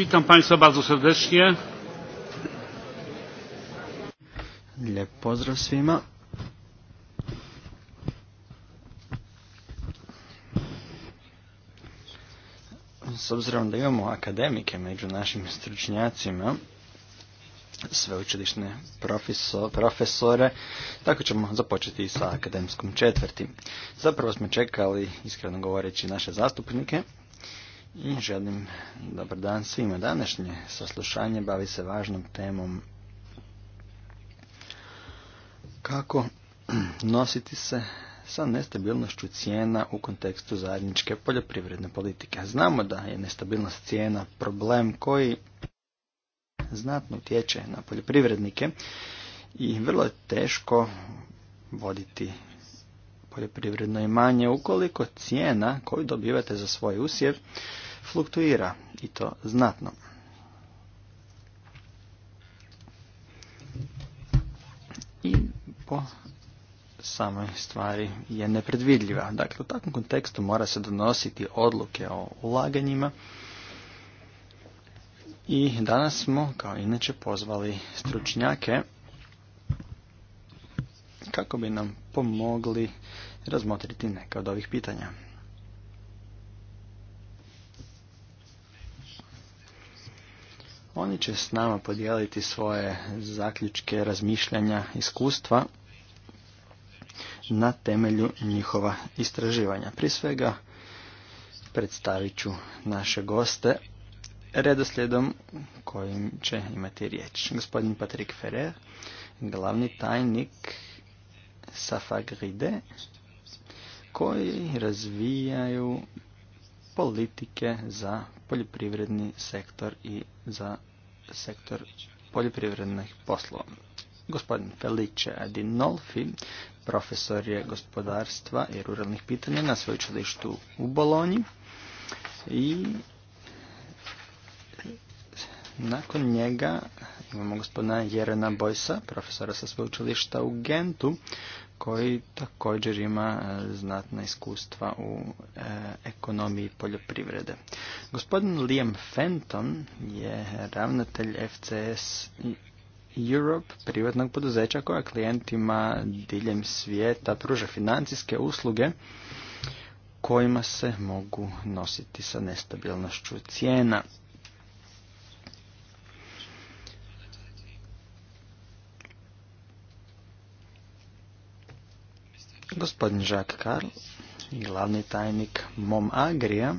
Witam Państwa bardzo serdecznie. Lijep pozdrav svima. S obzirom da imamo akademike među našim stručnjacima, sveučilišne profesore, tako ćemo započeti sa akademskom četvrti. Zapravo smo čekali, iskreno govoreći, naše zastupnike, i želim dobar dan svima. Današnje saslušanje bavi se važnom temom kako nositi se sa nestabilnošću cijena u kontekstu zajedničke poljoprivredne politike. Znamo da je nestabilnost cijena problem koji znatno utječe na poljoprivrednike i vrlo je teško voditi poljoprivredno imanje ukoliko cijena koju dobivate za svoj usjev fluktuira i to znatno. I po samoj stvari je nepredvidljiva. Dakle, u takvom kontekstu mora se donositi odluke o ulaganjima i danas smo, kao inače, pozvali stručnjake kako bi nam pomogli razmotriti neka od ovih pitanja. Oni će s nama podijeliti svoje zaključke, razmišljanja, iskustva na temelju njihova istraživanja. Prije svega predstavit ću naše goste redoslijedom kojim će imati riječ. Gospodin Patrik Ferrer, glavni tajnik Safagride koji razvijaju politike za poljoprivredni sektor i za sektor poljoprivrednih poslova. Gospodin Felice Adinolfi, profesor je gospodarstva i ruralnih pitanja na sveučilištu u Bolonji i nakon njega imamo gospodina Jerena Bojsa, profesora sa sveučilišta u Gentu, koji također ima e, znatna iskustva u e, ekonomiji poljoprivrede. Gospodin Liam Fenton je ravnatelj FCS Europe, privatnog poduzeća koja klijentima diljem svijeta pruža financijske usluge kojima se mogu nositi sa nestabilnošću cijena. Gospodin Jacques Karl, glavni tajnik Mom Agrija,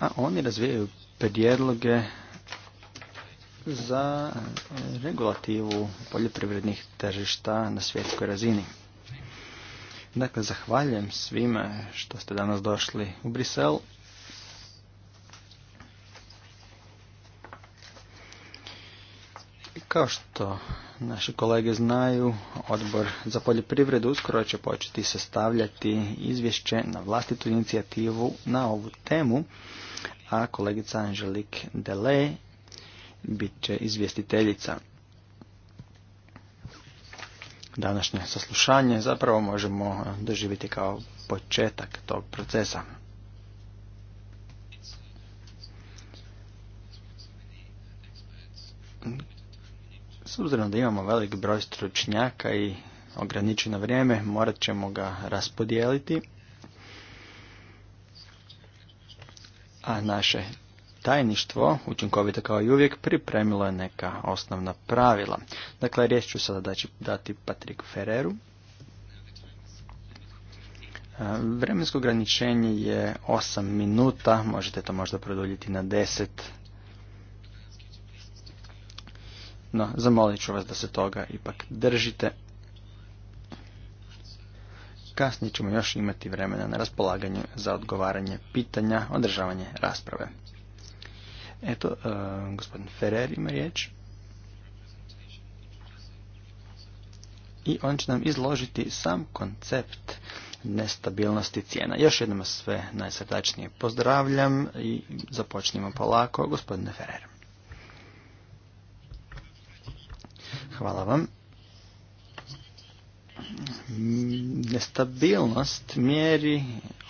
a oni razvijaju prijedloge za regulativu poljoprivrednih tržišta na svjetskoj razini. Dakle, zahvaljujem svima što ste danas došli u Brisel Kao što naši kolege znaju, odbor za poljoprivredu uskoro će početi sastavljati izvješće na vlastitu inicijativu na ovu temu, a kolegica Anželik Dele bit će izvjestiteljica. Današnje saslušanje zapravo možemo doživjeti kao početak tog procesa. obzirom da imamo velik broj stručnjaka i ograničeno vrijeme, morat ćemo ga raspodijeliti. A naše tajništvo, učinkovito kao i uvijek, pripremilo je neka osnovna pravila. Dakle, riječ ću sada dati Patrik Ferreru. Vremensko ograničenje je 8 minuta, možete to možda produljiti na 10 No, zamolit ću vas da se toga ipak držite. Kasnije ćemo još imati vremena na raspolaganju za odgovaranje pitanja, održavanje rasprave. Eto, e, gospodin Ferrer ima riječ. I on će nam izložiti sam koncept nestabilnosti cijena. Još jednom sve najsrdačnije pozdravljam i započnimo polako, gospodine Ferrer. Hvala vam. Nestabilnost mjeri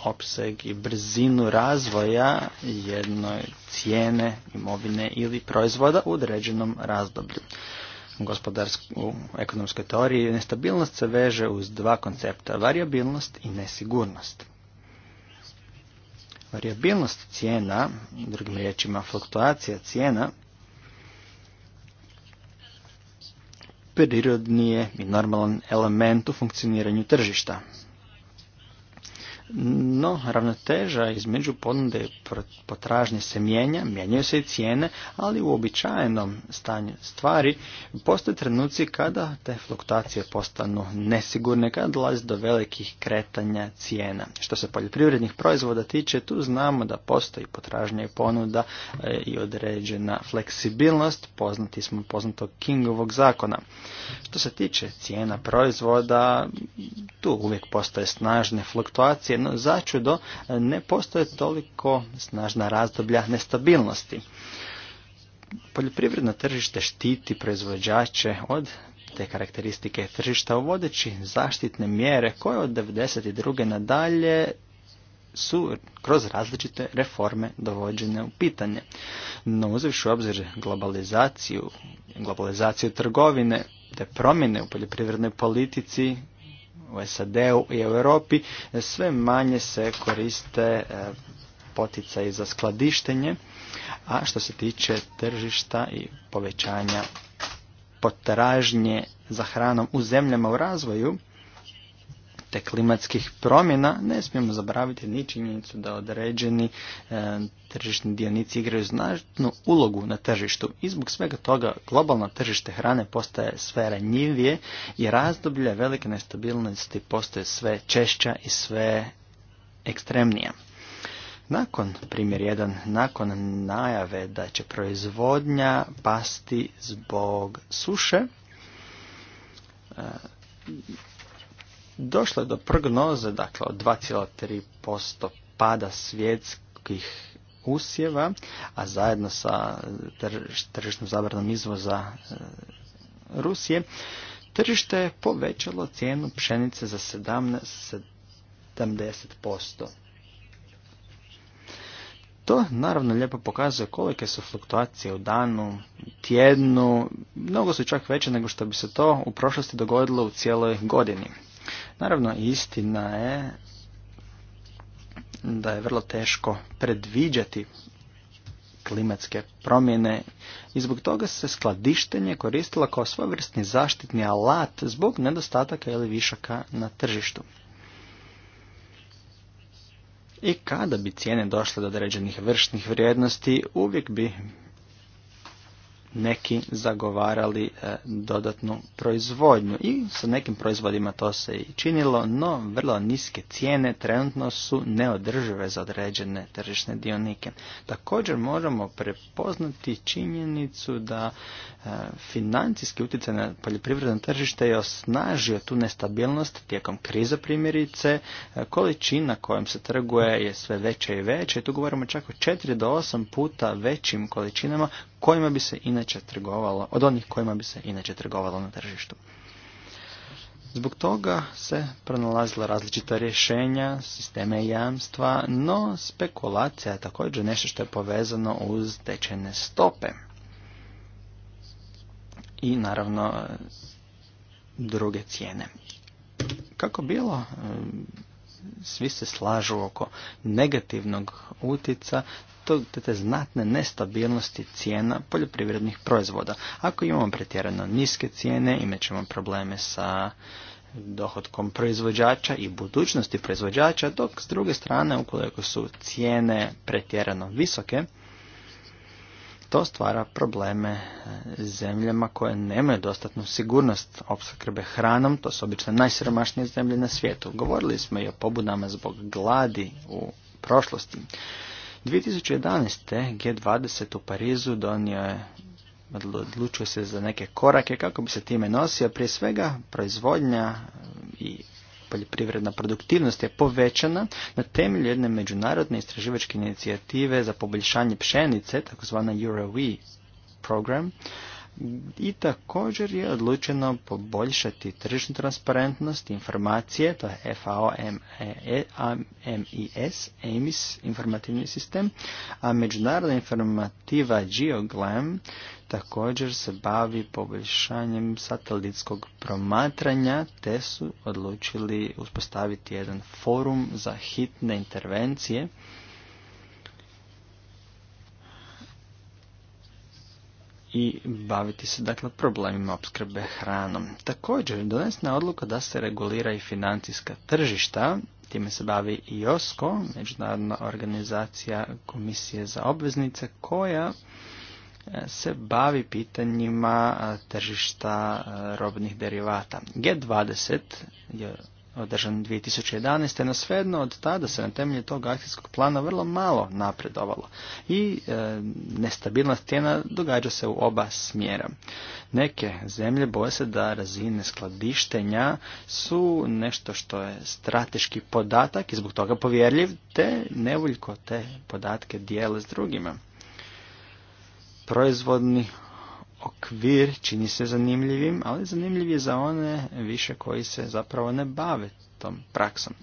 opseg i brzinu razvoja jednoj cijene imovine ili proizvoda u određenom razdoblju. U ekonomskoj teoriji nestabilnost se veže uz dva koncepta, variabilnost i nesigurnost. Variabilnost cijena, drugim riječima fluktuacija cijena, prirodni je i normalan element u funkcioniranju tržišta. No, ravnoteža između ponude potražnje se mijenja, mijenjaju se i cijene, ali u običajenom stanju stvari postoje trenuci kada te fluktuacije postanu nesigurne, kada dolazi do velikih kretanja cijena. Što se poljoprivrednih proizvoda tiče, tu znamo da postoji potražnja i ponuda e, i određena fleksibilnost, poznati smo poznatog Kingovog zakona. Što se tiče cijena proizvoda, tu uvijek postoje snažne fluktuacije, jedno začudo, e, ne postoje toliko snažna razdoblja nestabilnosti. Poljoprivredno tržište štiti proizvođače od te karakteristike tržišta uvodeći zaštitne mjere koje od 1992. nadalje su kroz različite reforme dovođene u pitanje. No uzevši u obzir globalizaciju, globalizaciju trgovine te promjene u poljoprivrednoj politici u SAD-u i Europi sve manje se koriste e, poticaji za skladištenje, a što se tiče tržišta i povećanja potražnje za hranom u zemljama u razvoju, te klimatskih promjena, ne smijemo zaboraviti ni činjenicu da određeni e, tržišni dionici igraju značnu ulogu na tržištu i zbog svega toga globalno tržište hrane postaje sve ranjivije i razdoblje velike nestabilnosti postaje sve češća i sve ekstremnija. Nakon, primjer jedan, nakon najave da će proizvodnja pasti zbog suše, e, došlo je do prognoze, dakle od 2,3% pada svjetskih usjeva, a zajedno sa tržišnom zabranom izvoza e, Rusije, tržište je povećalo cijenu pšenice za 17, To naravno lijepo pokazuje kolike su fluktuacije u danu, tjednu, mnogo su čak veće nego što bi se to u prošlosti dogodilo u cijeloj godini. Naravno, istina je da je vrlo teško predviđati klimatske promjene i zbog toga se skladištenje koristilo kao svojevrsni zaštitni alat zbog nedostataka ili višaka na tržištu. I kada bi cijene došle do određenih vršnih vrijednosti, uvijek bi neki zagovarali e, dodatnu proizvodnju i sa nekim proizvodima to se i činilo, no vrlo niske cijene trenutno su neodržive za određene tržišne dionike. Također moramo prepoznati činjenicu da e, financijski utjecaj na poljoprivredno tržište je osnažio tu nestabilnost tijekom krize primjerice, e, količina kojom se trguje je sve veća i veća i tu govorimo čak o 4 do 8 puta većim količinama kojima bi se inače trgovalo, od onih kojima bi se inače trgovalo na tržištu. Zbog toga se pronalazila različita rješenja, sisteme jamstva, no spekulacija je također nešto što je povezano uz tečajne stope. I naravno druge cijene. Kako bilo, svi se slažu oko negativnog utica te, te znatne nestabilnosti cijena poljoprivrednih proizvoda. Ako imamo pretjerano niske cijene, imat ćemo probleme sa dohodkom proizvođača i budućnosti proizvođača, dok s druge strane, ukoliko su cijene pretjerano visoke, to stvara probleme e, zemljama koje nemaju dostatnu sigurnost opskrbe hranom, to su obično najsiromašnije zemlje na svijetu. Govorili smo i o pobudama zbog gladi u prošlosti. 2011. G20 u Parizu donio je odlučio se za neke korake kako bi se time nosio. Prije svega proizvodnja e, i poljoprivredna produktivnost je povećana na temelju jedne međunarodne istraživačke inicijative za poboljšanje pšenice, takozvana EuroWe program, i također je odlučeno poboljšati tržišnu transparentnost informacije, to je FAOMIS, e MIS, informativni sistem, a međunarodna informativa GeoGlam također se bavi poboljšanjem satelitskog promatranja, te su odlučili uspostaviti jedan forum za hitne intervencije, i baviti se dakle problemima opskrbe hranom. Također donesna odluka da se regulira i financijska tržišta, time se bavi i OSCO, Međunarodna organizacija Komisije za obveznice koja e, se bavi pitanjima tržišta e, robnih derivata. G20 je održan 2011. No svejedno od tada se na temelju tog akcijskog plana vrlo malo napredovalo i e, nestabilnost cijena događa se u oba smjera. Neke zemlje boje se da razine skladištenja su nešto što je strateški podatak i zbog toga povjerljiv, te nevoljko te podatke dijele s drugima. Proizvodni okvir čini se zanimljivim, ali zanimljiv je za one više koji se zapravo ne bave tom praksom.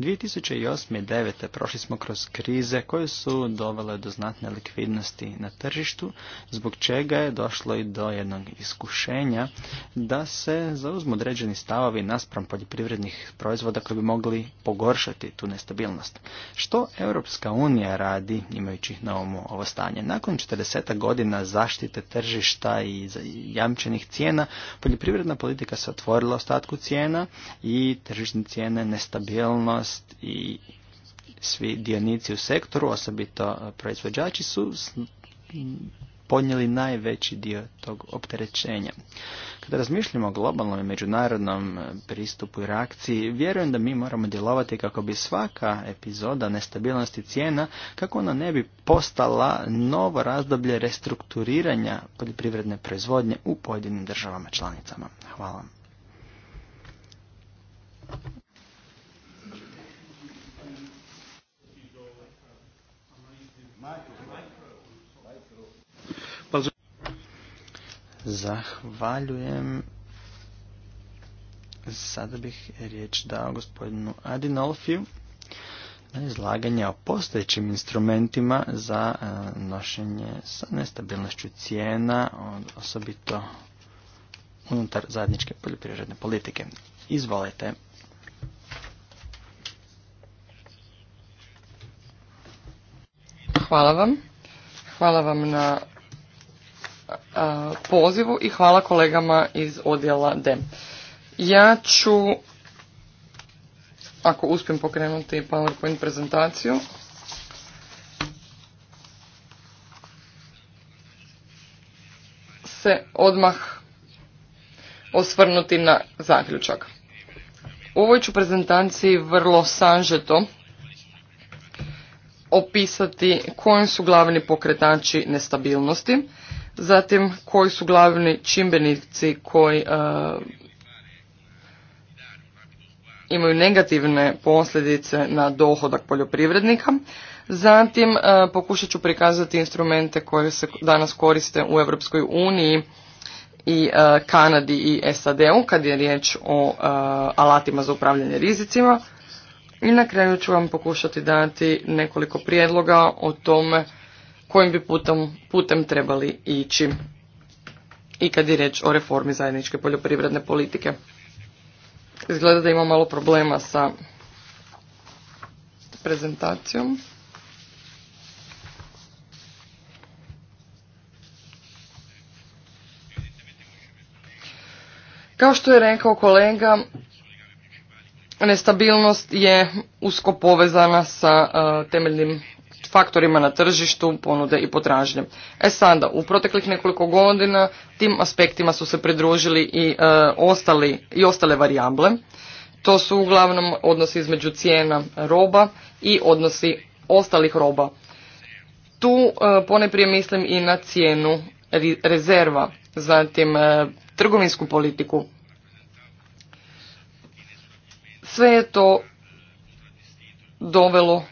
2008. i 2009. prošli smo kroz krize koje su dovele do znatne likvidnosti na tržištu, zbog čega je došlo i do jednog iskušenja da se zauzmu određeni stavovi naspram poljoprivrednih proizvoda koji bi mogli pogoršati tu nestabilnost. Što Europska unija radi imajući na umu ovo stanje? Nakon 40 godina zaštite tržišta i jamčenih cijena, poljoprivredna politika se otvorila ostatku cijena i tržišne cijene nestabilnost i svi dionici u sektoru, osobito e, proizvođači, su podnijeli najveći dio tog opterećenja. Kada razmišljamo o globalnom i međunarodnom e, pristupu i reakciji, vjerujem da mi moramo djelovati kako bi svaka epizoda nestabilnosti cijena, kako ona ne bi postala novo razdoblje restrukturiranja poljoprivredne proizvodnje u pojedinim državama članicama. Hvala. Zahvaljujem. Sada bih riječ dao gospodinu Adinolfiju na izlaganje o postojećim instrumentima za e, nošenje sa nestabilnošću cijena, osobito unutar zajedničke poljoprivredne politike. Izvolite. Hvala vam. Hvala vam na pozivu i hvala kolegama iz odjela D. Ja ću, ako uspijem pokrenuti PowerPoint prezentaciju, se odmah osvrnuti na zaključak. U ovoj ću prezentaciji vrlo sanžeto opisati koji su glavni pokretači nestabilnosti, zatim koji su glavni čimbenici koji e, imaju negativne posljedice na dohodak poljoprivrednika. Zatim e, pokušat ću prikazati instrumente koje se danas koriste u Europskoj uniji i e, Kanadi i SAD-u kad je riječ o alatima za upravljanje rizicima. I na kraju ću vam pokušati dati nekoliko prijedloga o tome kojim bi putem, putem trebali ići i kad je riječ o reformi zajedničke poljoprivredne politike. Izgleda da ima malo problema sa prezentacijom. Kao što je rekao kolega, nestabilnost je usko povezana sa e, temeljnim faktorima na tržištu, ponude i potražnje. E sada, u proteklih nekoliko godina tim aspektima su se pridružili i, e, ostali, i ostale varijable. To su uglavnom odnosi između cijena roba i odnosi ostalih roba. Tu e, poneprije mislim i na cijenu rezerva, zatim e, trgovinsku politiku. Sve je to dovelo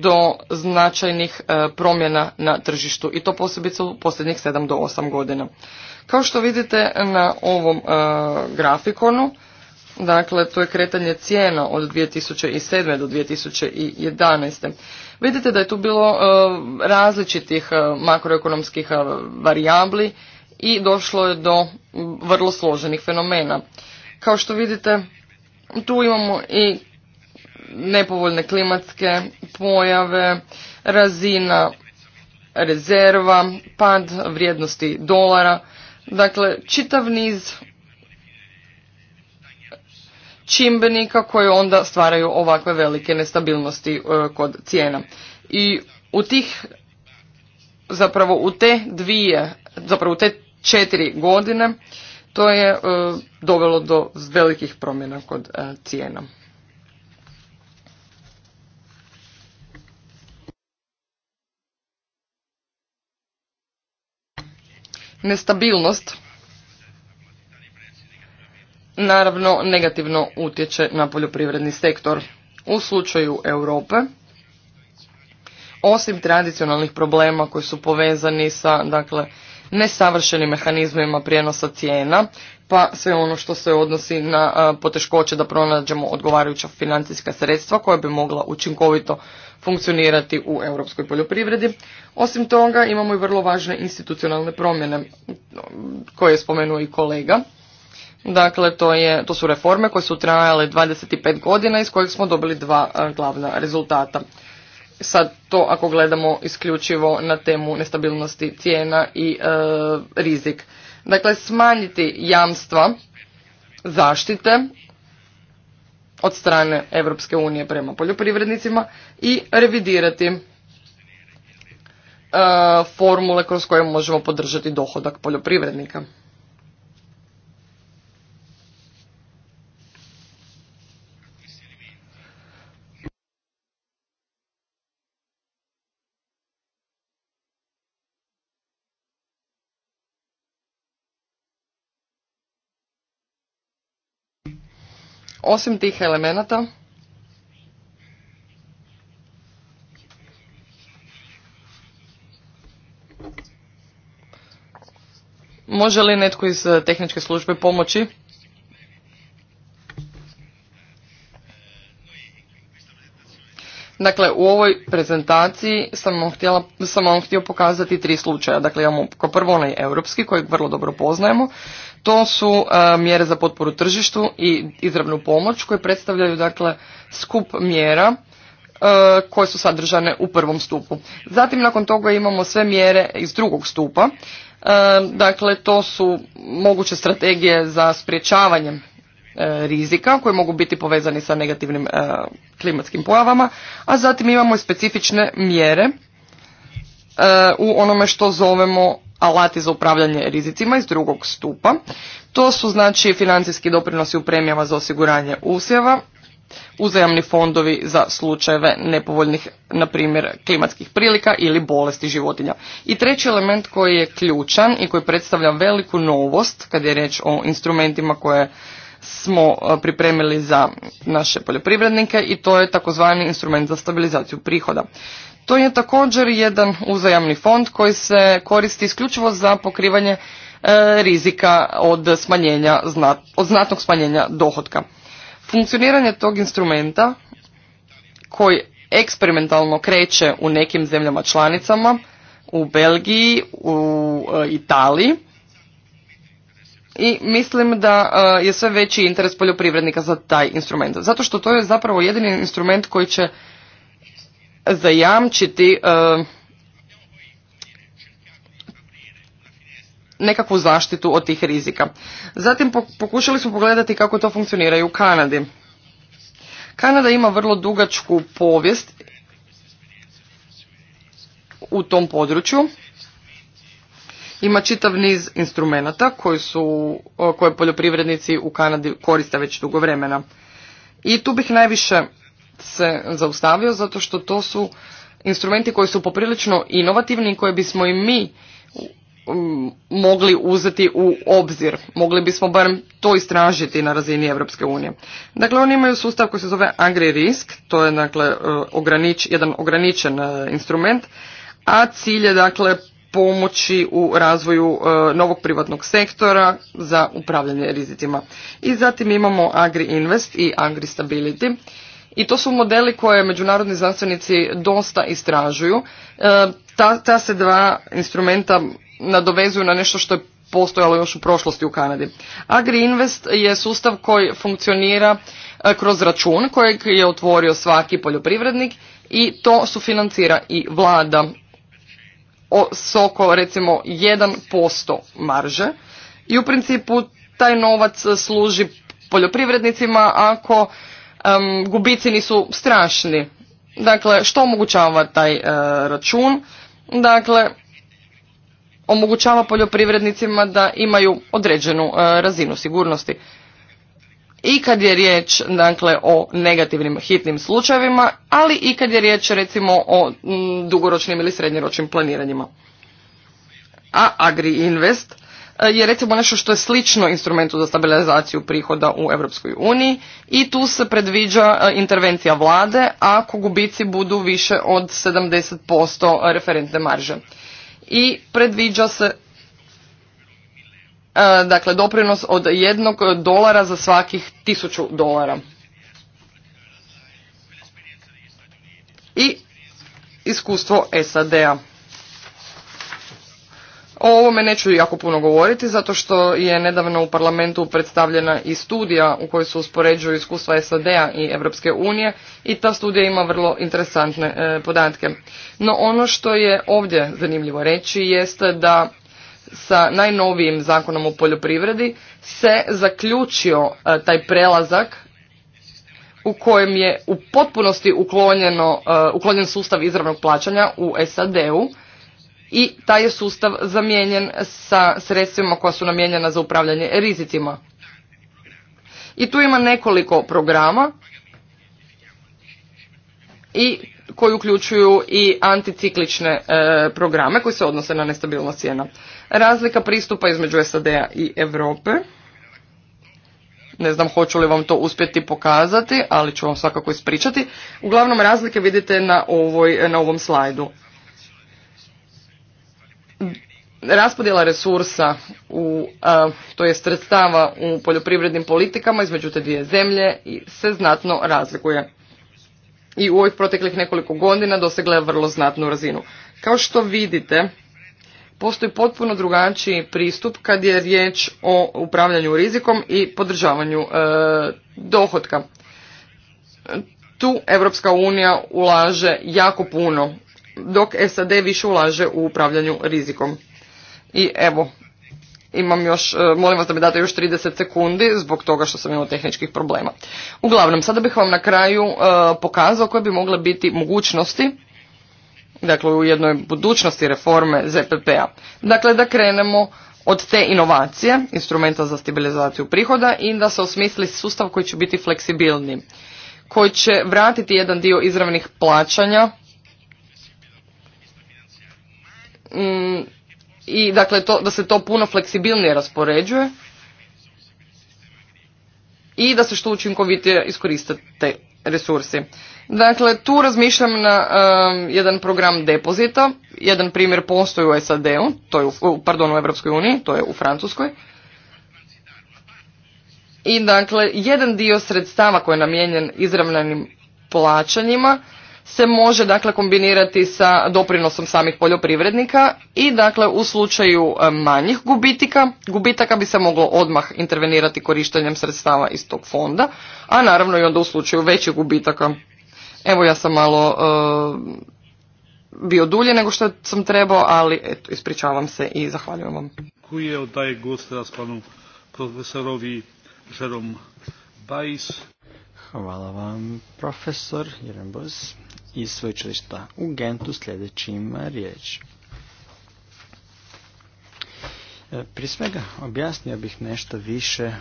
do značajnih e, promjena na tržištu i to posebice u posljednjih 7 do 8 godina. Kao što vidite na ovom e, grafikonu, dakle to je kretanje cijena od 2007. do 2011. Vidite da je tu bilo e, različitih makroekonomskih varijabli i došlo je do vrlo složenih fenomena. Kao što vidite, tu imamo i nepovoljne klimatske pojave, razina rezerva, pad vrijednosti dolara, dakle čitav niz čimbenika koji onda stvaraju ovakve velike nestabilnosti e, kod cijena. I u tih, zapravo u te dvije, zapravo u te četiri godine to je e, dovelo do velikih promjena kod e, cijena. Nestabilnost naravno negativno utječe na poljoprivredni sektor. U slučaju Europe, osim tradicionalnih problema koji su povezani sa dakle, nesavršenim mehanizmima prijenosa cijena, pa sve ono što se odnosi na poteškoće da pronađemo odgovarajuća financijska sredstva koja bi mogla učinkovito funkcionirati u europskoj poljoprivredi. Osim toga imamo i vrlo važne institucionalne promjene koje je spomenuo i kolega. Dakle, to, je, to su reforme koje su trajale 25 godina iz kojih smo dobili dva e, glavna rezultata. Sad to ako gledamo isključivo na temu nestabilnosti cijena i e, rizik. Dakle, smanjiti jamstva zaštite od strane Europske unije prema poljoprivrednicima i revidirati e, formule kroz koje možemo podržati dohodak poljoprivrednika. Osim tih elemenata, Može li netko iz eh, tehničke službe pomoći? Dakle, u ovoj prezentaciji sam vam, htjela, sam vam htio pokazati tri slučaja. Dakle, imamo kao prvo onaj europski kojeg vrlo dobro poznajemo. To su e, mjere za potporu tržištu i izravnu pomoć koje predstavljaju dakle skup mjera e, koje su sadržane u prvom stupu. Zatim nakon toga imamo sve mjere iz drugog stupa. E, dakle to su moguće strategije za sprječavanje rizika koje mogu biti povezani sa negativnim klimatskim pojavama, a zatim imamo i specifične mjere u onome što zovemo alati za upravljanje rizicima iz drugog stupa. To su znači financijski doprinosi u premijama za osiguranje usjeva, uzajamni fondovi za slučajeve nepovoljnih, na primjer, klimatskih prilika ili bolesti životinja. I treći element koji je ključan i koji predstavlja veliku novost kad je riječ o instrumentima koje smo e, pripremili za naše poljoprivrednike i to je takozvani instrument za stabilizaciju prihoda. To je također jedan uzajamni fond koji se koristi isključivo za pokrivanje e, rizika od, smanjenja, od znatnog smanjenja dohotka. Funkcioniranje tog instrumenta koji eksperimentalno kreće u nekim zemljama članicama, u Belgiji, u e, Italiji, i mislim da e, je sve veći interes poljoprivrednika za taj instrument. Zato što to je zapravo jedini instrument koji će zajamčiti e, nekakvu zaštitu od tih rizika. Zatim pokušali smo pogledati kako to funkcionira u Kanadi. Kanada ima vrlo dugačku povijest u tom području. Ima čitav niz instrumenata koji su, e, koje poljoprivrednici u Kanadi koriste već dugo vremena. I tu bih najviše se zaustavio zato što to su instrumenti koji su poprilično inovativni i koje bismo i mi um, mogli uzeti u obzir. Mogli bismo barem to istražiti na razini Europske unije. Dakle, oni imaju sustav koji se zove risk, to je dakle, e, ogranič, jedan ograničen e, instrument, a cilj je dakle pomoći u razvoju e, novog privatnog sektora za upravljanje rizicima. I zatim imamo AgriInvest i Stability i to su modeli koje međunarodni znanstvenici dosta istražuju. E, ta, ta se dva instrumenta nadovezuju na nešto što je postojalo još u prošlosti u Kanadi. Agriinvest je sustav koji funkcionira e, kroz račun kojeg je otvorio svaki poljoprivrednik i to sufinancira i vlada o, s oko recimo 1% marže i u principu taj novac služi poljoprivrednicima ako um, gubici nisu strašni. Dakle, što omogućava taj e, račun? Dakle, omogućava poljoprivrednicima da imaju određenu e, razinu sigurnosti. I kad je riječ dakle, o negativnim hitnim slučajevima, ali i kad je riječ recimo o dugoročnim ili srednjoročnim planiranjima. A Agri Invest E, je recimo nešto što je slično instrumentu za stabilizaciju prihoda u Europskoj uniji i tu se predviđa e, intervencija vlade ako gubici budu više od 70% referentne marže. I predviđa se e, dakle doprinos od jednog dolara za svakih tisuću dolara. I iskustvo SAD-a. O ovome neću jako puno govoriti zato što je nedavno u parlamentu predstavljena i studija u kojoj se uspoređuju iskustva SAD-a i Europske unije i ta studija ima vrlo interesantne e, podatke. No ono što je ovdje zanimljivo reći jeste da sa najnovijim zakonom o poljoprivredi se zaključio e, taj prelazak u kojem je u potpunosti e, uklonjen sustav izravnog plaćanja u SAD-u i taj je sustav zamijenjen sa sredstvima koja su namijenjena za upravljanje rizicima. I tu ima nekoliko programa i koji uključuju i anticiklične e, programe koji se odnose na nestabilnost cijena. Razlika pristupa između SAD-a i Europe. Ne znam hoću li vam to uspjeti pokazati, ali ću vam svakako ispričati. Uglavnom razlike vidite na, ovoj, na ovom slajdu raspodjela resursa u, to je sredstava u poljoprivrednim politikama između te dvije zemlje se znatno razlikuje. I u ovih proteklih nekoliko godina dosegla je vrlo znatnu razinu. Kao što vidite, postoji potpuno drugačiji pristup kad je riječ o upravljanju rizikom i podržavanju e, dohotka. Tu Europska unija ulaže jako puno, dok SAD više ulaže u upravljanju rizikom. I evo, imam još, e, molim vas da mi date još 30 sekundi zbog toga što sam imao tehničkih problema. Uglavnom, sada bih vam na kraju e, pokazao koje bi mogle biti mogućnosti dakle u jednoj budućnosti reforme ZPP-a. Dakle, da krenemo od te inovacije, instrumenta za stabilizaciju prihoda i da se osmisli sustav koji će biti fleksibilni, koji će vratiti jedan dio izravnih plaćanja mm, i dakle to, da se to puno fleksibilnije raspoređuje i da se što učinkovitije iskoriste te resursi. Dakle, tu razmišljam na um, jedan program depozita, jedan primjer postoji u SAD-u, to je u, pardon, u Europskoj uniji, to je u Francuskoj. I dakle, jedan dio sredstava koji je namijenjen izravnanim plaćanjima se može dakle kombinirati sa doprinosom samih poljoprivrednika i dakle u slučaju e, manjih gubitika, gubitaka bi se moglo odmah intervenirati korištenjem sredstava iz tog fonda, a naravno i onda u slučaju većih gubitaka. Evo ja sam malo e, bio dulje nego što sam trebao, ali eto, ispričavam se i zahvaljujem vam. Hvala vam, profesor iz sveučilišta u Gentu sljedećim eh, riječ. Eh, prije svega objasnio bih nešto više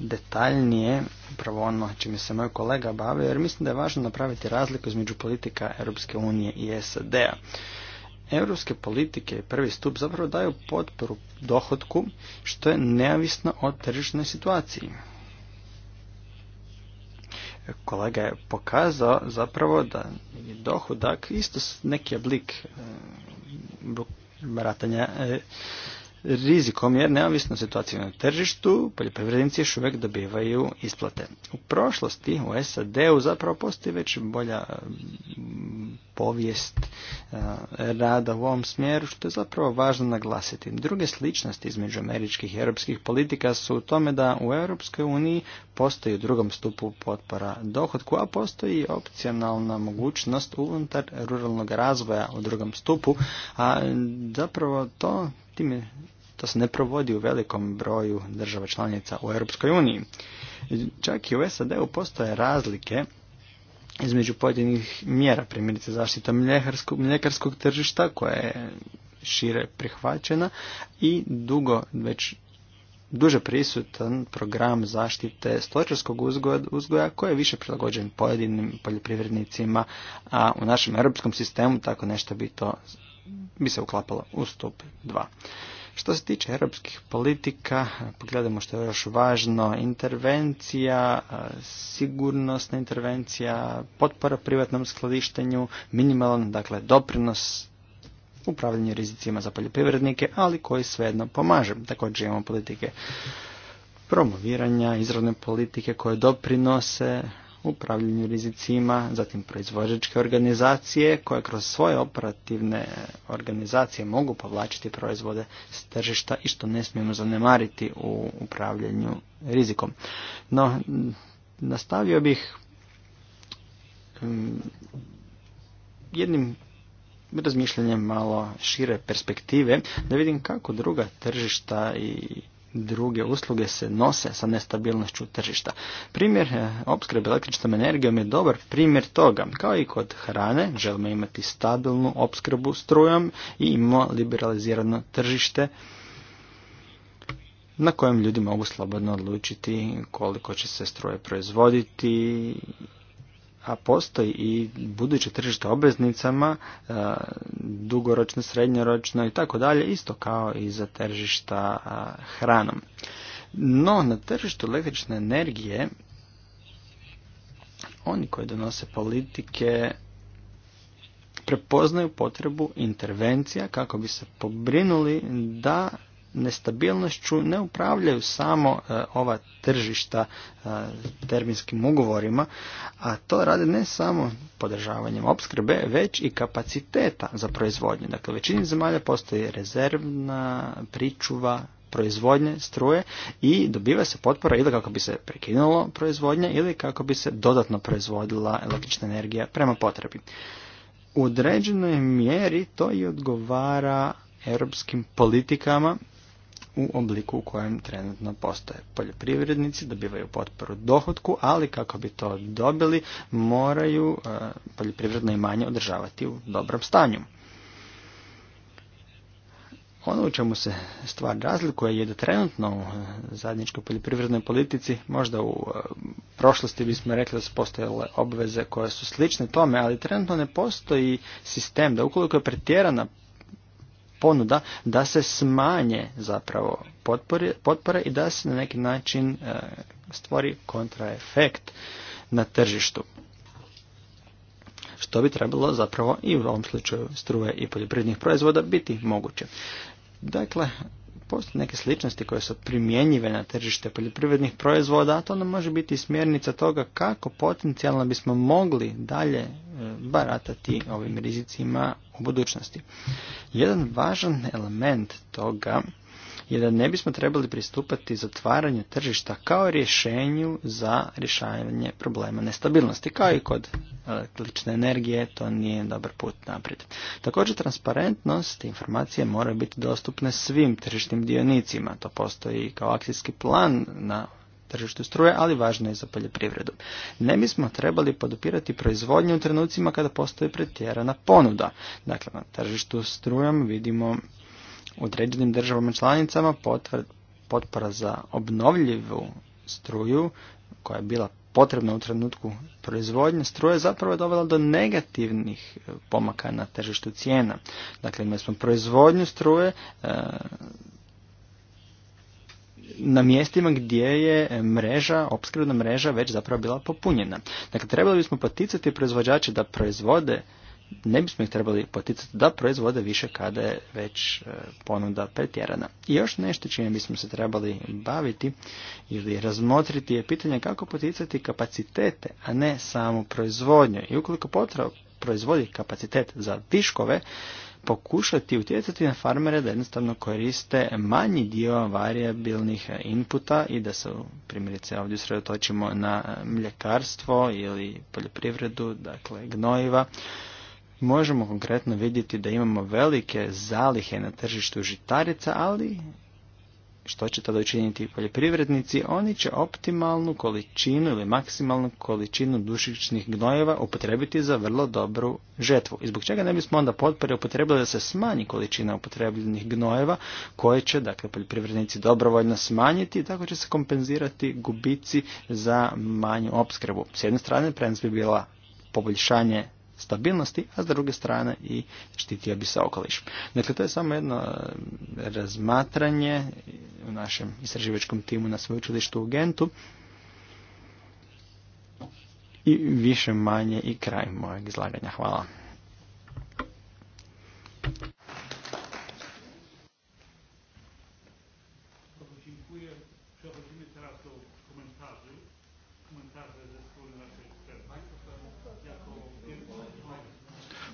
detaljnije, upravo ono čime se moj kolega bavio, jer mislim da je važno napraviti razliku između politika Europske unije i SAD-a. Europske politike i prvi stup zapravo daju potporu dohodku što je neavisno od tržišnoj situaciji kolega je pokazao zapravo da je dohodak isto neki oblik e, baratanja e, rizikom jer neovisno situaciju na tržištu poljoprivrednici još uvijek dobivaju isplate. U prošlosti u SAD-u zapravo postoji već bolja mm, povijest eh, rada u ovom smjeru što je zapravo važno naglasiti. Druge sličnosti između američkih i europskih politika su u tome da u Europskoj uniji postoji u drugom stupu potpora dohodku, a postoji opcionalna mogućnost unutar ruralnog razvoja u drugom stupu, a zapravo to time to se ne provodi u velikom broju država članica u Europskoj uniji. Čak i u SAD-u postoje razlike između pojedinih mjera, primjerice zaštita mljekarskog, mljekarskog tržišta koja je šire prihvaćena i dugo već duže prisutan program zaštite stočarskog uzgoja koji je više prilagođen pojedinim poljoprivrednicima, a u našem europskom sistemu tako nešto bi to bi se uklapala u stup 2. Što se tiče europskih politika, pogledamo što je još važno, intervencija, sigurnosna intervencija, potpora privatnom skladištenju, minimalan, dakle, doprinos upravljanje rizicima za poljoprivrednike, ali koji svejedno pomaže. Također imamo politike promoviranja, izravne politike koje doprinose upravljanju rizicima, zatim proizvođačke organizacije koje kroz svoje operativne organizacije mogu povlačiti proizvode s tržišta i što ne smijemo zanemariti u upravljanju rizikom. No, nastavio bih mm, jednim razmišljanjem malo šire perspektive da vidim kako druga tržišta i druge usluge se nose sa nestabilnošću tržišta. Primjer eh, opskrbe električnom energijom je dobar primjer toga. Kao i kod hrane, želimo imati stabilnu opskrbu strujom i imamo liberalizirano tržište na kojem ljudi mogu slobodno odlučiti koliko će se struje proizvoditi a postoji i buduće tržište obveznicama, e, dugoročno, srednjoročno i tako dalje, isto kao i za tržišta e, hranom. No, na tržištu električne energije, oni koji donose politike prepoznaju potrebu intervencija kako bi se pobrinuli da nestabilnošću ne upravljaju samo e, ova tržišta e, terminskim ugovorima, a to rade ne samo podržavanjem opskrbe, već i kapaciteta za proizvodnju. Dakle, u većini zemalja postoji rezervna pričuva proizvodnje struje i dobiva se potpora ili kako bi se prekinulo proizvodnje ili kako bi se dodatno proizvodila električna energija prema potrebi. U određenoj mjeri to i odgovara europskim politikama u obliku u kojem trenutno postoje. Poljoprivrednici dobivaju potporu dohodku, ali kako bi to dobili moraju e, poljoprivredno imanje održavati u dobrom stanju. Ono u čemu se stvar razlikuje je da trenutno u e, zajedničkoj poljoprivrednoj politici, možda u e, prošlosti bismo rekli da su postojale obveze koje su slične tome, ali trenutno ne postoji sistem da ukoliko je pretjerana ponuda da se smanje zapravo potpore, potpore i da se na neki način e, stvori kontraefekt na tržištu. Što bi trebalo zapravo i u ovom slučaju struje i poljoprivrednih proizvoda biti moguće. Dakle, postoje neke sličnosti koje su primjenjive na tržište poljoprivrednih proizvoda, a to nam može biti smjernica toga kako potencijalno bismo mogli dalje e, baratati ovim rizicima u budućnosti. Jedan važan element toga je da ne bismo trebali pristupati zatvaranju tržišta kao rješenju za rješavanje problema nestabilnosti. Kao i kod električne energije to nije dobar put naprijed. Također transparentnost informacije mora biti dostupne svim tržišnim dionicima. To postoji kao akcijski plan na tržištu struje, ali važno je za poljoprivredu. Ne bismo trebali podupirati proizvodnju u trenucima kada postoji pretjerana ponuda. Dakle, na tržištu strujom vidimo u određenim državama članicama potpora za obnovljivu struju koja je bila potrebna u trenutku proizvodnje struje zapravo je dovela do negativnih e, pomaka na tržištu cijena. Dakle, imali smo proizvodnju struje e, na mjestima gdje je mreža, opskrbna mreža već zapravo bila popunjena. Dakle, trebali bismo poticati proizvođače da proizvode ne bismo ih trebali poticati da proizvode više kada je već e, ponuda pretjerana. I još nešto čime bismo se trebali baviti ili razmotriti je pitanje kako poticati kapacitete, a ne samo proizvodnju. I ukoliko potreba proizvodi kapacitet za viškove, pokušati utjecati na farmere da jednostavno koriste manji dio variabilnih inputa i da se primjerice ovdje sredotočimo na mljekarstvo ili poljoprivredu, dakle gnojiva, možemo konkretno vidjeti da imamo velike zalihe na tržištu žitarica, ali što će tada učiniti poljoprivrednici? Oni će optimalnu količinu ili maksimalnu količinu dušičnih gnojeva upotrebiti za vrlo dobru žetvu. I zbog čega ne bismo onda potpore upotrebili da se smanji količina upotrebljenih gnojeva koje će dakle, poljoprivrednici dobrovoljno smanjiti i tako će se kompenzirati gubici za manju opskrbu. S jedne strane, prednost bi bila poboljšanje stabilnosti, a s druge strane i štitio bi se okoliš. Dakle, to je samo jedno e, razmatranje u našem istraživačkom timu na sveučilištu u Gentu i više manje i kraj mojeg izlaganja. Hvala.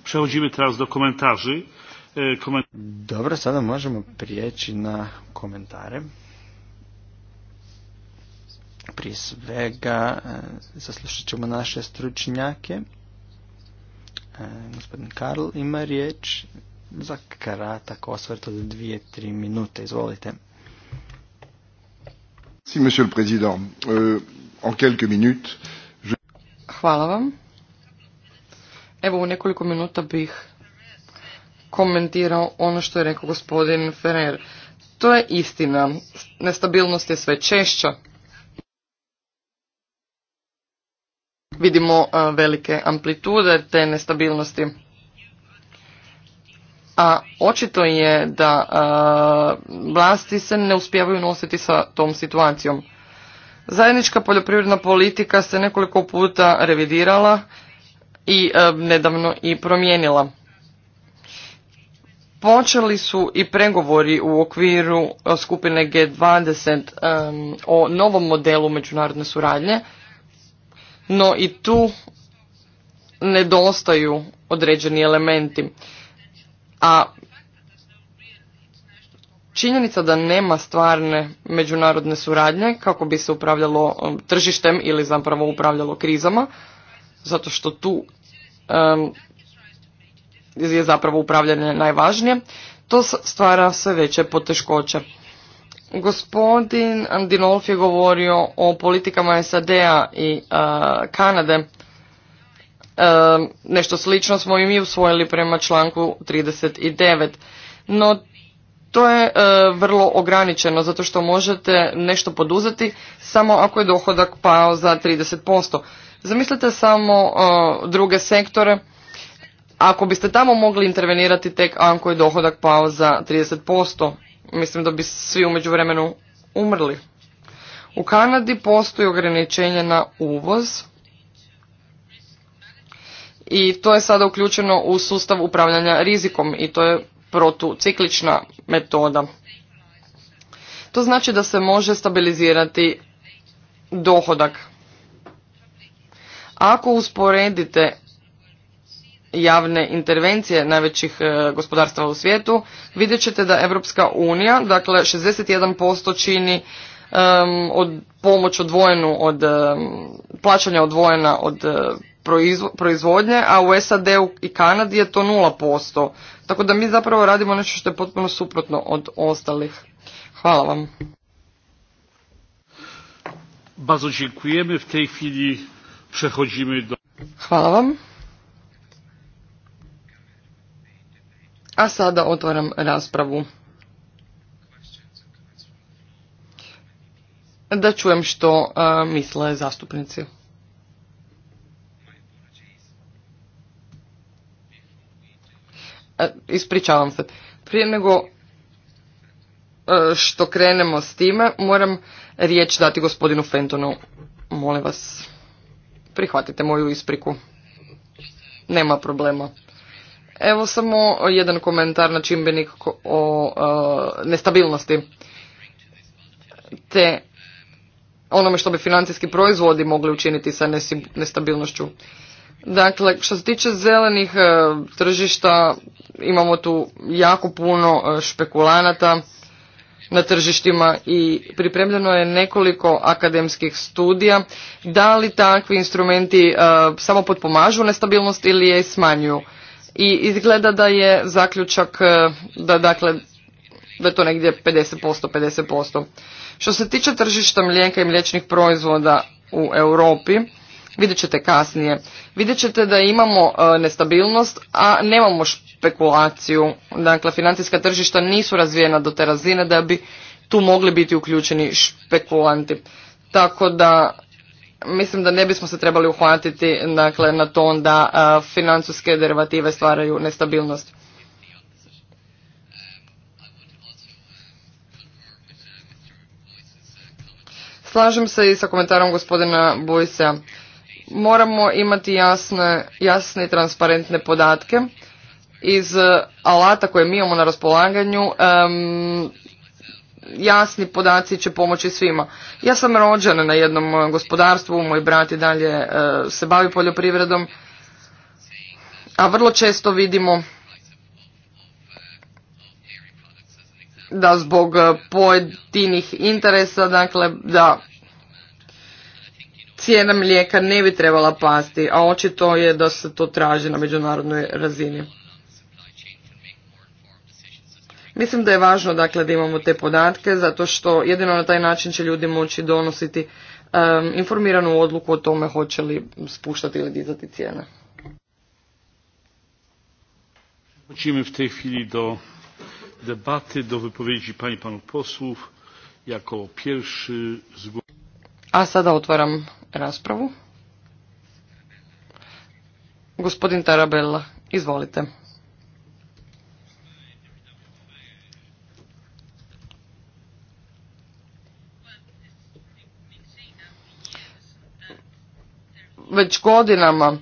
Przechodzimy teraz do komentarzy. E, Dobro, sada možemo prijeći na komentare. Prije svega e, zaslušat ćemo naše stručnjake. E, gospodin Karl ima riječ za kratak osvrt od dvije, tri minute. Izvolite. Euh, Hvala vam. Evo u nekoliko minuta bih komentirao ono što je rekao gospodin Ferrer. To je istina. Nestabilnost je sve češća. Vidimo velike amplitude te nestabilnosti. A očito je da vlasti se ne uspijevaju nositi sa tom situacijom. Zajednička poljoprivredna politika se nekoliko puta revidirala i e, nedavno i promijenila. Počeli su i pregovori u okviru e, skupine G20 e, o novom modelu međunarodne suradnje, no i tu nedostaju određeni elementi. A činjenica da nema stvarne međunarodne suradnje kako bi se upravljalo tržištem ili zapravo upravljalo krizama, zato što tu je zapravo upravljanje najvažnije, to stvara sve veće poteškoće. Gospodin Andinolf je govorio o politikama SAD-a i e, Kanade. Nešto slično smo i mi usvojili prema članku 39. No to je e, vrlo ograničeno zato što možete nešto poduzeti samo ako je dohodak pao za 30%. Zamislite samo druge sektore. Ako biste tamo mogli intervenirati tek ako je dohodak pao za 30%, mislim da bi svi u međuvremenu umrli. U Kanadi postoji ograničenje na uvoz i to je sada uključeno u sustav upravljanja rizikom i to je protuciklična metoda. To znači da se može stabilizirati dohodak. Ako usporedite javne intervencije najvećih e, gospodarstva u svijetu, vidjet ćete da Europska unija, dakle 61% čini um, od pomoć odvojenu od plaćanja odvojena od e, proizvodnje, a u SAD-u i Kanadi je to 0%. Tako da mi zapravo radimo nešto što je potpuno suprotno od ostalih. Hvala vam. Bardzo dziękujemy. W tej chwili Przechodzimy Hvala vam. A sada otvaram raspravu. Da čujem što e, misle zastupnici. E, ispričavam se. Prije nego e, što krenemo s time, moram riječ dati gospodinu Fentonu. Molim vas prihvatite moju ispriku. Nema problema. Evo samo jedan komentar na čimbenik o e, nestabilnosti te onome što bi financijski proizvodi mogli učiniti sa nestabilnošću. Dakle, što se tiče zelenih e, tržišta, imamo tu jako puno e, špekulanata na tržištima i pripremljeno je nekoliko akademskih studija. Da li takvi instrumenti e, samo potpomažu nestabilnost ili je smanjuju? I izgleda da je zaključak e, da dakle da je to negdje 50%, 50%. Što se tiče tržišta mlijeka i mliječnih proizvoda u Europi, vidjet ćete kasnije, vidjet ćete da imamo e, nestabilnost, a nemamo špekulaciju. Dakle, financijska tržišta nisu razvijena do te razine da bi tu mogli biti uključeni špekulanti. Tako da mislim da ne bismo se trebali uhvatiti dakle, na to da financijske derivative stvaraju nestabilnost. Slažem se i sa komentarom gospodina Bojsa. Moramo imati jasne, jasne i transparentne podatke iz eh, alata koje mi imamo na raspolaganju jasni podaci će pomoći svima. Ja sam rođena na jednom eh, gospodarstvu, moj brat i dalje eh, se bavi poljoprivredom, a vrlo često vidimo da zbog pojedinih interesa, dakle da cijena mlijeka ne bi trebala pasti, a očito je da se to traži na međunarodnoj razini. Mislim da je važno dakle da imamo te podatke zato što jedino na taj način će ljudi moći donositi informiranu odluku o tome hoće li spuštati ili dizati cijene. Počinjemo v tej chwili do debate do wypowiedzi pani panu posłów. Jako pierwszy z... A sada otvaram raspravu. Gospodin Tarabella, izvolite. već godinama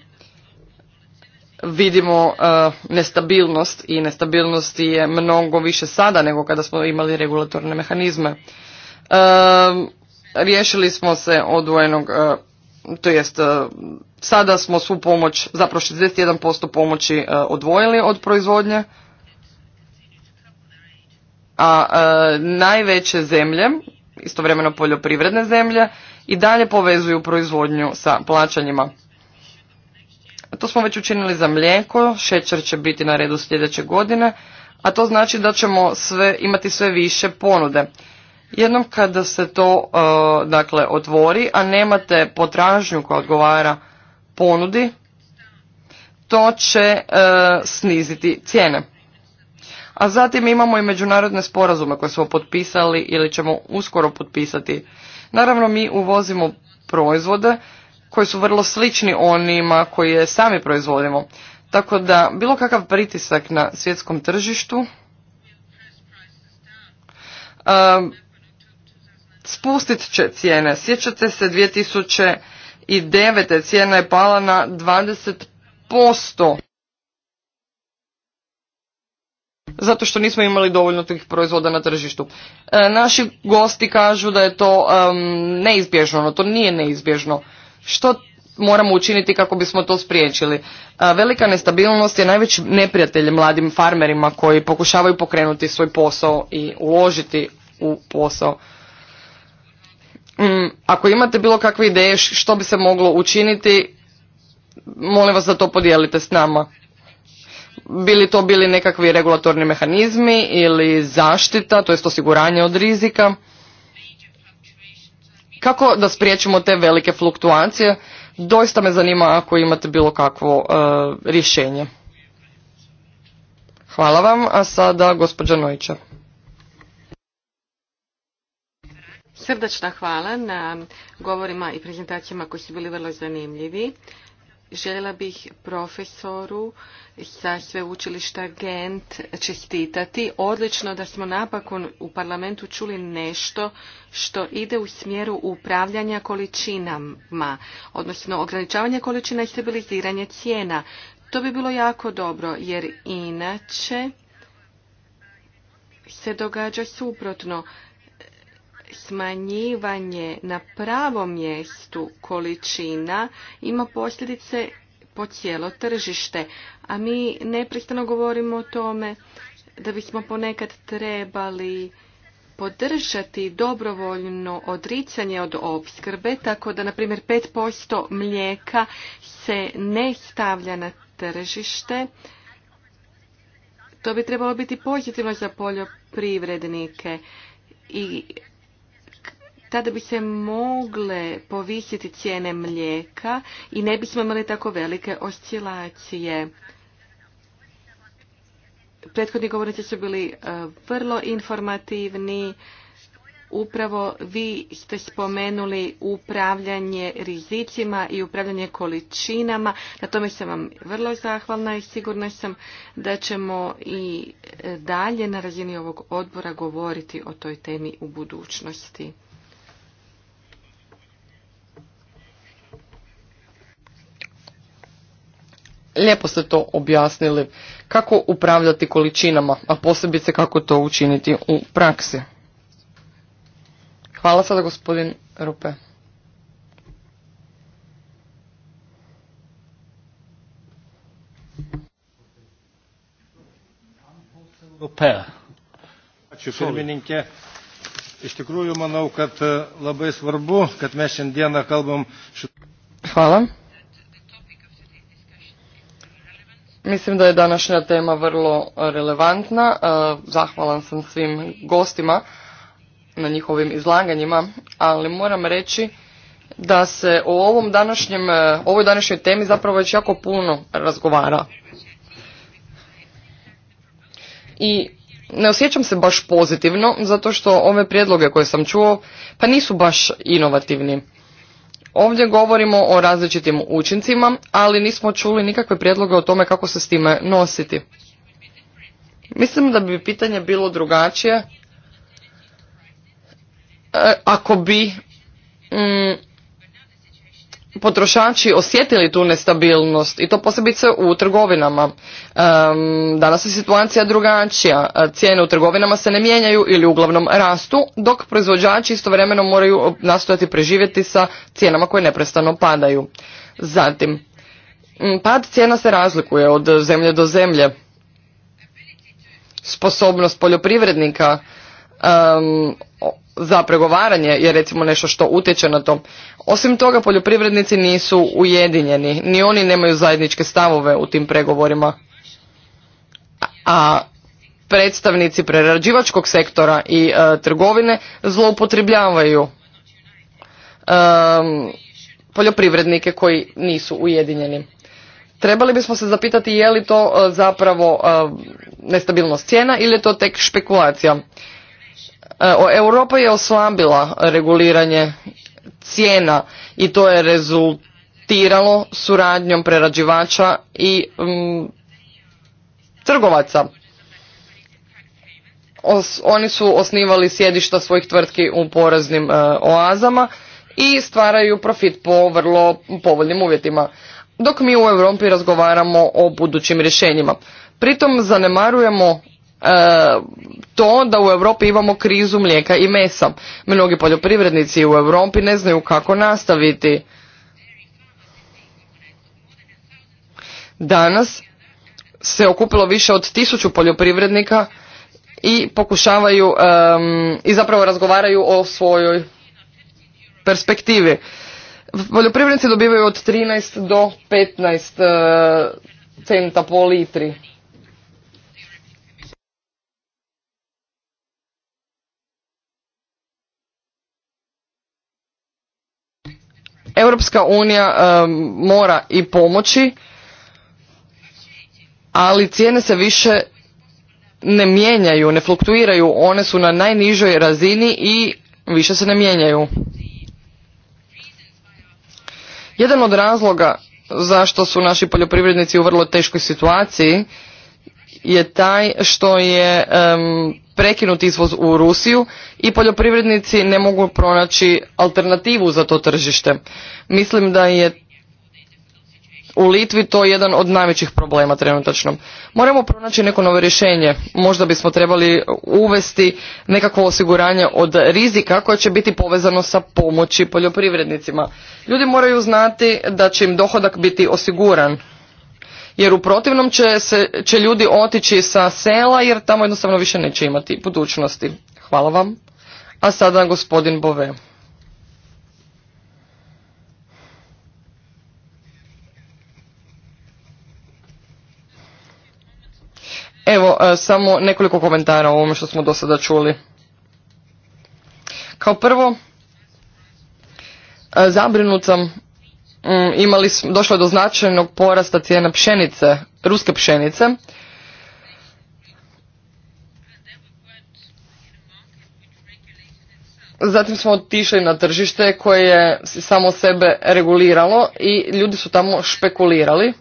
vidimo e, nestabilnost i nestabilnosti je mnogo više sada nego kada smo imali regulatorne mehanizme. Uh, riješili smo se odvojenog, e, to jest sada smo svu pomoć, zapravo 61% pomoći odvojili od proizvodnje, a najveće zemlje, istovremeno poljoprivredne zemlje, i dalje povezuju proizvodnju sa plaćanjima. To smo već učinili za mlijeko, šećer će biti na redu sljedeće godine, a to znači da ćemo sve, imati sve više ponude. Jednom kada se to e, dakle otvori, a nemate potražnju koja odgovara ponudi, to će e, sniziti cijene. A zatim imamo i međunarodne sporazume koje smo potpisali ili ćemo uskoro potpisati Naravno, mi uvozimo proizvode koji su vrlo slični onima koje sami proizvodimo. Tako da bilo kakav pritisak na svjetskom tržištu um, spustit će cijene. Sjećate se 2009. cijena je pala na 20% zato što nismo imali dovoljno tih proizvoda na tržištu. E, naši gosti kažu da je to neizbježno, no to nije neizbježno. Što moramo učiniti kako bismo to spriječili? E, velika nestabilnost je najveći neprijatelj mladim farmerima koji pokušavaju pokrenuti svoj posao i uložiti u posao. Mm, ako imate bilo kakve ideje što bi se moglo učiniti, molim vas da to podijelite s nama bili to bili nekakvi regulatorni mehanizmi ili zaštita, to jest osiguranje od rizika. Kako da spriječimo te velike fluktuacije? Doista me zanima ako imate bilo kakvo uh, rješenje. Hvala vam, a sada gospođa Nojića. Srdačna hvala na govorima i prezentacijama koji su bili vrlo zanimljivi. Željela bih profesoru sa sveučilišta Gent čestitati. Odlično da smo napakon u parlamentu čuli nešto što ide u smjeru upravljanja količinama, odnosno ograničavanja količina i stabiliziranje cijena. To bi bilo jako dobro jer inače se događa suprotno smanjivanje na pravom mjestu količina ima posljedice po cijelo tržište. A mi nepristano govorimo o tome da bismo ponekad trebali podržati dobrovoljno odricanje od opskrbe, tako da, na primjer, 5% mlijeka se ne stavlja na tržište. To bi trebalo biti pozitivno za poljoprivrednike i tada bi se mogle povisiti cijene mlijeka i ne bismo imali tako velike oscilacije. Prethodni govornici su bili e, vrlo informativni. Upravo vi ste spomenuli upravljanje rizicima i upravljanje količinama. Na tome sam vam vrlo zahvalna i sigurna sam da ćemo i e, dalje na razini ovog odbora govoriti o toj temi u budućnosti. Lijepo ste to objasnili. Kako upravljati količinama, a posebice kako to učiniti u praksi. Hvala sada gospodin Rupe. Rupe. Ačiū pirmininkė. Iš tikrųjų manau, kad e, labai svarbu, kad mes šiandieną kalbam. Hvala. Mislim da je današnja tema vrlo e, relevantna. E, zahvalan sam svim gostima na njihovim izlaganjima, ali moram reći da se o ovom današnjem, e, ovoj današnjoj temi zapravo već jako puno razgovara. I ne osjećam se baš pozitivno, zato što ove prijedloge koje sam čuo, pa nisu baš inovativni. Ovdje govorimo o različitim učincima, ali nismo čuli nikakve prijedloge o tome kako se s time nositi. Mislim da bi pitanje bilo drugačije e, ako bi mm, potrošači osjetili tu nestabilnost i to posebice u trgovinama. Danas je situacija drugačija. Cijene u trgovinama se ne mijenjaju ili uglavnom rastu, dok proizvođači istovremeno moraju nastojati preživjeti sa cijenama koje neprestano padaju. Zatim, pad cijena se razlikuje od zemlje do zemlje. Sposobnost poljoprivrednika za pregovaranje je recimo nešto što utječe na to. Osim toga poljoprivrednici nisu ujedinjeni, ni oni nemaju zajedničke stavove u tim pregovorima. A predstavnici prerađivačkog sektora i e, trgovine zloupotrebljavaju poljoprivrednike koji nisu ujedinjeni. Trebali bismo se zapitati je li to e, zapravo e, nestabilnost cijena ili je to tek špekulacija. E, Europa je oslabila reguliranje cijena i to je rezultiralo suradnjom prerađivača i mm, trgovaca. oni su osnivali sjedišta svojih tvrtki u poreznim e, oazama i stvaraju profit po vrlo povoljnim uvjetima, dok mi u Europi razgovaramo o budućim rješenjima. Pritom zanemarujemo e, to da u Europi imamo krizu mlijeka i mesa. Mnogi poljoprivrednici u Europi ne znaju kako nastaviti. Danas se okupilo više od tisuću poljoprivrednika i pokušavaju i zapravo razgovaraju o svojoj perspektivi. Poljoprivrednici dobivaju od 13 do 15 eh, centa po litri Europska unija e, mora i pomoći, ali cijene se više ne mijenjaju, ne fluktuiraju, one su na najnižoj razini i više se ne mijenjaju. Jedan od razloga zašto su naši poljoprivrednici u vrlo teškoj situaciji je taj što je prekinut izvoz u Rusiju i poljoprivrednici ne mogu pronaći alternativu za to tržište. Mislim da je u Litvi to jedan od najvećih problema trenutačno. Moramo pronaći neko novo rješenje. Možda bismo trebali uvesti nekakvo osiguranje od rizika koje će biti povezano sa pomoći poljoprivrednicima. Ljudi moraju znati da će im dohodak biti osiguran jer u protivnom će, se, će ljudi otići sa sela jer tamo jednostavno više neće imati budućnosti. Hvala vam. A sada gospodin Bove. Evo, e, samo nekoliko komentara o ovome što smo do sada čuli. Kao prvo, e, zabrinut sam Mm, imali, došlo je do značajnog porasta cijena pšenice, ruske pšenice. Zatim smo otišli na tržište koje je samo sebe reguliralo i ljudi su tamo špekulirali.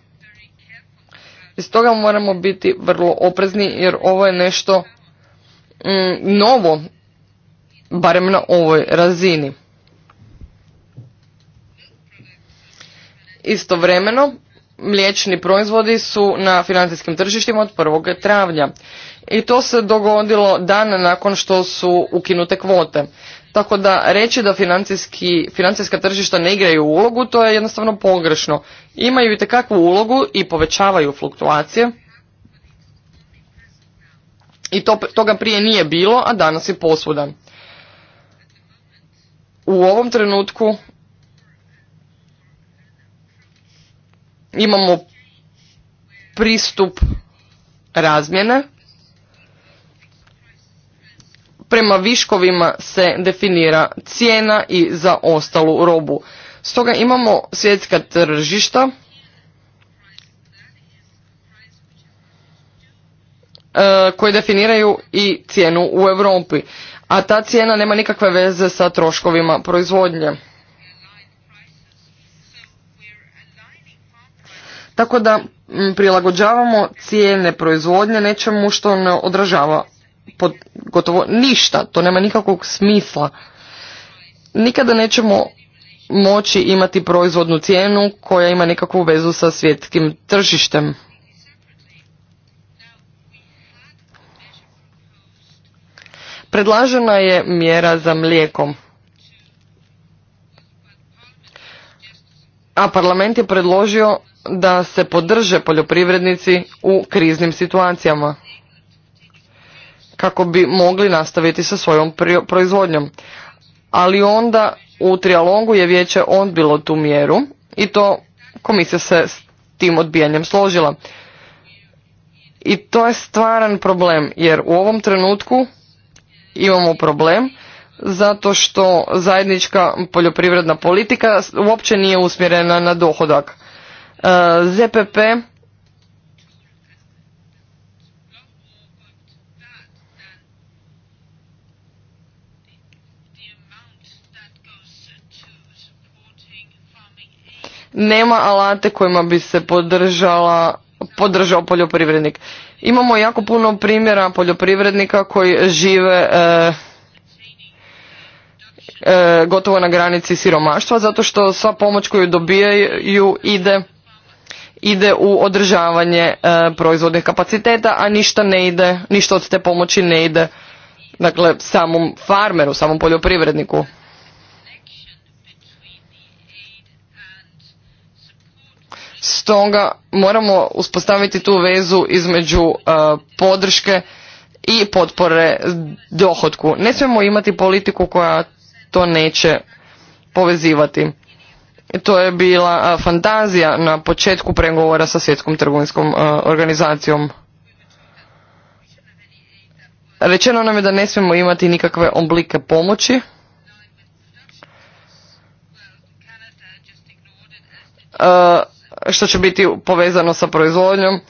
I stoga moramo biti vrlo oprezni jer ovo je nešto mm, novo, barem na ovoj razini. Istovremeno, mliječni proizvodi su na financijskim tržištima od 1. travnja i to se dogodilo dan nakon što su ukinute kvote. Tako da reći da financijska tržišta ne igraju ulogu, to je jednostavno pogrešno. Imaju i ulogu i povećavaju fluktuacije. I to, toga prije nije bilo, a danas je posvuda. U ovom trenutku imamo pristup razmjene. Prema viškovima se definira cijena i za ostalu robu. Stoga imamo svjetska tržišta e, koje definiraju i cijenu u Europi, a ta cijena nema nikakve veze sa troškovima proizvodnje. Tako da mm, prilagođavamo cijene proizvodnje nečemu što ne odražava gotovo ništa, to nema nikakvog smisla. Nikada nećemo moći imati proizvodnu cijenu koja ima nekakvu vezu sa svjetskim tržištem. Predlažena je mjera za mlijekom. a parlament je predložio da se podrže poljoprivrednici u kriznim situacijama kako bi mogli nastaviti sa svojom proizvodnjom. Ali onda u trialongu je vijeće odbilo tu mjeru i to komisija se s tim odbijanjem složila. I to je stvaran problem jer u ovom trenutku imamo problem zato što zajednička poljoprivredna politika uopće nije usmjerena na dohodak. E, ZPP nema alate kojima bi se podržala, podržao poljoprivrednik. Imamo jako puno primjera poljoprivrednika koji žive e, E, gotovo na granici siromaštva zato što sva pomoć koju dobijaju ide ide u održavanje e, proizvodnih kapaciteta, a ništa ne ide, ništa od te pomoći ne ide dakle samom farmeru, samom poljoprivredniku. Stoga moramo uspostaviti tu vezu između e, podrške i potpore dohotku. Ne smijemo imati politiku koja to neće povezivati. To je bila fantazija na početku pregovora sa svjetskom trgovinskom organizacijom. Rečeno nam je da ne smijemo imati nikakve oblike pomoći. Što će biti povezano sa proizvodnjom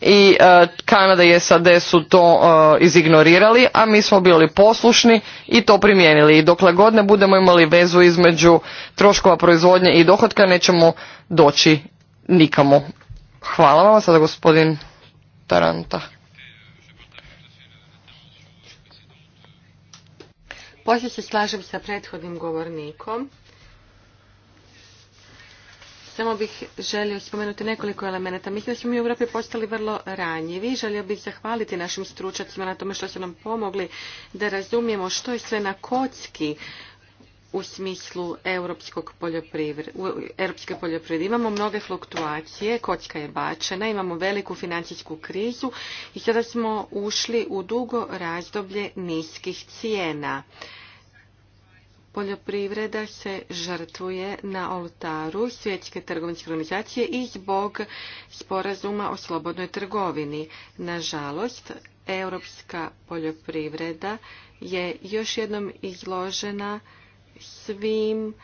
i e, Kanada i SAD su to e, izignorirali, a mi smo bili poslušni i to primijenili. I dokle god ne budemo imali vezu između troškova proizvodnje i dohotka, nećemo doći nikamo. Hvala vam sada gospodin Taranta. Poslije se slažem sa prethodnim govornikom. Samo bih želio spomenuti nekoliko elemenata. Mislim da smo mi u Europi postali vrlo ranjivi. Želio bih zahvaliti našim stručacima na tome što su nam pomogli da razumijemo što je sve na kocki u smislu europskog europske poljoprivrede. Imamo mnoge fluktuacije, kocka je bačena, imamo veliku financijsku krizu i sada smo ušli u dugo razdoblje niskih cijena poljoprivreda se žrtvuje na oltaru svjetske trgovinske organizacije i zbog sporazuma o slobodnoj trgovini. Nažalost, europska poljoprivreda je još jednom izložena svim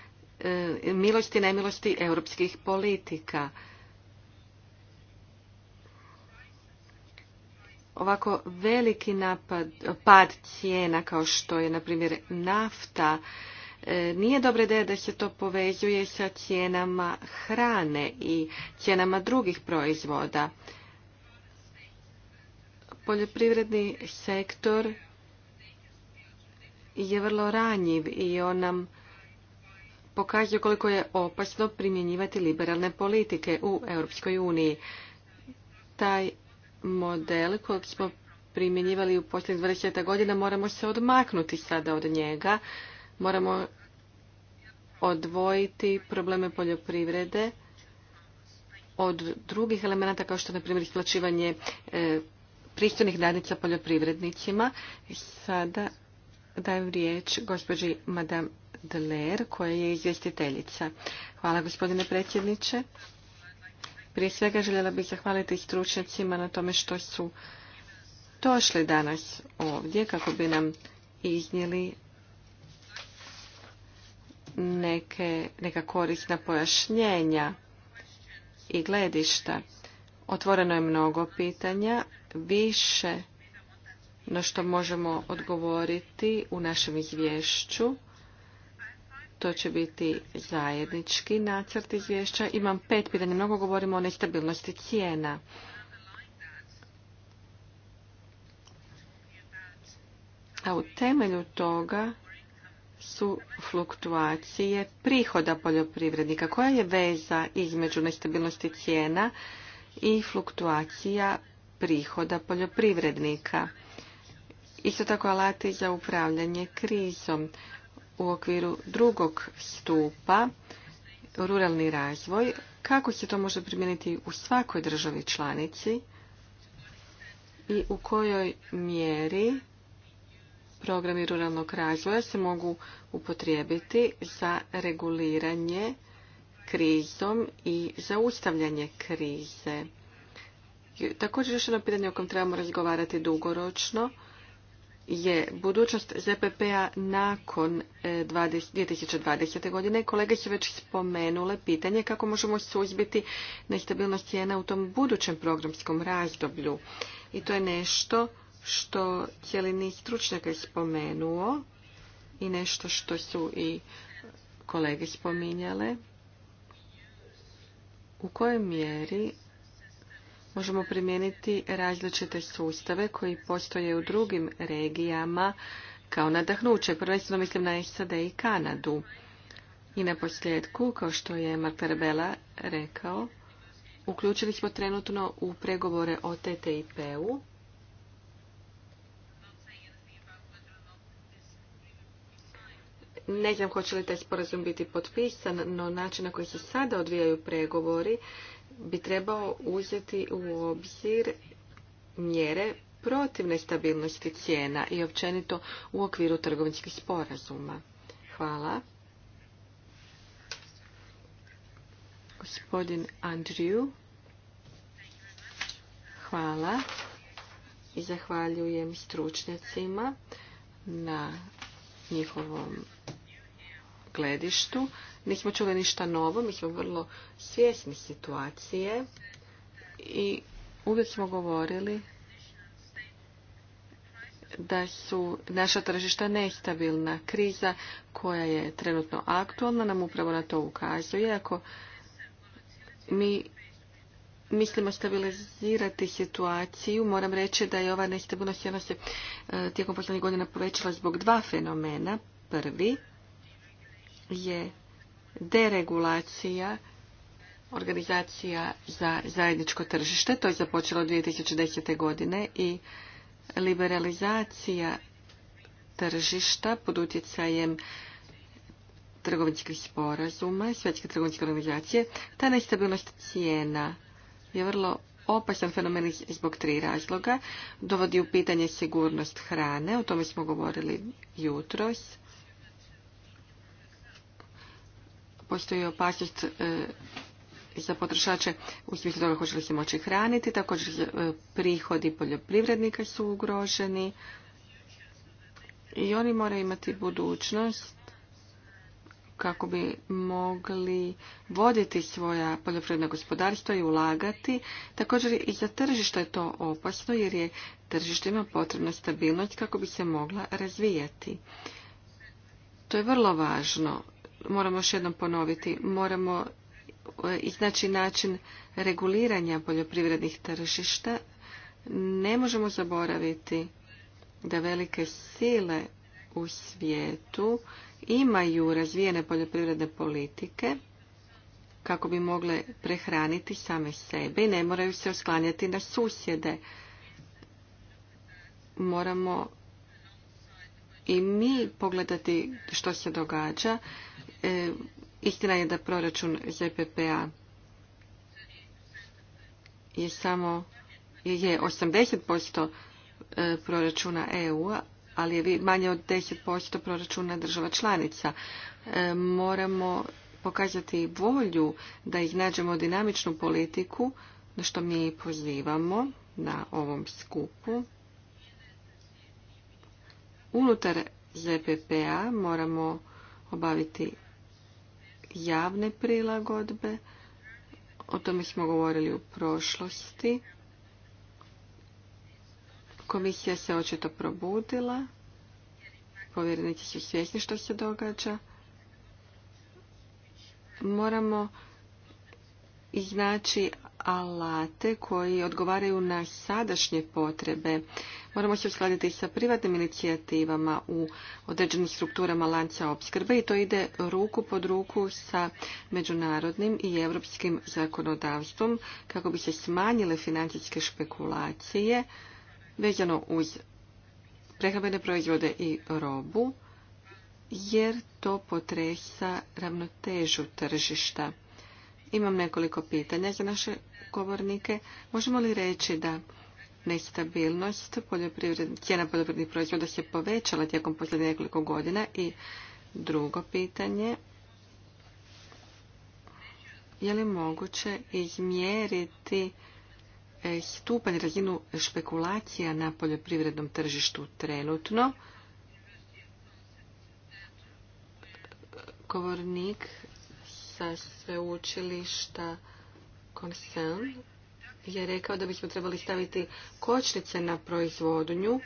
e, milosti i nemilosti europskih politika. Ovako veliki napad, pad cijena kao što je, na primjer, nafta, E, nije dobra ideja da se to povezuje sa cijenama hrane i cijenama drugih proizvoda. Poljoprivredni sektor je vrlo ranjiv i on nam pokazuje koliko je opasno primjenjivati liberalne politike u Europskoj uniji. Taj model kojeg smo primjenjivali u posljednjih 20 godina moramo se odmaknuti sada od njega Moramo odvojiti probleme poljoprivrede od drugih elemenata kao što je na primjer isplaćivanje e, pristojnih danica poljoprivrednicima. Sada dajem riječ gospođi Madame Deler koja je izvjestiteljica. Hvala gospodine predsjedniče. Prije svega željela bih zahvaliti stručnjacima na tome što su došli danas ovdje kako bi nam iznijeli neke, neka korisna pojašnjenja i gledišta. Otvoreno je mnogo pitanja, više na što možemo odgovoriti u našem izvješću. To će biti zajednički nacrt izvješća. Imam pet pitanja, mnogo govorimo o nestabilnosti cijena. A u temelju toga su fluktuacije prihoda poljoprivrednika? Koja je veza između nestabilnosti cijena i fluktuacija prihoda poljoprivrednika? Isto tako alati za upravljanje krizom u okviru drugog stupa, ruralni razvoj, kako se to može primijeniti u svakoj državi članici i u kojoj mjeri programi ruralnog razvoja se mogu upotrijebiti za reguliranje krizom i zaustavljanje krize. Također još jedno pitanje o kojem trebamo razgovarati dugoročno je budućnost ZPP-a nakon 2020. E, godine. Kolege su već spomenule pitanje kako možemo suzbiti nestabilnost cijena u tom budućem programskom razdoblju. I to je nešto što cijeli niz stručnjaka spomenuo i nešto što su i kolege spominjale. U kojoj mjeri možemo primijeniti različite sustave koji postoje u drugim regijama kao nadahnuće. Prvenstveno mislim na SAD i Kanadu. I na posljedku, kao što je Marta Bela rekao, uključili smo trenutno u pregovore o TTIP-u Ne znam hoće li taj sporazum biti potpisan, no način na koji se sada odvijaju pregovori bi trebao uzeti u obzir mjere protiv nestabilnosti cijena i općenito u okviru trgovinskih sporazuma. Hvala. Gospodin Andriju. Hvala. I zahvaljujem stručnjacima na njihovom gledištu. Nismo čuli ništa novo, mi smo vrlo svjesni situacije i uvijek smo govorili da su naša tržišta nestabilna. Kriza koja je trenutno aktualna nam upravo na to ukazuje. Ako mi mislimo stabilizirati situaciju, moram reći da je ova nestabilnost jedna se e, tijekom posljednjih godina povećala zbog dva fenomena. Prvi, je deregulacija organizacija za zajedničko tržište. To je započelo 2010. godine i liberalizacija tržišta pod utjecajem trgovinskih sporazuma, svjetske trgovinske organizacije. Ta nestabilnost cijena je vrlo opasan fenomen zbog tri razloga. Dovodi u pitanje sigurnost hrane, o tome smo govorili jutros. postoji opasnost e, za potrošače u smislu toga hoće li se moći hraniti, također e, prihodi poljoprivrednika su ugroženi i oni moraju imati budućnost kako bi mogli voditi svoja poljoprivredna gospodarstva i ulagati. Također i za tržište je to opasno jer je tržištima potrebna stabilnost kako bi se mogla razvijati. To je vrlo važno moramo još jednom ponoviti, moramo e, iznaći način reguliranja poljoprivrednih tržišta. Ne možemo zaboraviti da velike sile u svijetu imaju razvijene poljoprivredne politike kako bi mogle prehraniti same sebe i ne moraju se osklanjati na susjede. Moramo i mi pogledati što se događa. E, istina je da proračun ZPPA je samo je 80% e, proračuna eu ali je manje od 10% proračuna država članica. E, moramo pokazati volju da iznađemo dinamičnu politiku, na što mi pozivamo na ovom skupu unutar ZPPA moramo obaviti javne prilagodbe. O tome smo govorili u prošlosti. Komisija se očito probudila. Povjerenici su svjesni što se događa. Moramo iznaći alate koji odgovaraju na sadašnje potrebe. Moramo se uskladiti sa privatnim inicijativama u određenim strukturama lanca opskrbe i to ide ruku pod ruku sa međunarodnim i europskim zakonodavstvom kako bi se smanjile financijske špekulacije vezano uz prehrambene proizvode i robu jer to potresa ravnotežu tržišta. Imam nekoliko pitanja za naše govornike. Možemo li reći da nestabilnost cijena poljoprivrednih proizvoda se povećala tijekom posljednje nekoliko godina i drugo pitanje je li moguće izmjeriti e, stupanj razinu špekulacija na poljoprivrednom tržištu trenutno. Govornik sa sveučilišta Concern je rekao da bismo trebali staviti kočnice na proizvodnju.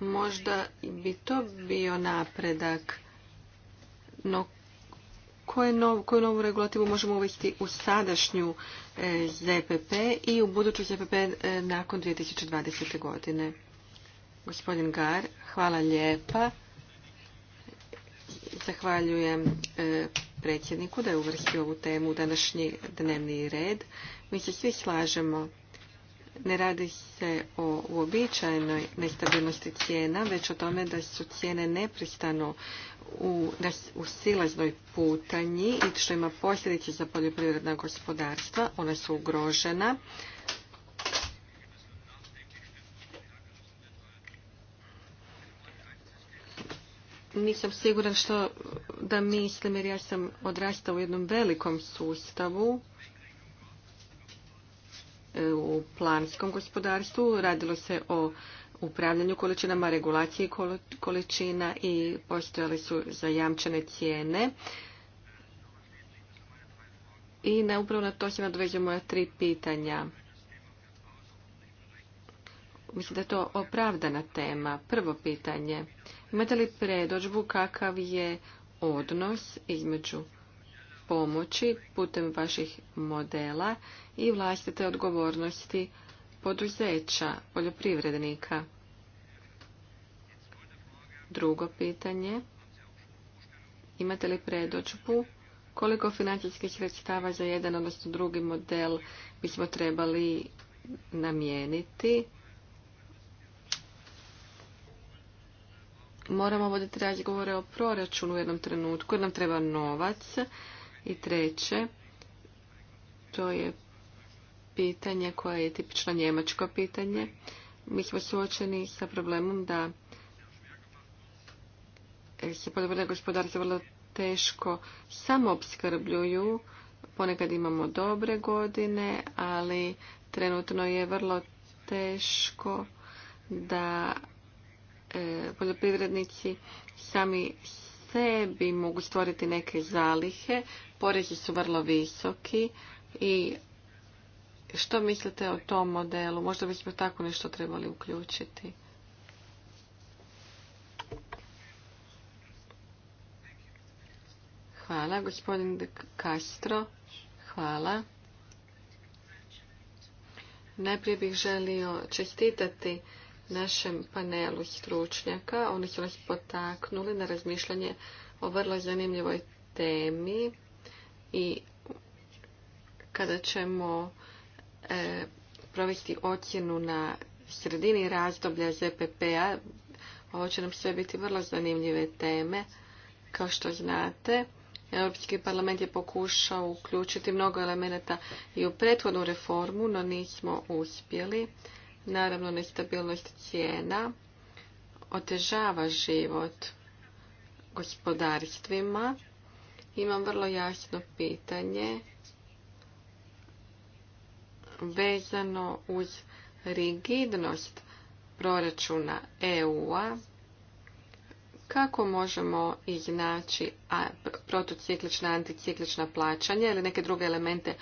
Možda bi to bio napredak, no koju novu regulativu možemo uvesti u sadašnju e, ZPP i u buduću ZPP e, nakon 2020. godine. Gospodin Gar, hvala lijepa. Zahvaljujem e, predsjedniku da je uvrstio ovu temu u današnji dnevni red. Mi se svi slažemo. Ne radi se o uobičajenoj nestabilnosti cijena, već o tome da su cijene nepristano u, u silaznoj putanji i što ima posljedice za poljoprivredna gospodarstva. Ona su ugrožena. Nisam siguran što da mislim jer ja sam odrastao u jednom velikom sustavu E, u planskom gospodarstvu. Radilo se o upravljanju količinama, regulaciji količina i postojali su zajamčene cijene. I na, upravo na to se nadveđu moja tri pitanja. Mislim da je to opravdana tema. Prvo pitanje. Imate li predođbu kakav je odnos između pomoći putem vaših modela i vlastite odgovornosti poduzeća, poljoprivrednika. Drugo pitanje. Imate li predođbu koliko financijskih sredstava za jedan, odnosno drugi model bismo trebali namijeniti? Moramo voditi razgovore o proračunu u jednom trenutku jer nam treba novac i treće, to je pitanje koje je tipično njemačko pitanje. Mi smo suočeni sa problemom da se poljoprivredne gospodarstva vrlo teško samo obskrbljuju. Ponekad imamo dobre godine, ali trenutno je vrlo teško da e, poljoprivrednici sami sebi mogu stvoriti neke zalihe, porezi su vrlo visoki i što mislite o tom modelu? Možda bismo tako nešto trebali uključiti. Hvala, gospodin Castro. Hvala. Najprije bih želio čestitati našem panelu stručnjaka. Oni su nas potaknuli na razmišljanje o vrlo zanimljivoj temi i kada ćemo e, provesti ocjenu na sredini razdoblja ZPP-a, ovo će nam sve biti vrlo zanimljive teme. Kao što znate, Europski parlament je pokušao uključiti mnogo elemenata i u prethodnu reformu, no nismo uspjeli. Naravno, nestabilnost cijena otežava život gospodarstvima. Imam vrlo jasno pitanje vezano uz rigidnost proračuna EU-a. Kako možemo iznaći protociklična, anticiklična plaćanja ili neke druge elemente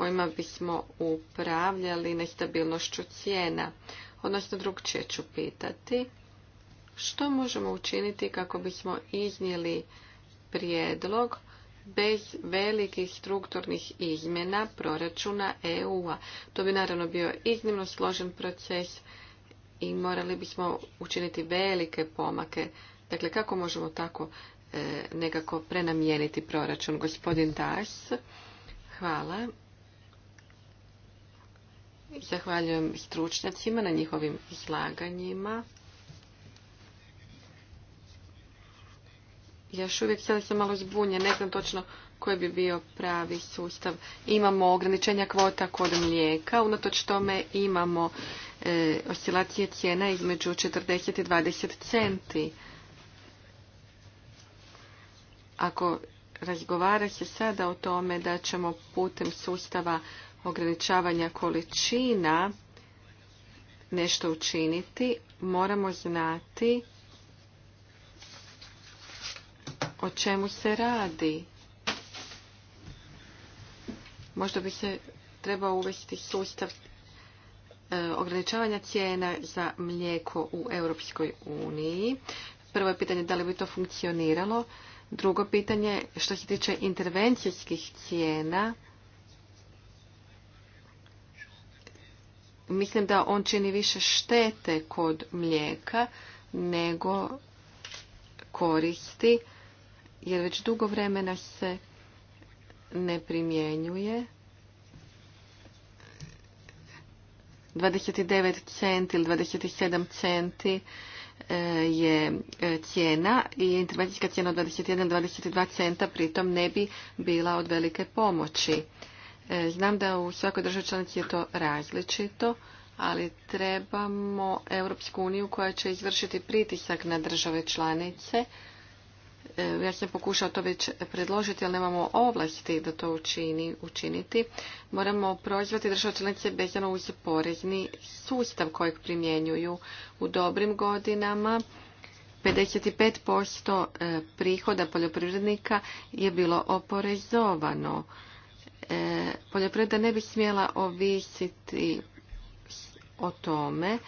kojima bismo upravljali nestabilnošću cijena. Odnosno, drugčije ću pitati, što možemo učiniti kako bismo iznijeli prijedlog bez velikih strukturnih izmjena proračuna EU-a. To bi naravno bio iznimno složen proces i morali bismo učiniti velike pomake. Dakle, kako možemo tako negako nekako prenamijeniti proračun? Gospodin Das, hvala. Zahvaljujem stručnjacima na njihovim izlaganjima. Još uvijek sada sam malo zbunje, ne znam točno koji bi bio pravi sustav. Imamo ograničenja kvota kod mlijeka, unatoč tome imamo e, oscilacije cijena između 40 i 20 centi. Ako razgovara se sada o tome da ćemo putem sustava ograničavanja količina nešto učiniti, moramo znati o čemu se radi. Možda bi se trebao uvesti sustav e, ograničavanja cijena za mlijeko u Europskoj uniji. Prvo je pitanje da li bi to funkcioniralo. Drugo pitanje što se tiče intervencijskih cijena, mislim da on čini više štete kod mlijeka nego koristi jer već dugo vremena se ne primjenjuje. 29 centi ili 27 centi e, je e, cijena i intervencijska cijena od 21-22 centa pritom ne bi bila od velike pomoći. E, znam da u svakoj državi članici je to različito, ali trebamo Europsku uniju koja će izvršiti pritisak na države članice. E, ja sam pokušao to već predložiti, ali nemamo ovlasti da to učini, učiniti. Moramo prozvati države članice vezano uz porezni sustav kojeg primjenjuju u dobrim godinama. 55% e, prihoda poljoprivrednika je bilo oporezovano. E, poljoprivreda ne bi smjela ovisiti o tome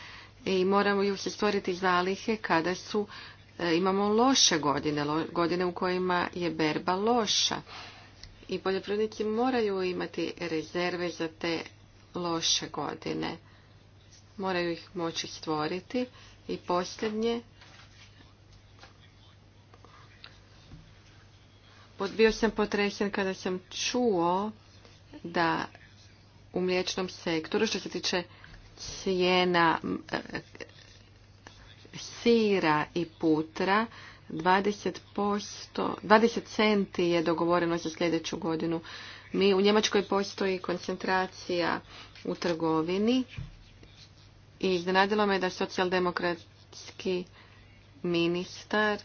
i moramo ju se stvoriti zalihe kada su e, imamo loše godine, godine u kojima je berba loša. I poljoprivrednici moraju imati rezerve za te loše godine. Moraju ih moći stvoriti. I posljednje, bio sam potresen kada sam čuo da u mliječnom sektoru što se tiče cijena eh, sira i putra 20%, centi je dogovoreno za sljedeću godinu. Mi u Njemačkoj postoji koncentracija u trgovini i iznenadilo me da socijaldemokratski ministar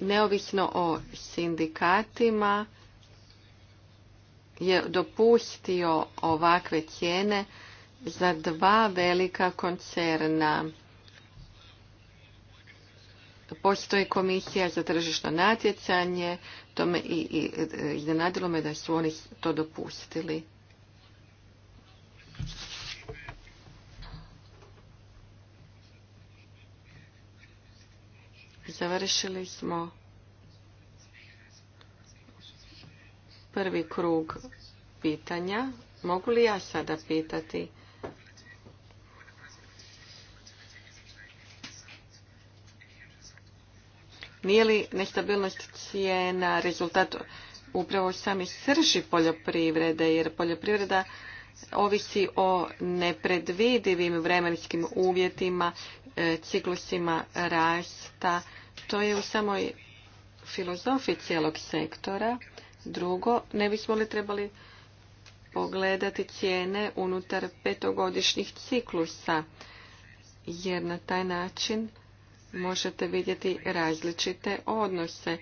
neovisno o sindikatima je dopustio ovakve cijene za dva velika koncerna. Postoji komisija za tržišno natjecanje, to i, iznenadilo me da su oni to dopustili. Završili smo prvi krug pitanja. Mogu li ja sada pitati? Nije li nestabilnost cijena rezultat upravo sami srži poljoprivrede, jer poljoprivreda ovisi o nepredvidivim vremenskim uvjetima, e, ciklusima rasta. To je u samoj filozofiji cijelog sektora. Drugo, ne bismo li trebali pogledati cijene unutar petogodišnjih ciklusa, jer na taj način možete vidjeti različite odnose.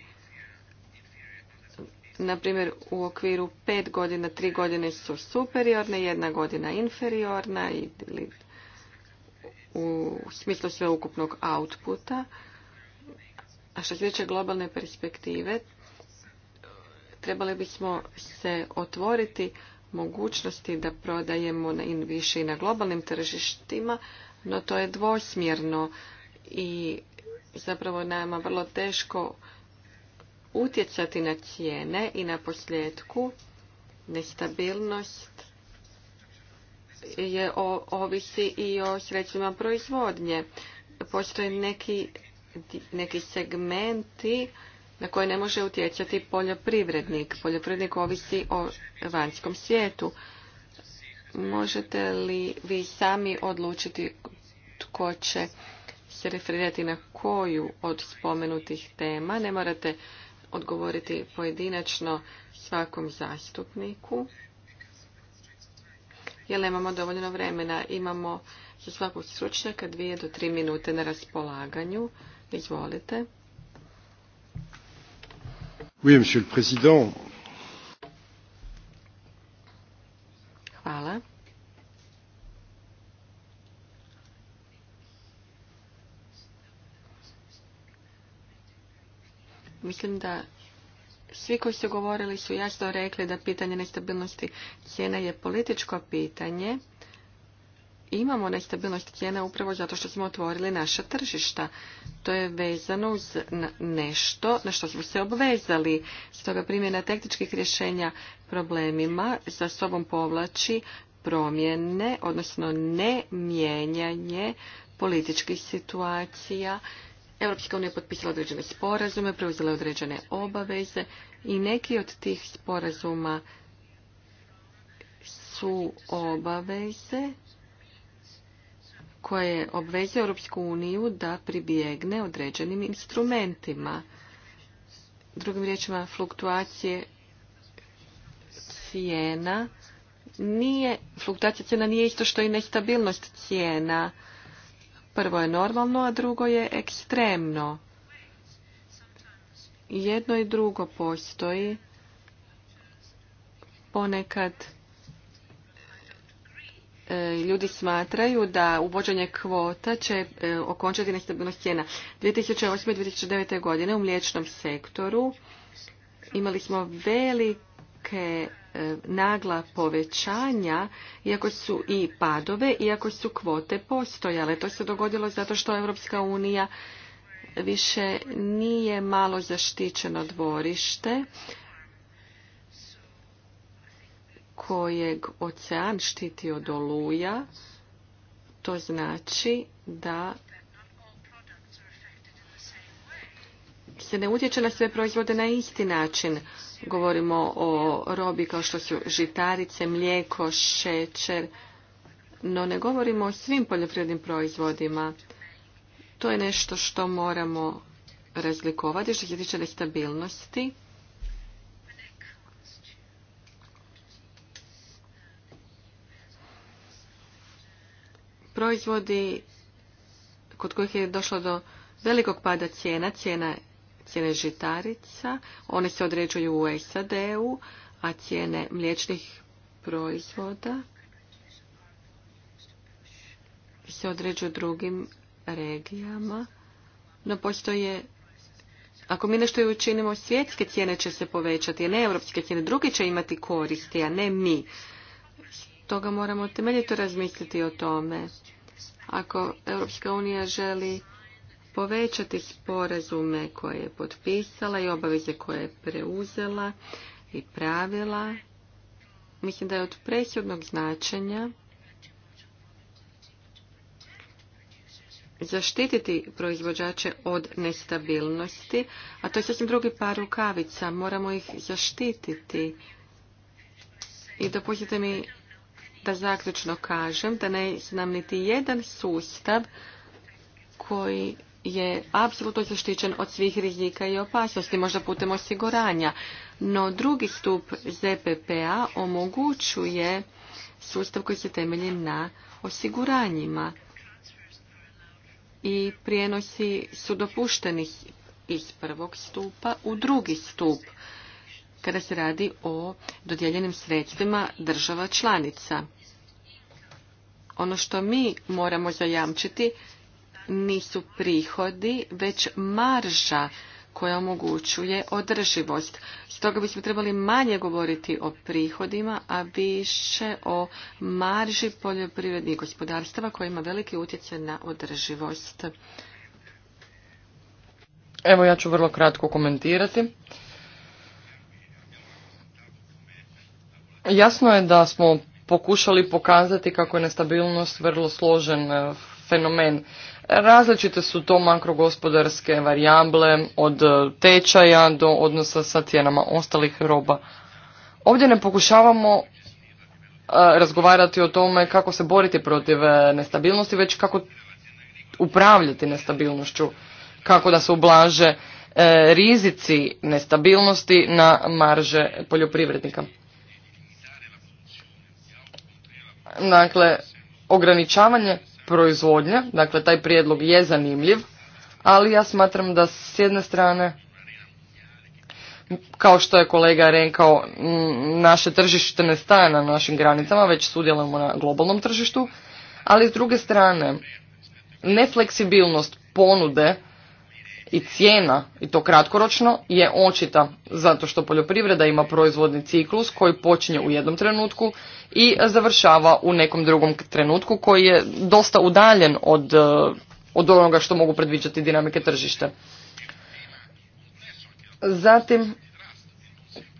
Naprimjer, u okviru pet godina, tri godine su superiorne, jedna godina inferiorna ili u smislu sveukupnog outputa. A što se tiče globalne perspektive, Trebali bismo se otvoriti mogućnosti da prodajemo in više i na globalnim tržištima, no to je dvosmjerno i zapravo nama vrlo teško utjecati na cijene i na posljedku nestabilnost je ovisi i o sredstvima proizvodnje. Postoje neki, neki segmenti na koje ne može utjecati poljoprivrednik. Poljoprivrednik ovisi o vanjskom svijetu. Možete li vi sami odlučiti tko će se referirati na koju od spomenutih tema? Ne morate odgovoriti pojedinačno svakom zastupniku. Jer nemamo dovoljno vremena. Imamo za svakog stručnjaka dvije do tri minute na raspolaganju. Izvolite monsieur Mislim da svi koji su govorili su jasno rekli da pitanje nestabilnosti cijena je političko pitanje imamo nestabilnost cijena upravo zato što smo otvorili naša tržišta. To je vezano uz nešto na što smo se obvezali. Stoga primjena tehničkih rješenja problemima za sobom povlači promjene, odnosno ne mijenjanje političkih situacija. Europska unija je potpisala određene sporazume, preuzela određene obaveze i neki od tih sporazuma su obaveze koje obvezuje Europsku uniju da pribjegne određenim instrumentima. Drugim riječima, fluktuacije cijena nije, fluktuacija cijena nije isto što i nestabilnost cijena. Prvo je normalno, a drugo je ekstremno. Jedno i drugo postoji. Ponekad E, ljudi smatraju da uvođenje kvota će e, okončati nestabilnost cijena. 2008. i 2009. godine u mliječnom sektoru imali smo velike e, nagla povećanja iako su i padove, iako su kvote postojale. To se dogodilo zato što Europska unija više nije malo zaštićeno dvorište kojeg ocean štiti od oluja, to znači da se ne utječe na sve proizvode na isti način. Govorimo o robi kao što su žitarice, mlijeko, šećer, no ne govorimo o svim poljoprivrednim proizvodima. To je nešto što moramo razlikovati što se tiče nestabilnosti. proizvodi kod kojih je došlo do velikog pada cijena, cijena cijene žitarica, one se određuju u SAD-u, a cijene mliječnih proizvoda se određuju drugim regijama. No postoje, ako mi nešto učinimo, svjetske cijene će se povećati, a ne europske cijene. Drugi će imati koristi, a ne mi toga moramo temeljito razmisliti o tome. Ako Europska unija želi povećati sporazume koje je potpisala i obaveze koje je preuzela i pravila, mislim da je od presudnog značenja zaštititi proizvođače od nestabilnosti, a to je sasvim drugi par rukavica, moramo ih zaštititi. I dopustite mi da zaključno kažem da ne znam niti jedan sustav koji je apsolutno zaštićen od svih rizika i opasnosti, možda putem osiguranja. No drugi stup ZPPA omogućuje sustav koji se temelji na osiguranjima i prijenosi su dopušteni iz prvog stupa u drugi stup kada se radi o dodijeljenim sredstvima država članica. Ono što mi moramo zajamčiti nisu prihodi, već marža koja omogućuje održivost. Stoga bismo trebali manje govoriti o prihodima, a više o marži poljoprivrednih gospodarstava koja ima veliki utjecaj na održivost. Evo ja ću vrlo kratko komentirati. Jasno je da smo pokušali pokazati kako je nestabilnost vrlo složen e, fenomen. Različite su to makrogospodarske varijable od e, tečaja do odnosa sa cijenama ostalih roba. Ovdje ne pokušavamo e, razgovarati o tome kako se boriti protiv nestabilnosti, već kako upravljati nestabilnošću, kako da se ublaže rizici nestabilnosti na marže poljoprivrednika. Dakle, ograničavanje proizvodnje, dakle taj prijedlog je zanimljiv, ali ja smatram da s jedne strane, kao što je kolega rekao, mm, naše tržište ne staje na našim granicama, već sudjelujemo na globalnom tržištu, ali s druge strane, nefleksibilnost ponude i cijena i to kratkoročno je očita zato što poljoprivreda ima proizvodni ciklus koji počinje u jednom trenutku i završava u nekom drugom trenutku koji je dosta udaljen od, eh, od onoga što mogu predviđati dinamike tržišta. Zatim,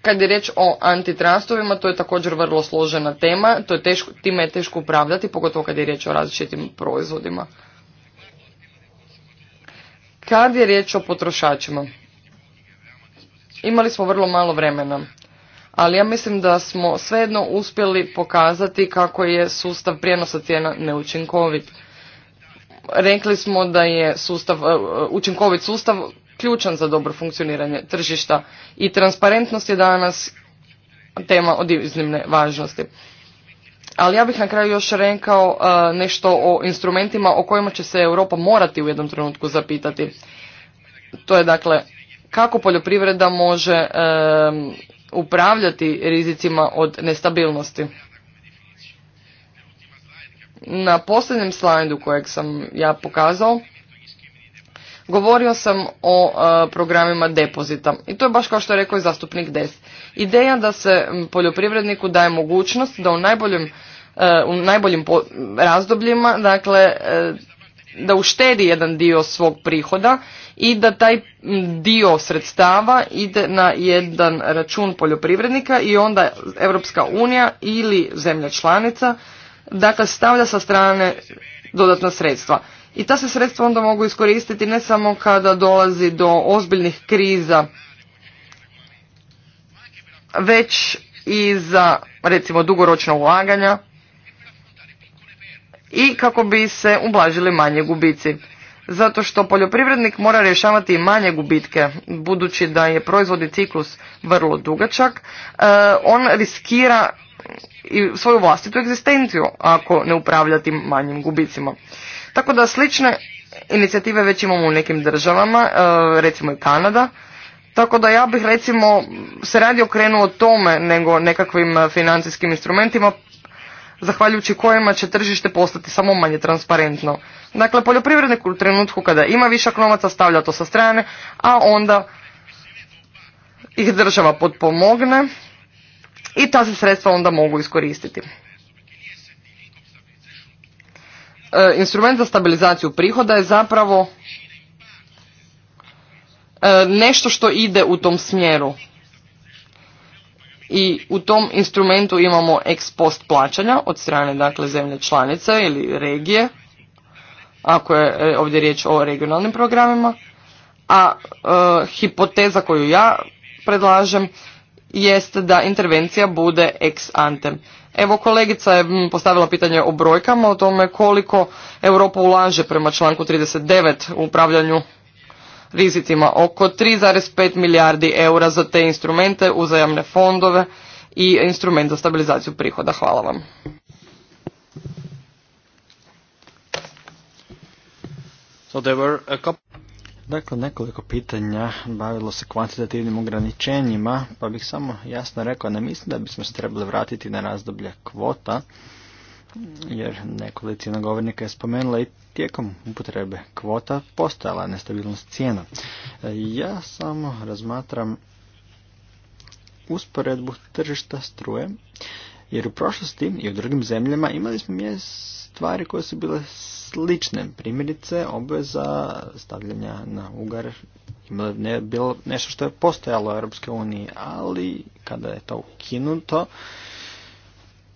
kad je riječ o antitrastovima, to je također vrlo složena tema, to je teško, time je teško upravljati, pogotovo kad je riječ o različitim proizvodima. Kad je riječ o potrošačima, imali smo vrlo malo vremena, ali ja mislim da smo svejedno uspjeli pokazati kako je sustav prijenosa cijena neučinkovit. Rekli smo da je sustav, e, učinkovit sustav ključan za dobro funkcioniranje tržišta i transparentnost je danas tema od iznimne važnosti. Ali ja bih na kraju još rekao uh, nešto o instrumentima o kojima će se Europa morati u jednom trenutku zapitati. To je dakle kako poljoprivreda može um, upravljati rizicima od nestabilnosti. Na posljednjem slajdu kojeg sam ja pokazao Govorio sam o e, programima depozita i to je baš kao što je rekao i zastupnik Des. Ideja da se poljoprivredniku daje mogućnost da u najboljim, e, u najboljim razdobljima, dakle, e, da uštedi jedan dio svog prihoda i da taj dio sredstava ide na jedan račun poljoprivrednika i onda Europska unija ili zemlja članica dakle stavlja sa strane dodatna sredstva. I ta se sredstva onda mogu iskoristiti ne samo kada dolazi do ozbiljnih kriza, već i za recimo dugoročna ulaganja i kako bi se ublažili manje gubici. Zato što poljoprivrednik mora rješavati i manje gubitke, budući da je proizvodni ciklus vrlo dugačak, e, on riskira i svoju vlastitu egzistenciju ako ne upravlja tim manjim gubicima. Tako da slične inicijative već imamo u nekim državama, e, recimo i Kanada. Tako da ja bih recimo se radi okrenuo tome nego nekakvim e, financijskim instrumentima zahvaljujući kojima će tržište postati samo manje transparentno. Dakle, poljoprivrednik u trenutku kada ima višak novaca stavlja to sa strane, a onda ih država potpomogne i ta se sredstva onda mogu iskoristiti. E, instrument za stabilizaciju prihoda je zapravo e, nešto što ide u tom smjeru. I u tom instrumentu imamo ex post plaćanja od strane dakle zemlje članice ili regije, ako je e, ovdje riječ o regionalnim programima, a hipoteza koju ja predlažem jest da intervencija bude ex ante. Evo kolegica je mm, postavila pitanje o brojkama, o tome koliko Europa ulaže prema članku 39 u upravljanju rizicima. Oko 3,5 milijardi eura za te instrumente, uzajamne fondove i instrument za stabilizaciju prihoda. Hvala vam. So there were a couple... Dakle, nekoliko pitanja bavilo se kvantitativnim ograničenjima, pa bih samo jasno rekao, ne mislim da bismo se trebali vratiti na razdoblje kvota, jer nekolicina govornika je spomenula i tijekom upotrebe kvota postojala nestabilnost cijena. Ja samo razmatram usporedbu tržišta struje, jer u prošlosti i u drugim zemljama imali smo mjes stvari koje su bile slične. Primjerice, obveza stavljanja na ugar ne, bilo nešto što je postojalo u Europskoj uniji, ali kada je to ukinuto,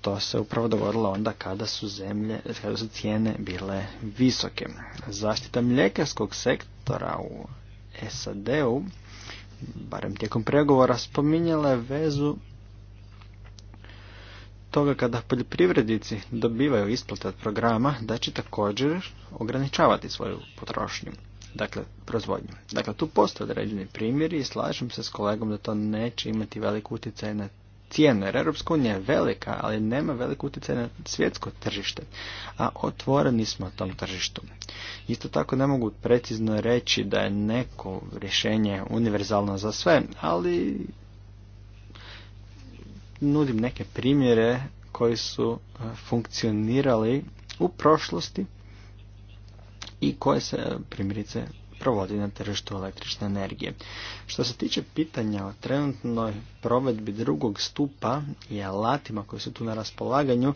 to se upravo dogodilo onda kada su zemlje, kada su cijene bile visoke. Zaštita mljekarskog sektora u SAD-u, barem tijekom pregovora, spominjala je vezu toga kada poljoprivrednici dobivaju isplate od programa da će također ograničavati svoju potrošnju, dakle proizvodnju. Dakle, tu postoje određeni primjeri i slažem se s kolegom da to neće imati velik utjecaj na cijene. Jer Europska unija je velika, ali nema velik utjecaj na svjetsko tržište, a otvoreni smo tom tržištu. Isto tako ne mogu precizno reći da je neko rješenje univerzalno za sve, ali nudim neke primjere koji su e, funkcionirali u prošlosti i koje se e, primjerice provodi na tržištu električne energije. Što se tiče pitanja o trenutnoj provedbi drugog stupa i alatima koji su tu na raspolaganju,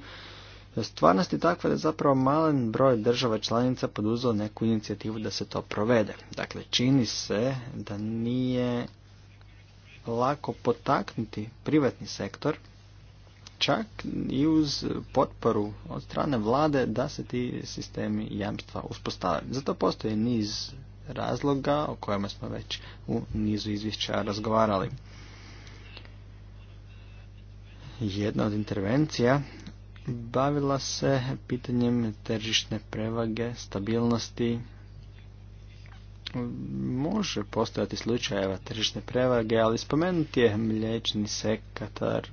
stvarnost je takva da je zapravo malen broj država članica poduzeo neku inicijativu da se to provede. Dakle, čini se da nije lako potaknuti privatni sektor, čak i uz potporu od strane vlade da se ti sistemi jamstva uspostave. Zato postoji niz razloga o kojima smo već u nizu izvješća razgovarali. Jedna od intervencija bavila se pitanjem tržišne prevage, stabilnosti, može postojati slučajeva tržišne prevage, ali spomenuti je mlječni sekatar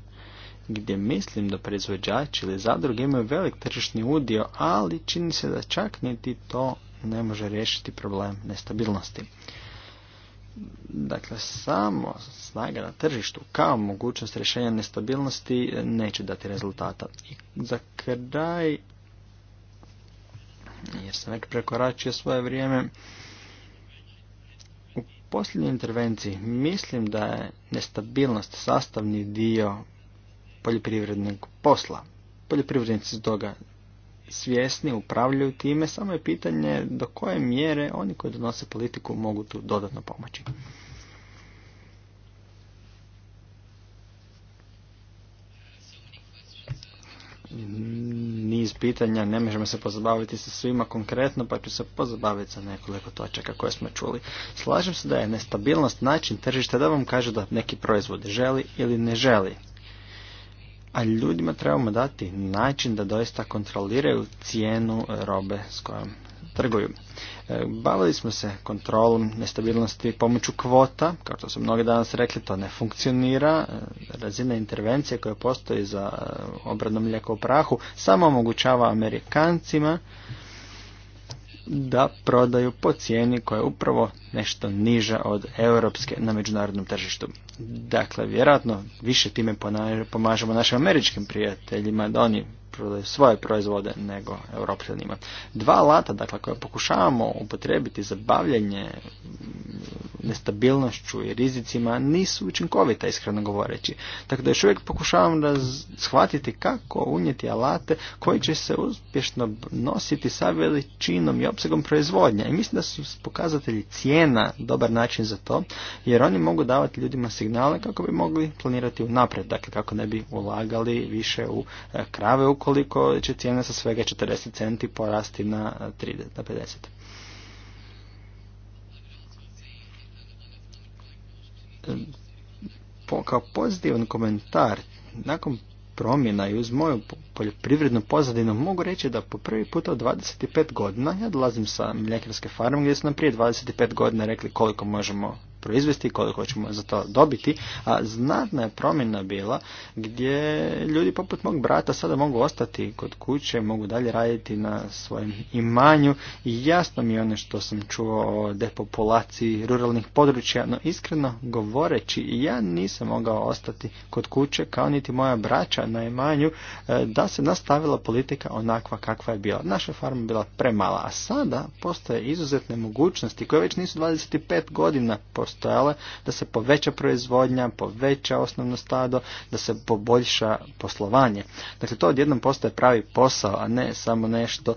gdje mislim da proizvođači ili zadruge imaju velik tržišni udio, ali čini se da čak niti to ne može riješiti problem nestabilnosti. Dakle, samo snaga na tržištu kao mogućnost rješenja nestabilnosti neće dati rezultata. I za kraj, jer sam već prekoračio svoje vrijeme, posljednjoj intervenciji mislim da je nestabilnost sastavni dio poljoprivrednog posla. Poljoprivrednici su toga svjesni, upravljaju time, samo je pitanje do koje mjere oni koji donose politiku mogu tu dodatno pomoći. niz pitanja, ne možemo se pozabaviti sa svima konkretno, pa ću se pozabaviti sa nekoliko točaka koje smo čuli. Slažem se da je nestabilnost način tržišta da vam kaže da neki proizvod želi ili ne želi. A ljudima trebamo dati način da doista kontroliraju cijenu robe s kojom trguju. E, bavili smo se kontrolom nestabilnosti pomoću kvota, kao što su mnogi danas rekli, to ne funkcionira. E, razina intervencije koja postoji za e, obradno mlijeko u prahu samo omogućava Amerikancima da prodaju po cijeni koja je upravo nešto niža od europske na međunarodnom tržištu. Dakle, vjerojatno više time pomažemo našim američkim prijateljima da oni prodaju svoje proizvode nego europljanima. Dva alata dakle, koje pokušavamo upotrijebiti za bavljanje nestabilnošću i rizicima nisu učinkovita, iskreno govoreći. Tako da još uvijek pokušavam shvatiti kako unijeti alate koji će se uspješno nositi sa veličinom i opsegom proizvodnja. I mislim da su pokazatelji cijena dobar način za to, jer oni mogu davati ljudima signale kako bi mogli planirati unaprijed, dakle kako ne bi ulagali više u e, krave u koliko će cijena sa svega 40 centi porasti na 30, na 50. Po, kao pozitivan komentar, nakon promjena i uz moju poljoprivrednu pozadinu mogu reći da po prvi puta od 25 godina, ja dolazim sa mljekarske farme gdje su nam prije 25 godina rekli koliko možemo proizvesti, koliko ćemo za to dobiti, a znatna je promjena bila gdje ljudi poput mog brata sada mogu ostati kod kuće, mogu dalje raditi na svojem imanju i jasno mi je ono što sam čuo o depopulaciji ruralnih područja, no iskreno govoreći ja nisam mogao ostati kod kuće kao niti moja braća na imanju e, da se nastavila politika onakva kakva je bila. Naša farma bila premala, a sada postoje izuzetne mogućnosti koje već nisu 25 godina postoje postojale, da se poveća proizvodnja, poveća osnovno stado, da se poboljša poslovanje. Dakle, to odjednom postaje pravi posao, a ne samo nešto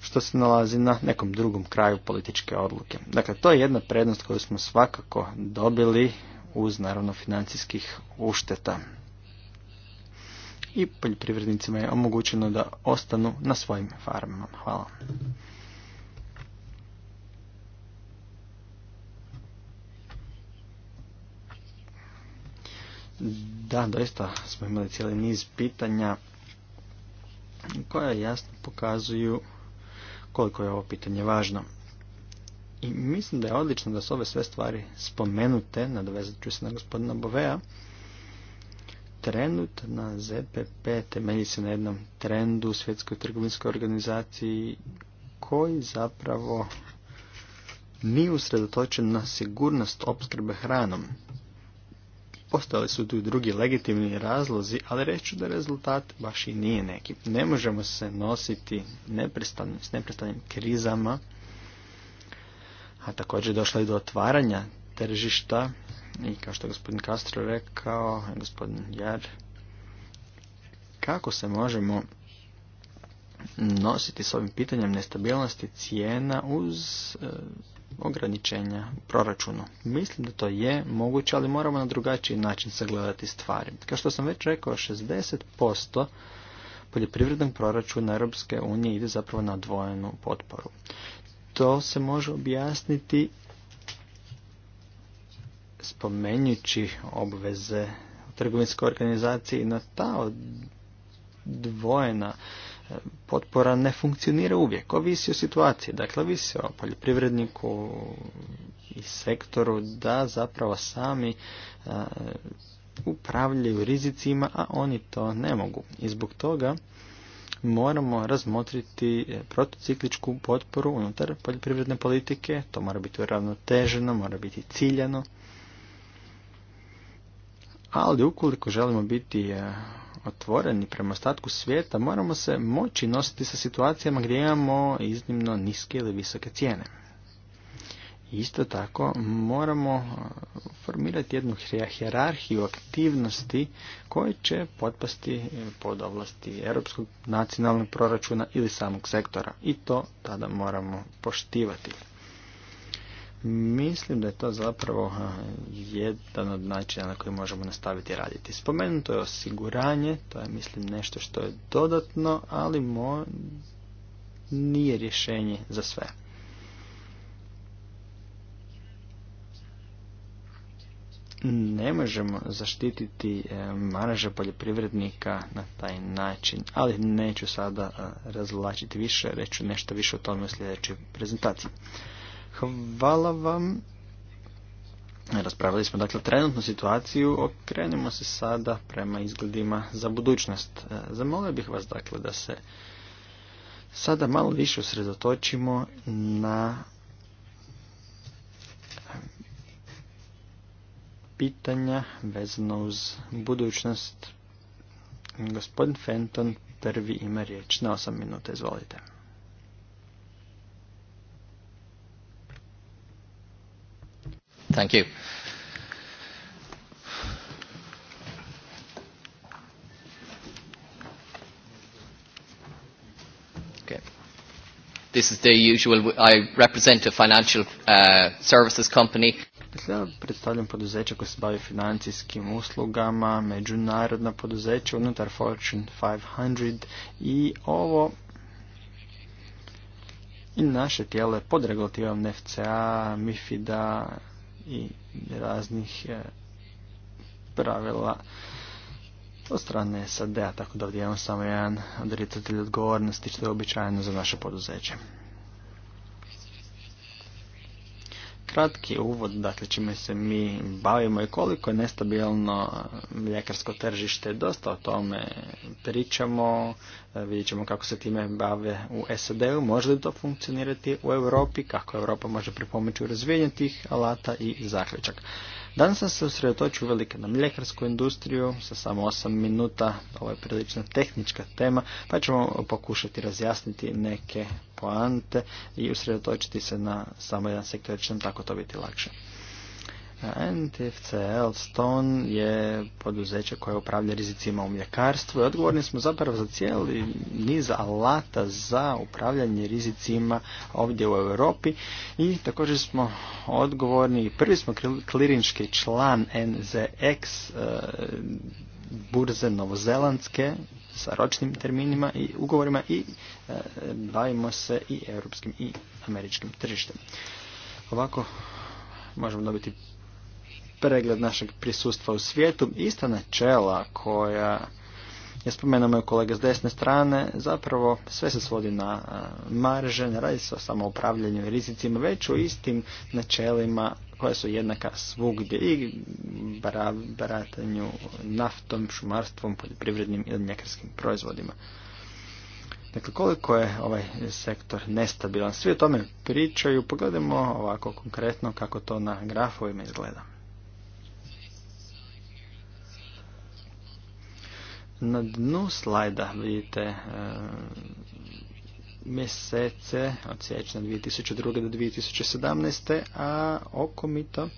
što se nalazi na nekom drugom kraju političke odluke. Dakle, to je jedna prednost koju smo svakako dobili uz naravno financijskih ušteta. I poljoprivrednicima je omogućeno da ostanu na svojim farmama. Hvala. Da, doista smo imali cijeli niz pitanja koja jasno pokazuju koliko je ovo pitanje važno. I mislim da je odlično da su ove sve stvari spomenute, nadovezat ću se na gospodina Bovea, trenutna ZPP temelji se na jednom trendu u svjetskoj trgovinskoj organizaciji koji zapravo nije usredotočen na sigurnost opskrbe hranom. Postojali su tu drugi legitimni razlozi, ali reću da rezultat baš i nije neki. Ne možemo se nositi s neprestanim krizama, a također došlo i do otvaranja tržišta i kao što je gospodin Castro rekao, gospodin Jar, kako se možemo nositi s ovim pitanjem nestabilnosti cijena uz e, ograničenja u proračunu. Mislim da to je moguće, ali moramo na drugačiji način sagledati stvari. Kao što sam već rekao, 60% poljoprivrednog proračuna Europske unije ide zapravo na dvojenu potporu. To se može objasniti spomenjući obveze trgovinske organizacije organizaciji na ta dvojena potpora ne funkcionira uvijek, ovisi o situaciji, dakle ovisi o poljoprivredniku i sektoru da zapravo sami upravljaju rizicima, a oni to ne mogu. I zbog toga moramo razmotriti protocikličku potporu unutar poljoprivredne politike, to mora biti uravnoteženo, mora biti ciljano ali ukoliko želimo biti e, otvoreni prema ostatku svijeta, moramo se moći nositi sa situacijama gdje imamo iznimno niske ili visoke cijene. Isto tako moramo e, formirati jednu hjerarhiju aktivnosti koje će potpasti e, pod ovlasti europskog nacionalnog proračuna ili samog sektora i to tada moramo poštivati. Mislim da je to zapravo jedan od načina na koji možemo nastaviti raditi. Spomenuto je osiguranje, to je mislim nešto što je dodatno, ali mo nije rješenje za sve. Ne možemo zaštititi e, maraže poljoprivrednika na taj način, ali neću sada razlačiti više, reću nešto više o tome u sljedećoj prezentaciji. Hvala vam. Raspravili smo dakle trenutnu situaciju, okrenimo se sada prema izgledima za budućnost. E, zamolio bih vas dakle da se sada malo više usredotočimo na e, pitanja vezano uz budućnost. Gospodin Fenton prvi ima riječ na 8 minuta, izvolite. Thank you. This is the usual, I represent a financial uh, services company. Dakle, ja predstavljam poduzeće koje se bavi financijskim uslugama, međunarodna poduzeća unutar Fortune 500 i ovo i naše tijelo je pod regulativom NFCA, MIFIDA, i raznih e, pravila od strane sad tako da ovdje imamo samo jedan odricatelj odgovornosti što je običajno za naše poduzeće. kratki uvod, dakle čime se mi bavimo i koliko je nestabilno mljekarsko tržište, dosta o tome pričamo, e, vidjet ćemo kako se time bave u SAD-u, može li to funkcionirati u Europi, kako Europa može pripomoći u razvijenju tih alata i zaključak. Danas sam se usredotočio velike na mljekarsku industriju sa samo 8 minuta, ovo je prilično tehnička tema, pa ćemo pokušati razjasniti neke poante i usredotočiti se na samo jedan sektor jer će nam tako to biti lakše. NTFCL Stone je poduzeće koje upravlja rizicima u mljekarstvu i odgovorni smo zapravo za cijeli niz alata za upravljanje rizicima ovdje u Europi i također smo odgovorni, prvi smo klirinčki član NZX e, burze novozelandske sa ročnim terminima i ugovorima i bavimo se i europskim i američkim tržištem. Ovako možemo dobiti pregled našeg prisustva u svijetu. Ista načela koja ja spomenuo moj kolega s desne strane, zapravo sve se svodi na marže, ne radi se o samoupravljanju i rizicima, već o istim načelima koja su jednaka svugdje i baratanju naftom, šumarstvom, poljoprivrednim i mljekarskim proizvodima. Dakle, koliko je ovaj sektor nestabilan. Svi o tome pričaju, pogledajmo ovako konkretno kako to na grafovima izgleda. Na dnu slajda vidite e, mjesece od siječnja 2002. do 2017. a okomito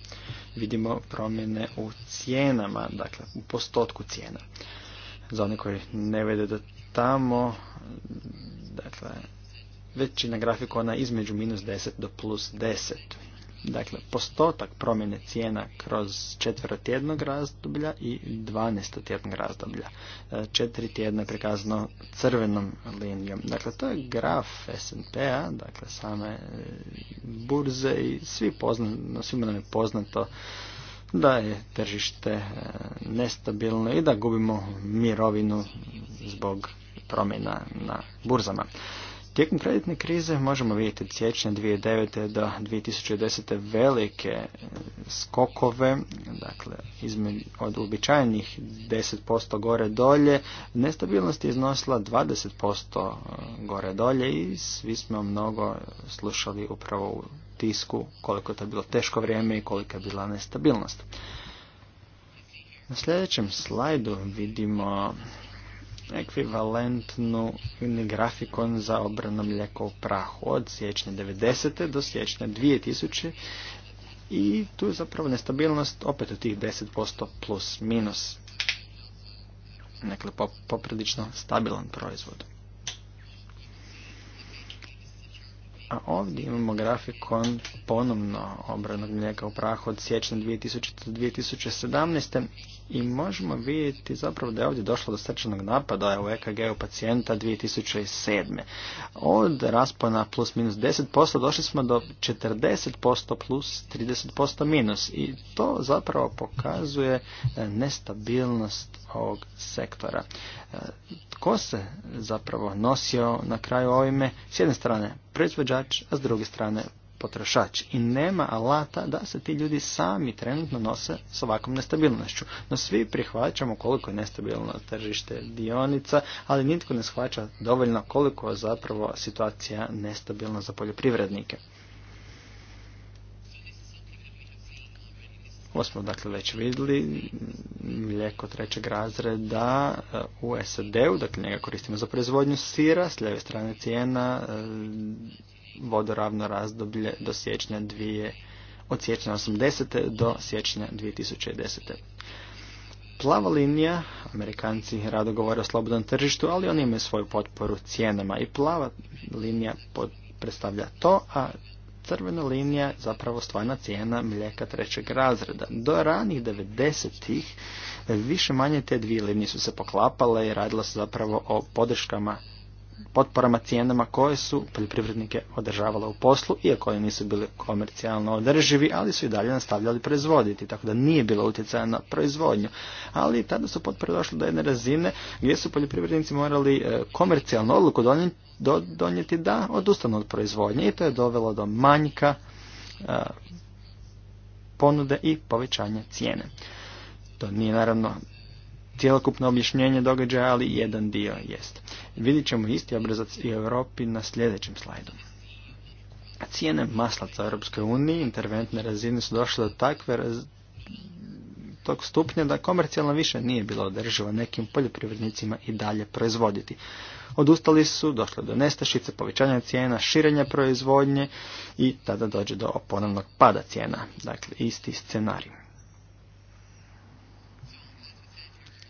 vidimo promjene u cijenama, dakle u postotku cijena. Za one koji ne vede da tamo, dakle, većina grafikona između minus 10 do plus 10. Dakle, postotak promjene cijena kroz četvrotjednog razdoblja i dvanestotjednog razdoblja. E, četiri tjedna je prikazano crvenom linijom. Dakle, to je graf S&P-a, dakle, same e, burze i svi poznano, svima nam je poznato da je tržište e, nestabilno i da gubimo mirovinu zbog promjena na burzama. Tijekom kreditne krize možemo vidjeti od siječnja 2009. do 2010. velike e, skokove, dakle od uobičajenih 10% gore dolje, nestabilnost je iznosila 20% e, gore dolje i svi smo mnogo slušali upravo u pritisku, koliko je to bilo teško vrijeme i kolika je bila nestabilnost. Na sljedećem slajdu vidimo ekvivalentnu grafikon za obrano mlijeko u prahu od siječnja 90. do siječnja 2000. I tu je zapravo nestabilnost opet u tih 10% plus minus. Dakle, poprilično stabilan proizvod. A ovdje imamo grafikon ponovno obranog mlijeka u prahu od siječnja do 2017. I možemo vidjeti zapravo da je ovdje došlo do srčanog napada u EKG-u pacijenta 2007. Od raspona plus minus 10% došli smo do 40% plus 30% minus. I to zapravo pokazuje e, nestabilnost ovog sektora. E, tko se zapravo nosio na kraju ovime? S jedne strane proizvođač, a s druge strane potrošač i nema alata da se ti ljudi sami trenutno nose s ovakvom nestabilnošću. No svi prihvaćamo koliko je nestabilno tržište dionica, ali nitko ne shvaća dovoljno koliko je zapravo situacija nestabilna za poljoprivrednike. Ovo smo dakle već vidjeli, mlijeko trećeg razreda e, u SAD-u, dakle njega koristimo za proizvodnju sira, s lijeve strane cijena, e, vodoravno razdoblje do siječnja dvije, od siječnja 80. do siječnja 2010. Plava linija, Amerikanci rado govore o slobodnom tržištu, ali oni imaju svoju potporu cijenama i plava linija predstavlja to, a crvena linija zapravo stvarna cijena mlijeka trećeg razreda. Do ranih 90-ih više manje te dvije linije su se poklapale i radila se zapravo o podrškama potporama cijenama koje su poljoprivrednike održavale u poslu, iako oni nisu bili komercijalno održivi, ali su i dalje nastavljali proizvoditi, tako da nije bilo utjecaja na proizvodnju. Ali tada su potpore došle do jedne razine gdje su poljoprivrednici morali e, komercijalnu odluku donijeti da odustanu od proizvodnje i to je dovelo do manjka e, ponude i povećanja cijene. To nije naravno cjelokupno objašnjenje događaja, ali jedan dio jest. Vidjet ćemo isti obrazac i u Europi na sljedećem slajdu. Cijene maslaca u Europskoj interventne razine su došle do takve raz... tog stupnja da komercijalno više nije bilo održivo nekim poljoprivrednicima i dalje proizvoditi. Odustali su, došlo do nestašice, povećanja cijena, širenja proizvodnje i tada dođe do ponovnog pada cijena. Dakle, isti scenarij.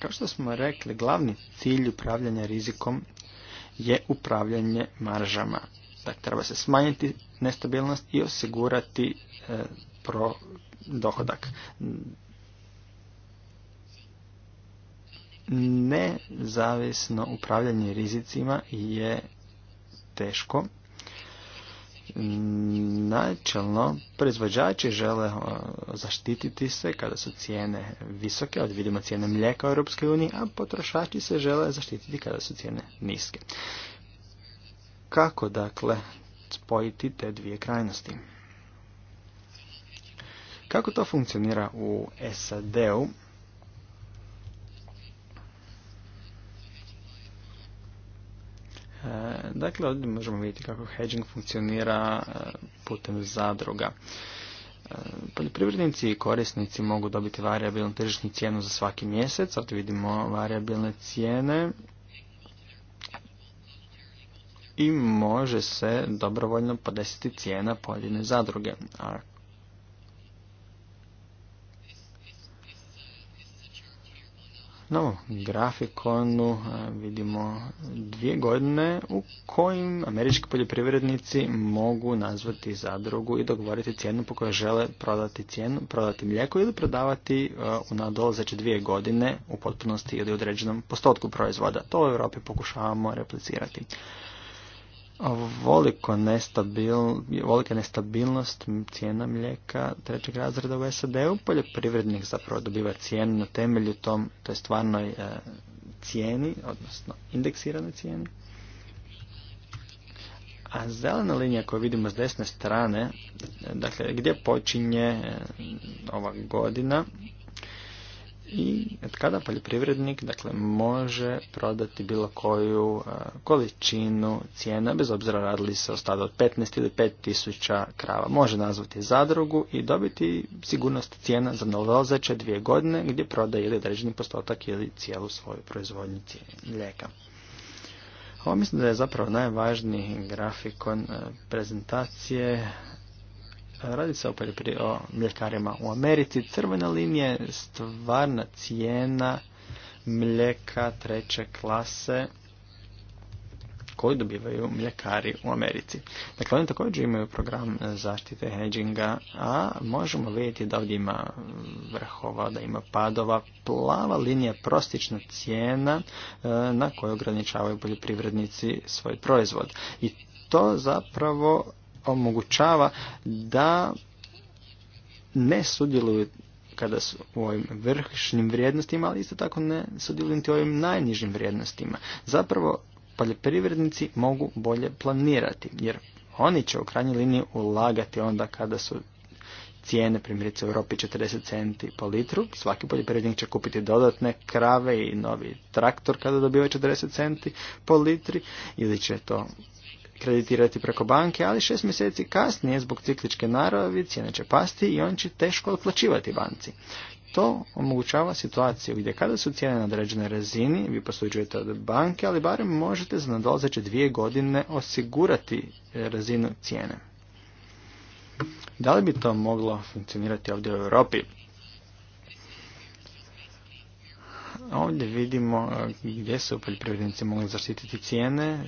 Kao što smo rekli, glavni cilj upravljanja rizikom je upravljanje maržama. Dakle, treba se smanjiti nestabilnost i osigurati e, pro dohodak. Nezavisno upravljanje rizicima je teško Načelno, proizvođači žele zaštititi se kada su cijene visoke, od vidimo cijene mlijeka u Europskoj uniji, a potrošači se žele zaštititi kada su cijene niske. Kako dakle spojiti te dvije krajnosti? Kako to funkcionira u SAD-u? Dakle, ovdje možemo vidjeti kako hedging funkcionira e, putem zadruga. E, poljoprivrednici i korisnici mogu dobiti variabilnu tržišnu cijenu za svaki mjesec. Ovdje vidimo variabilne cijene i može se dobrovoljno podesiti cijena pojedine zadruge. A Na grafikonu e, vidimo dvije godine u kojim američki poljoprivrednici mogu nazvati zadrugu i dogovoriti cijenu po kojoj žele prodati cijenu, prodati mlijeko ili prodavati e, u nadolazeće dvije godine u potpunosti ili određenom postotku proizvoda. To u Europi pokušavamo replicirati ovoliko nestabil, ovolika nestabilnost cijena mlijeka trećeg razreda u SAD-u, poljoprivrednik zapravo dobiva cijenu na temelju tom, to je stvarnoj e, cijeni, odnosno indeksiranoj cijeni. A zelena linija koju vidimo s desne strane, e, dakle gdje počinje e, ova godina, i kada poljoprivrednik dakle, može prodati bilo koju e, količinu cijena, bez obzira radili se o od 15 ili 5000 krava. Može nazvati zadrugu i dobiti sigurnost cijena za nalazeće dvije godine gdje prodaje ili određeni postotak ili cijelu svoju proizvodnju mlijeka. Ovo mislim da je zapravo najvažniji grafikon e, prezentacije Radi se o, o mljekarima u Americi. Crvena linija je stvarna cijena mlijeka treće klase koju dobivaju mljekari u Americi. Dakle, oni također imaju program zaštite hedginga, a možemo vidjeti da ovdje ima vrhova, da ima padova. Plava linija prostična cijena e, na koju ograničavaju poljoprivrednici svoj proizvod. I to zapravo omogućava da ne sudjeluju kada su u ovim vršnim vrijednostima, ali isto tako ne sudjeluju niti u ovim najnižim vrijednostima. Zapravo, poljoprivrednici mogu bolje planirati, jer oni će u krajnjoj liniji ulagati onda kada su cijene, primjerice u Europi 40 centi po litru, svaki poljoprivrednik će kupiti dodatne krave i novi traktor kada dobiva 40 centi po litri, ili će to kreditirati preko banke, ali šest mjeseci kasnije zbog cikličke naravi cijene će pasti i on će teško otplaćivati banci. To omogućava situaciju gdje kada su cijene na određenoj razini, vi posuđujete od banke, ali barem možete za nadolazeće dvije godine osigurati e, razinu cijene. Da li bi to moglo funkcionirati ovdje u Europi? Ovdje vidimo e, gdje su poljoprivrednici mogli zaštititi cijene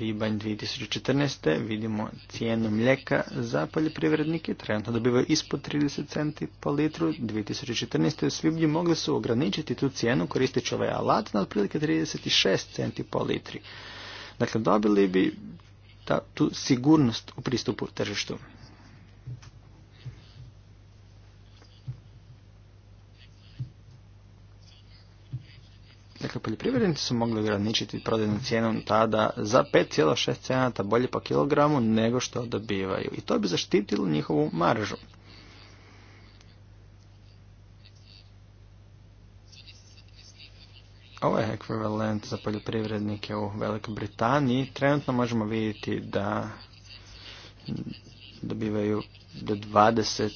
Libanj 2014. vidimo cijenu mlijeka za poljoprivrednike, trenutno dobivaju ispod 30 centi po litru. 2014. u svibnju mogli su ograničiti tu cijenu koristeći ovaj alat na otprilike 36 centi po litri. Dakle, dobili bi ta, tu sigurnost u pristupu tržištu. Dakle, poljoprivrednici su mogli ograničiti prodajnu cijenu tada za 5,6 cijenata bolje po kilogramu nego što dobivaju. I to bi zaštitilo njihovu maržu. Ovo je ekvivalent za poljoprivrednike u Velikoj Britaniji. Trenutno možemo vidjeti da dobivaju do 20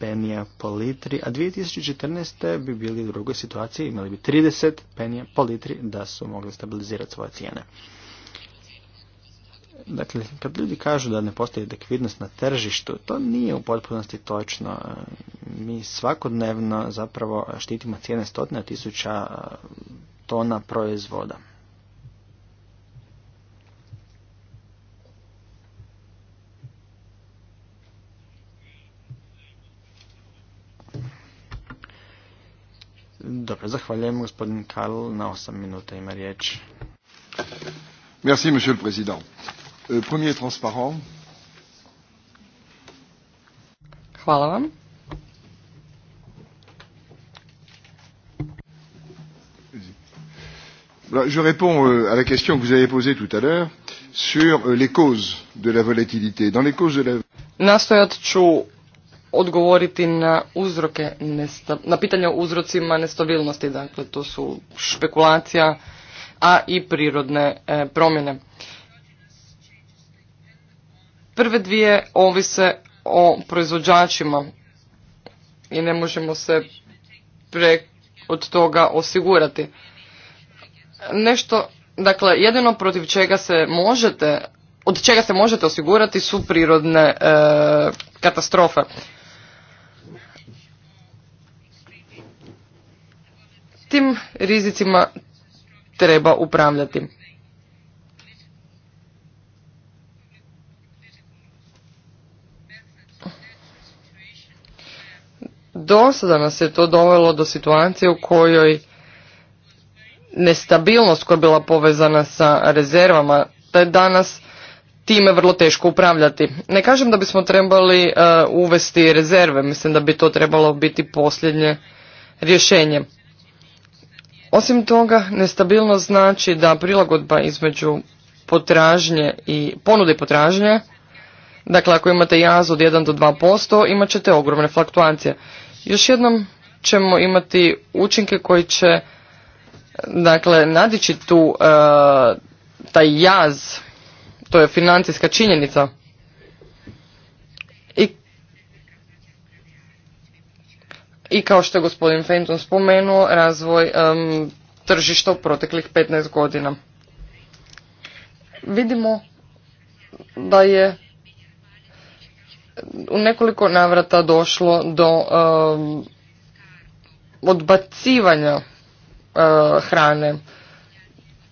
penija po litri, a 2014. bi bili u drugoj situaciji, imali bi 30 penija po litri da su mogli stabilizirati svoje cijene. Dakle, kad ljudi kažu da ne postoji likvidnost na tržištu, to nije u potpunosti točno. Mi svakodnevno zapravo štitimo cijene stotne tisuća tona proizvoda. Dobro, zahvaljujem gospodin Karl. Na 8 minuta ima riječ. Merci, monsieur le président. Euh, premier transparent. Hvala vam. Je réponds euh, à la question que vous avez posée tout à l'heure sur euh, les causes de la volatilité. Dans les causes de la... Nastojat ću odgovoriti na uzroke, na pitanja o uzrocima nestabilnosti, dakle to su špekulacija, a i prirodne e, promjene. Prve dvije ovise o proizvođačima i ne možemo se pre od toga osigurati. Nešto, dakle, jedino protiv čega se možete, od čega se možete osigurati su prirodne e, katastrofe. tim rizicima treba upravljati. Do sada nas je to dovelo do situacije u kojoj nestabilnost koja je bila povezana sa rezervama, da je danas time vrlo teško upravljati. Ne kažem da bismo trebali e, uvesti rezerve, mislim da bi to trebalo biti posljednje rješenje. Osim toga, nestabilnost znači da prilagodba između potražnje i ponude potražnje, dakle ako imate jaz od 1 do 2%, imat ćete ogromne fluktuacije. Još jednom ćemo imati učinke koji će dakle nadići tu e, taj jaz, to je financijska činjenica. i kao što je gospodin Fenton spomenuo, razvoj tržišta u proteklih 15 godina. Vidimo da je u nekoliko navrata došlo do odbacivanja e, hrane.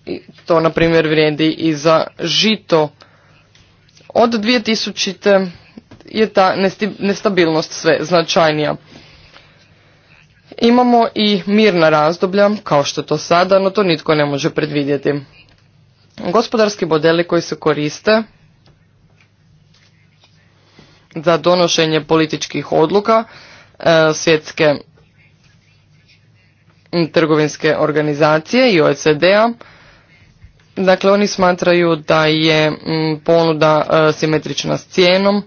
I to, na primjer, vrijedi i za žito. Od 2000. je ta nestabilnost sve značajnija. Imamo i mirna razdoblja, kao što je to sada, no to nitko ne može predvidjeti. Gospodarski modeli koji se koriste za donošenje političkih odluka e, svjetske trgovinske organizacije i OECD-a, dakle oni smatraju da je ponuda e, simetrična s cijenom,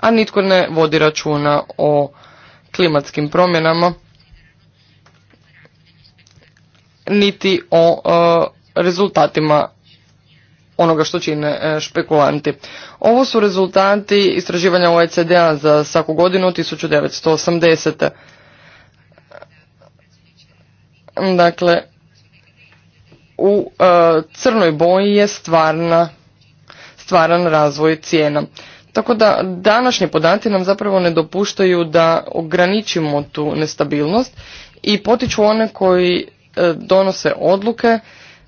a nitko ne vodi računa o klimatskim promjenama niti o e, rezultatima onoga što čine e, špekulanti. Ovo su rezultati istraživanja OECD-a za svaku godinu 1980. Dakle, u e, crnoj boji je stvarna, stvaran razvoj cijena. Tako da današnji podaci nam zapravo ne dopuštaju da ograničimo tu nestabilnost i potiču one koji e, donose odluke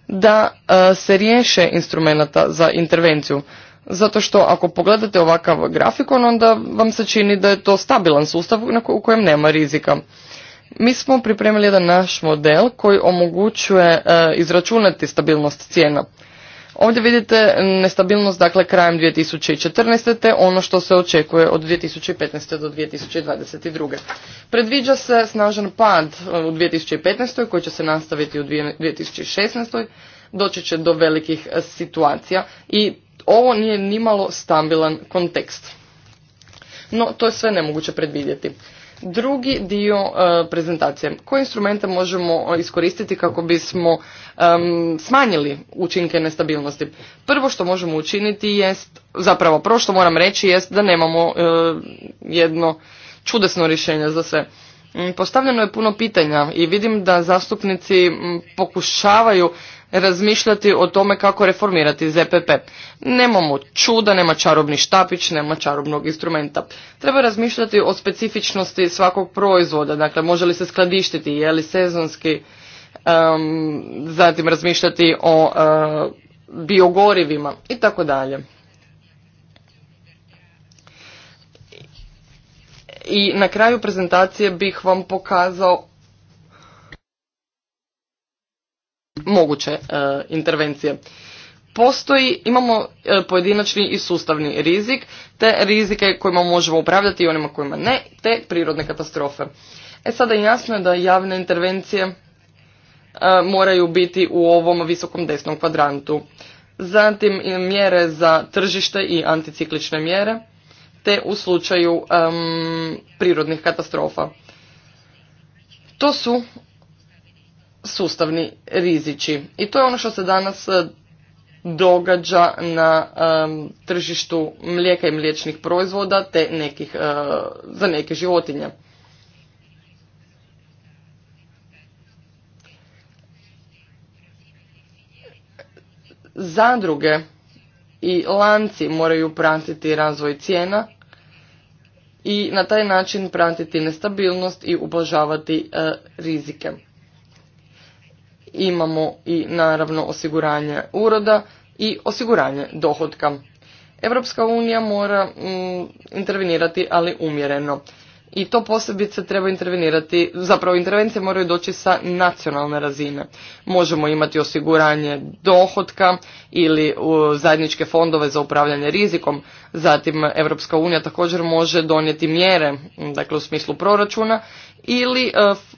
da e, se riješe instrumenta za intervenciju. Zato što ako pogledate ovakav grafikon, onda vam se čini da je to stabilan sustav u kojem nema rizika. Mi smo pripremili jedan naš model koji omogućuje e, izračunati stabilnost cijena. Ovdje vidite nestabilnost dakle krajem 2014. te ono što se očekuje od 2015. do 2022. Predviđa se snažan pad e, u 2015. koji će se nastaviti u 2016. Doći će do velikih e, situacija i ovo nije nimalo stabilan kontekst. No, to je sve nemoguće predvidjeti. Drugi dio e, prezentacije. Koje instrumente možemo e, iskoristiti kako bismo smanjili učinke nestabilnosti? Prvo što možemo učiniti jest, zapravo prvo što moram reći jest da nemamo e, jedno čudesno rješenje za sve. Mm, postavljeno je puno pitanja i vidim da zastupnici pokušavaju razmišljati o tome kako reformirati ZPP. Nemamo čuda, nema čarobni štapić, nema čarobnog instrumenta. Treba razmišljati o specifičnosti svakog proizvoda, dakle može li se skladištiti, je li sezonski, zatim razmišljati o e, biogorivima i tako dalje. I na kraju prezentacije bih vam pokazao moguće e, intervencije. Postoji, imamo e, pojedinačni i sustavni rizik, te rizike kojima možemo upravljati i onima kojima ne, te prirodne katastrofe. E sada jasno je da javne intervencije e, moraju biti u ovom visokom desnom kvadrantu. Zatim mjere za tržište i anticiklične mjere, te u slučaju prirodnih katastrofa. To su sustavni rizici. I to je ono što se danas e, događa na e, tržištu mlijeka i mliječnih proizvoda te nekih, e, za neke životinje. Zadruge i lanci moraju pratiti razvoj cijena i na taj način pratiti nestabilnost i ublažavati rizike imamo i naravno osiguranje uroda i osiguranje dohotka. Europska unija mora mm, intervenirati, ali umjereno i to posebice treba intervenirati, zapravo intervencije moraju doći sa nacionalne razine. Možemo imati osiguranje dohotka ili zajedničke fondove za upravljanje rizikom, zatim Europska unija također može donijeti mjere, dakle u smislu proračuna, ili e,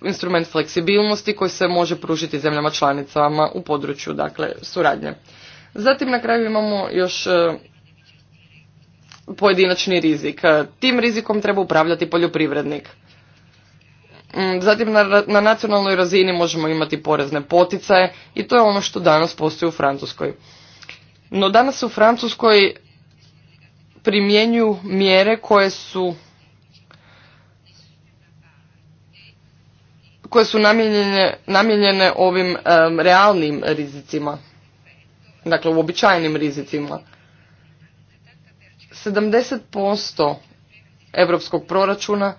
instrument fleksibilnosti koji se može pružiti zemljama članicama u području dakle, suradnje. Zatim na kraju imamo još e, pojedinačni rizik. Tim rizikom treba upravljati poljoprivrednik. Mm, zatim na, nacionalnoj razini možemo imati porezne poticaje i to je ono što danas postoji u Francuskoj. No danas u Francuskoj primjenjuju mjere koje su koje su namijenjene, namijenjene ovim realnim rizicima, dakle uobičajenim rizicima. 70% europskog proračuna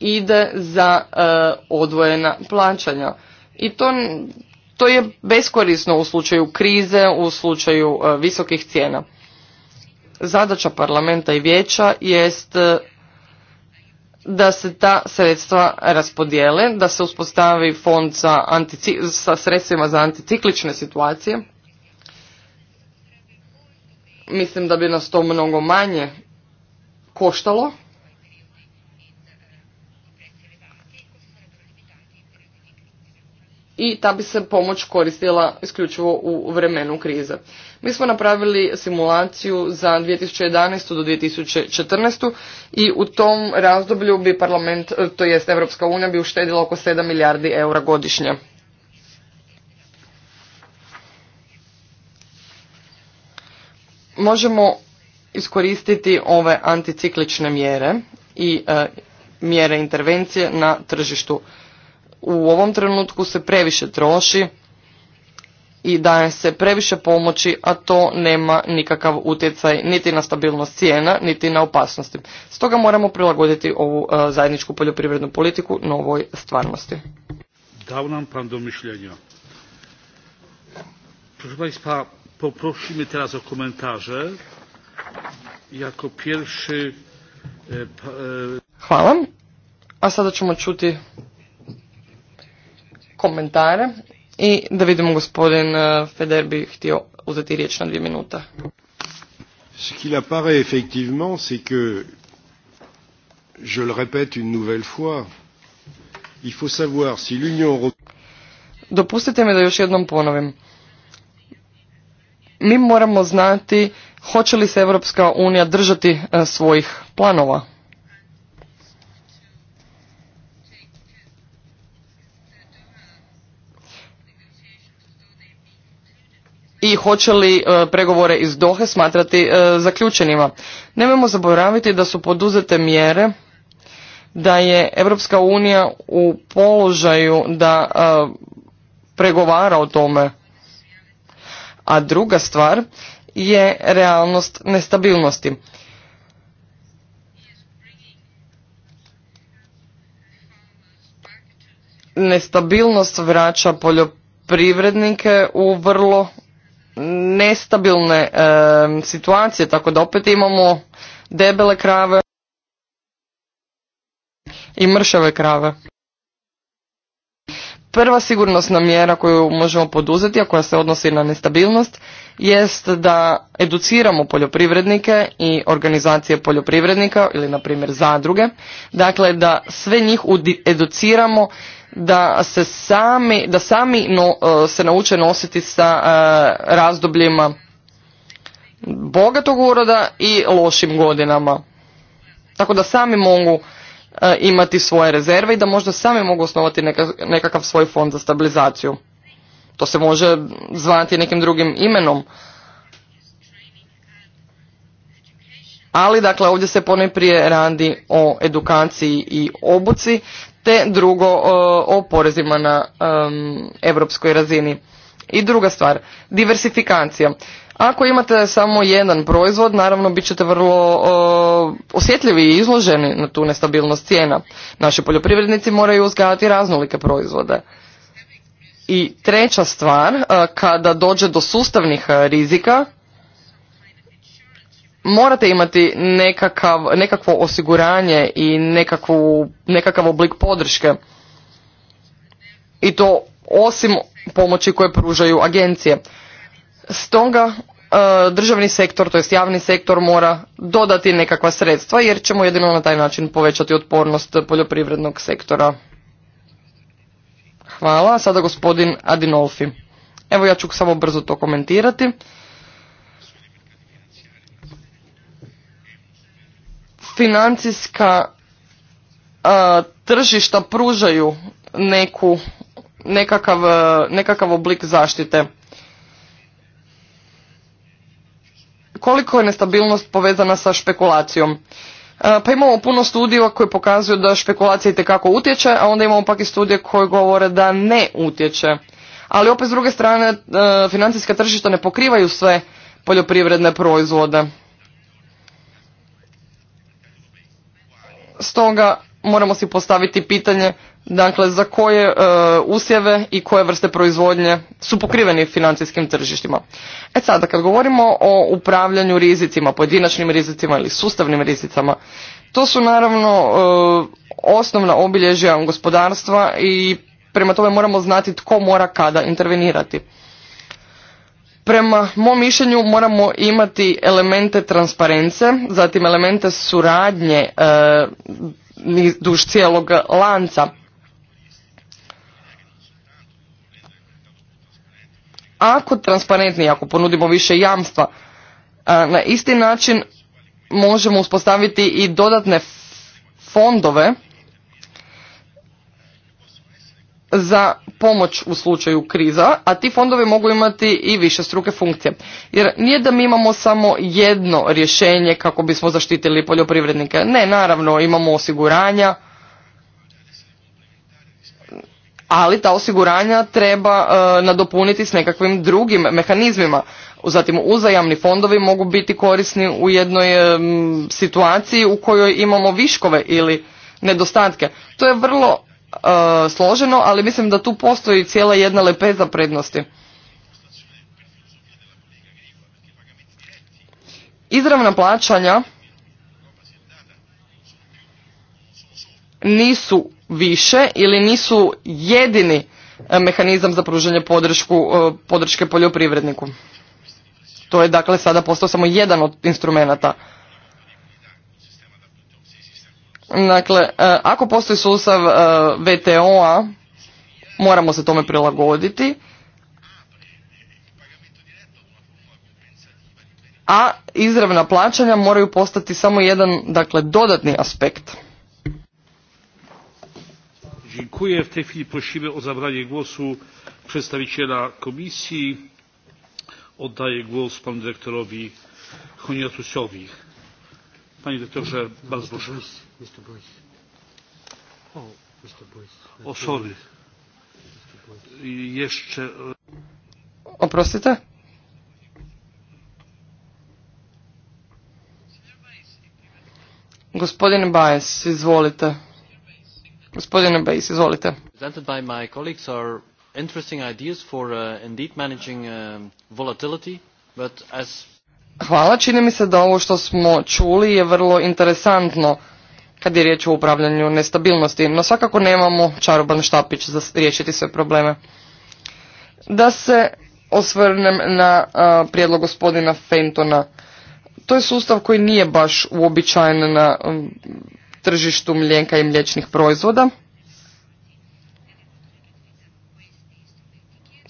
ide za e, odvojena plaćanja. I to, to je beskorisno u slučaju krize, u slučaju e, visokih cijena. Zadaća parlamenta i vijeća jest e, da se ta sredstva raspodijele, da se uspostavi fond sa sredstvima za anticiklične situacije Mislim da bi nas to mnogo manje koštalo. I ta bi se pomoć koristila isključivo u vremenu krize. Mi smo napravili simulaciju za 2011. do 2014. i u tom razdoblju bi parlament, eh, to jest Europska unija, bi uštedila oko 7 milijardi eura godišnje. možemo iskoristiti ove anticiklične mjere i e, mjere intervencije na tržištu. U ovom trenutku se previše troši i daje se previše pomoći, a to nema nikakav utjecaj niti na stabilnost cijena, niti na opasnosti. Stoga moramo prilagoditi ovu e, zajedničku poljoprivrednu politiku novoj stvarnosti. Dao nam do mišljenja. Poprosimy teraz o komentarze. Jako pierwszy... E, pa, e, Hvala. A sada ćemo čuti komentare i da vidimo gospodin e, Feder bi htio uzeti riječ na dvije minuta. Ce qu'il apparaît effectivement, c'est que, je le répète une nouvelle fois, il faut savoir si l'Union européenne... Dopustite mi da još jednom ponovim mi moramo znati hoće li se Europska unija držati e, svojih planova. i hoće li e, pregovore iz Dohe smatrati e, zaključenima. Nemojmo zaboraviti da su poduzete mjere da je Europska unija u položaju da pregovara o tome a druga stvar je realnost nestabilnosti. Nestabilnost vraća poljoprivrednike u vrlo nestabilne situacije, tako da opet imamo debele krave i mršave krave. Prva sigurnosna mjera koju možemo poduzeti, a koja se odnosi na nestabilnost, jest da educiramo poljoprivrednike i organizacije poljoprivrednika ili na primjer zadruge, dakle da sve njih educiramo da se sami, da sami e, se nauče nositi sa e, razdobljima bogatog uroda i lošim godinama. Tako da sami mogu E, imati svoje rezerve i da možda sami mogu osnovati nekakav svoj fond za stabilizaciju. To se može zvati nekim drugim imenom. Ali dakle ovdje se ponajprije radi o edukaciji i obuci, te drugo e, o porezima na evropskoj europskoj razini. I druga stvar, diversifikacija. Ako imate samo jedan proizvod, naravno bit ćete vrlo osjetljivi i izloženi na tu nestabilnost cijena. Naši poljoprivrednici moraju uzgajati raznolike proizvode. I treća stvar, e, kada dođe do sustavnih e, rizika, morate imati nekakav, nekakvo osiguranje i nekakvu, nekakav oblik podrške. I to osim pomoći koje pružaju agencije. Stoga e, državni sektor, to jest javni sektor mora dodati nekakva sredstva jer ćemo jedino na taj način povećati otpornost poljoprivrednog sektora. Hvala. Sada gospodin Adinolfi. Evo ja ću samo brzo to komentirati. Financijska e, tržišta pružaju neku, nekakav e, oblik zaštite koliko je nestabilnost povezana sa špekulacijom. E, pa imamo puno studija koje pokazuju da špekulacija itekako utječe, a onda imamo pak i studije koje govore da ne utječe. Ali opet s druge strane, e, financijska tržišta ne pokrivaju sve poljoprivredne proizvode. Stoga moramo si postaviti pitanje dakle za koje e, usjeve i koje vrste proizvodnje su pokriveni financijskim tržištima. E sada kad govorimo o upravljanju rizicima, pojedinačnim rizicima ili sustavnim rizicama, to su naravno e, osnovna obilježja gospodarstva i prema tome moramo znati tko mora kada intervenirati. Prema mom mišljenju moramo imati elemente transparence, zatim elemente suradnje e, duž cijelog lanca ako transparentni ako ponudimo više jamstva, na isti način možemo uspostaviti i dodatne fondove za pomoć u slučaju kriza, a ti fondovi mogu imati i više struke funkcije. Jer nije da mi imamo samo jedno rješenje kako bismo zaštitili poljoprivrednike. Ne, naravno, imamo osiguranja, ali ta osiguranja treba e, nadopuniti s nekakvim drugim mehanizmima. Zatim uzajamni fondovi mogu biti korisni u jednoj e, situaciji u kojoj imamo viškove ili nedostatke. To je vrlo e, složeno, ali mislim da tu postoji cijela jedna lepeza prednosti. Izravna plaćanja nisu više ili nisu jedini e, mehanizam za pružanje podršku, e, podrške poljoprivredniku. To je dakle sada postao samo jedan od instrumenata. Dakle, e, ako postoji sustav VTO-a, moramo se tome prilagoditi. A izravna plaćanja moraju postati samo jedan, dakle, dodatni aspekt dziękuję. w tej chwili prosimy o zabranie głosu przedstawiciela komisji. oddaję głos panu dyrektorowi honiatusowi. panie dyrektorze bardzo proszę. o sorry. jeszcze. oprostite. Gospodine Bajes, izvolite. Gospodine Bejs, izvolite. Presented by my colleagues are interesting ideas for uh, um, Hvala, čini mi se da ovo što smo čuli je vrlo interesantno kad je riječ o upravljanju nestabilnosti, no svakako nemamo čaroban štapić za riješiti sve probleme. Da se osvrnem na prijedlog gospodina Fentona. To je sustav koji nije baš uobičajen na um, tržištu mlijeka i mliječnih proizvoda.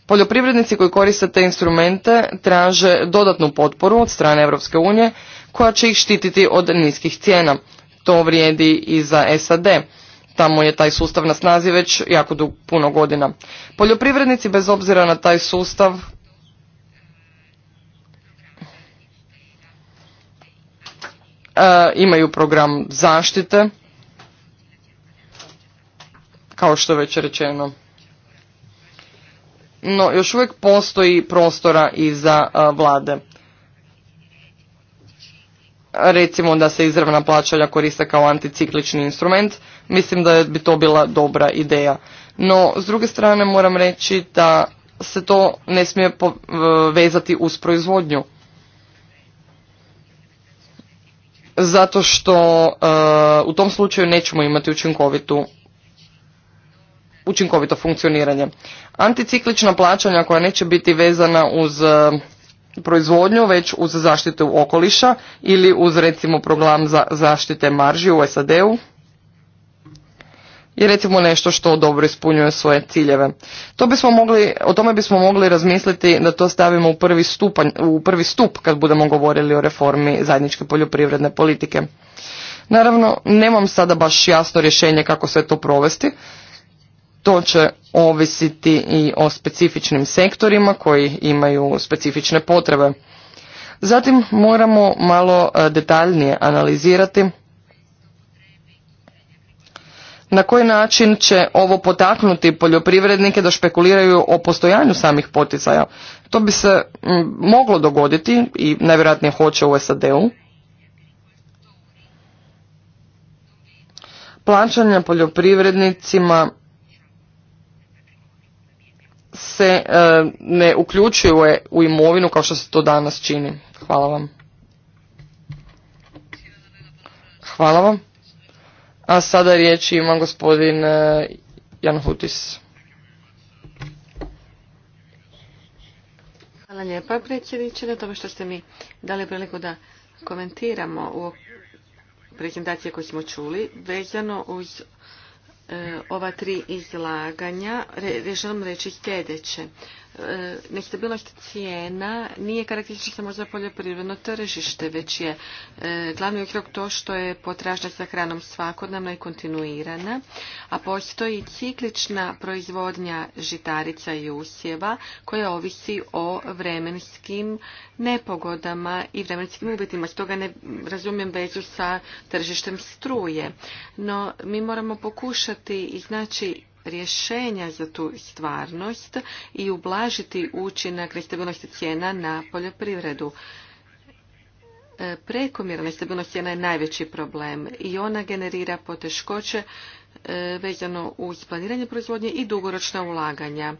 Poljoprivrednici koji koriste te instrumente traže dodatnu potporu od strane Europske unije koja će ih štititi od niskih cijena. To vrijedi i za SAD. Tamo je taj sustav na snazi već jako puno godina. Poljoprivrednici bez obzira na taj sustav E, imaju program zaštite, kao što je već rečeno. No, još uvijek postoji prostora i za e, vlade. Recimo da se izravna plaćalja koriste kao anticiklični instrument, mislim da bi to bila dobra ideja. No, s druge strane moram reći da se to ne smije vezati uz proizvodnju. zato što e, u tom slučaju nećemo imati učinkovitu učinkovito funkcioniranje. Anticiklična plaćanja koja neće biti vezana uz e, proizvodnju, već uz zaštitu okoliša ili uz recimo program za zaštite marži u SAD-u je recimo nešto što dobro ispunjuje svoje ciljeve. To bismo mogli, o tome bismo mogli razmisliti da to stavimo u prvi, stupanj, u prvi stup kad budemo govorili o reformi zajedničke poljoprivredne politike. Naravno, nemam sada baš jasno rješenje kako sve to provesti. To će ovisiti i o specifičnim sektorima koji imaju specifične potrebe. Zatim moramo malo e, detaljnije analizirati na koji način će ovo potaknuti poljoprivrednike da špekuliraju o postojanju samih poticaja. To bi se moglo dogoditi i najvjerojatnije hoće u SAD-u. Plaćanje poljoprivrednicima se e, ne uključuje u imovinu kao što se to danas čini. Hvala vam. Hvala vam. A sada riječ ima gospodin e, Jan Hutis. Hvala lijepa predsjedniče na tome što ste mi dali priliku da komentiramo u prezentacije koje smo čuli vezano uz e, ova tri izlaganja. želim reći sljedeće. E, nestabilnost cijena nije karakteristična samo za poljoprivredno tržište, već je e, glavni uzrok to što je potražnja za hranom svakodnevna i kontinuirana, a postoji ciklična proizvodnja žitarica i usjeva koja ovisi o vremenskim nepogodama i vremenskim uvjetima. Stoga ne razumijem vezu sa tržištem struje. No, mi moramo pokušati iznaći rješenja za tu stvarnost i ublažiti učinak nestabilnosti cijena na poljoprivredu. E, prekomjerna nestabilnost cijena je najveći problem i ona generira poteškoće e, vezano uz planiranje proizvodnje i dugoročna ulaganja.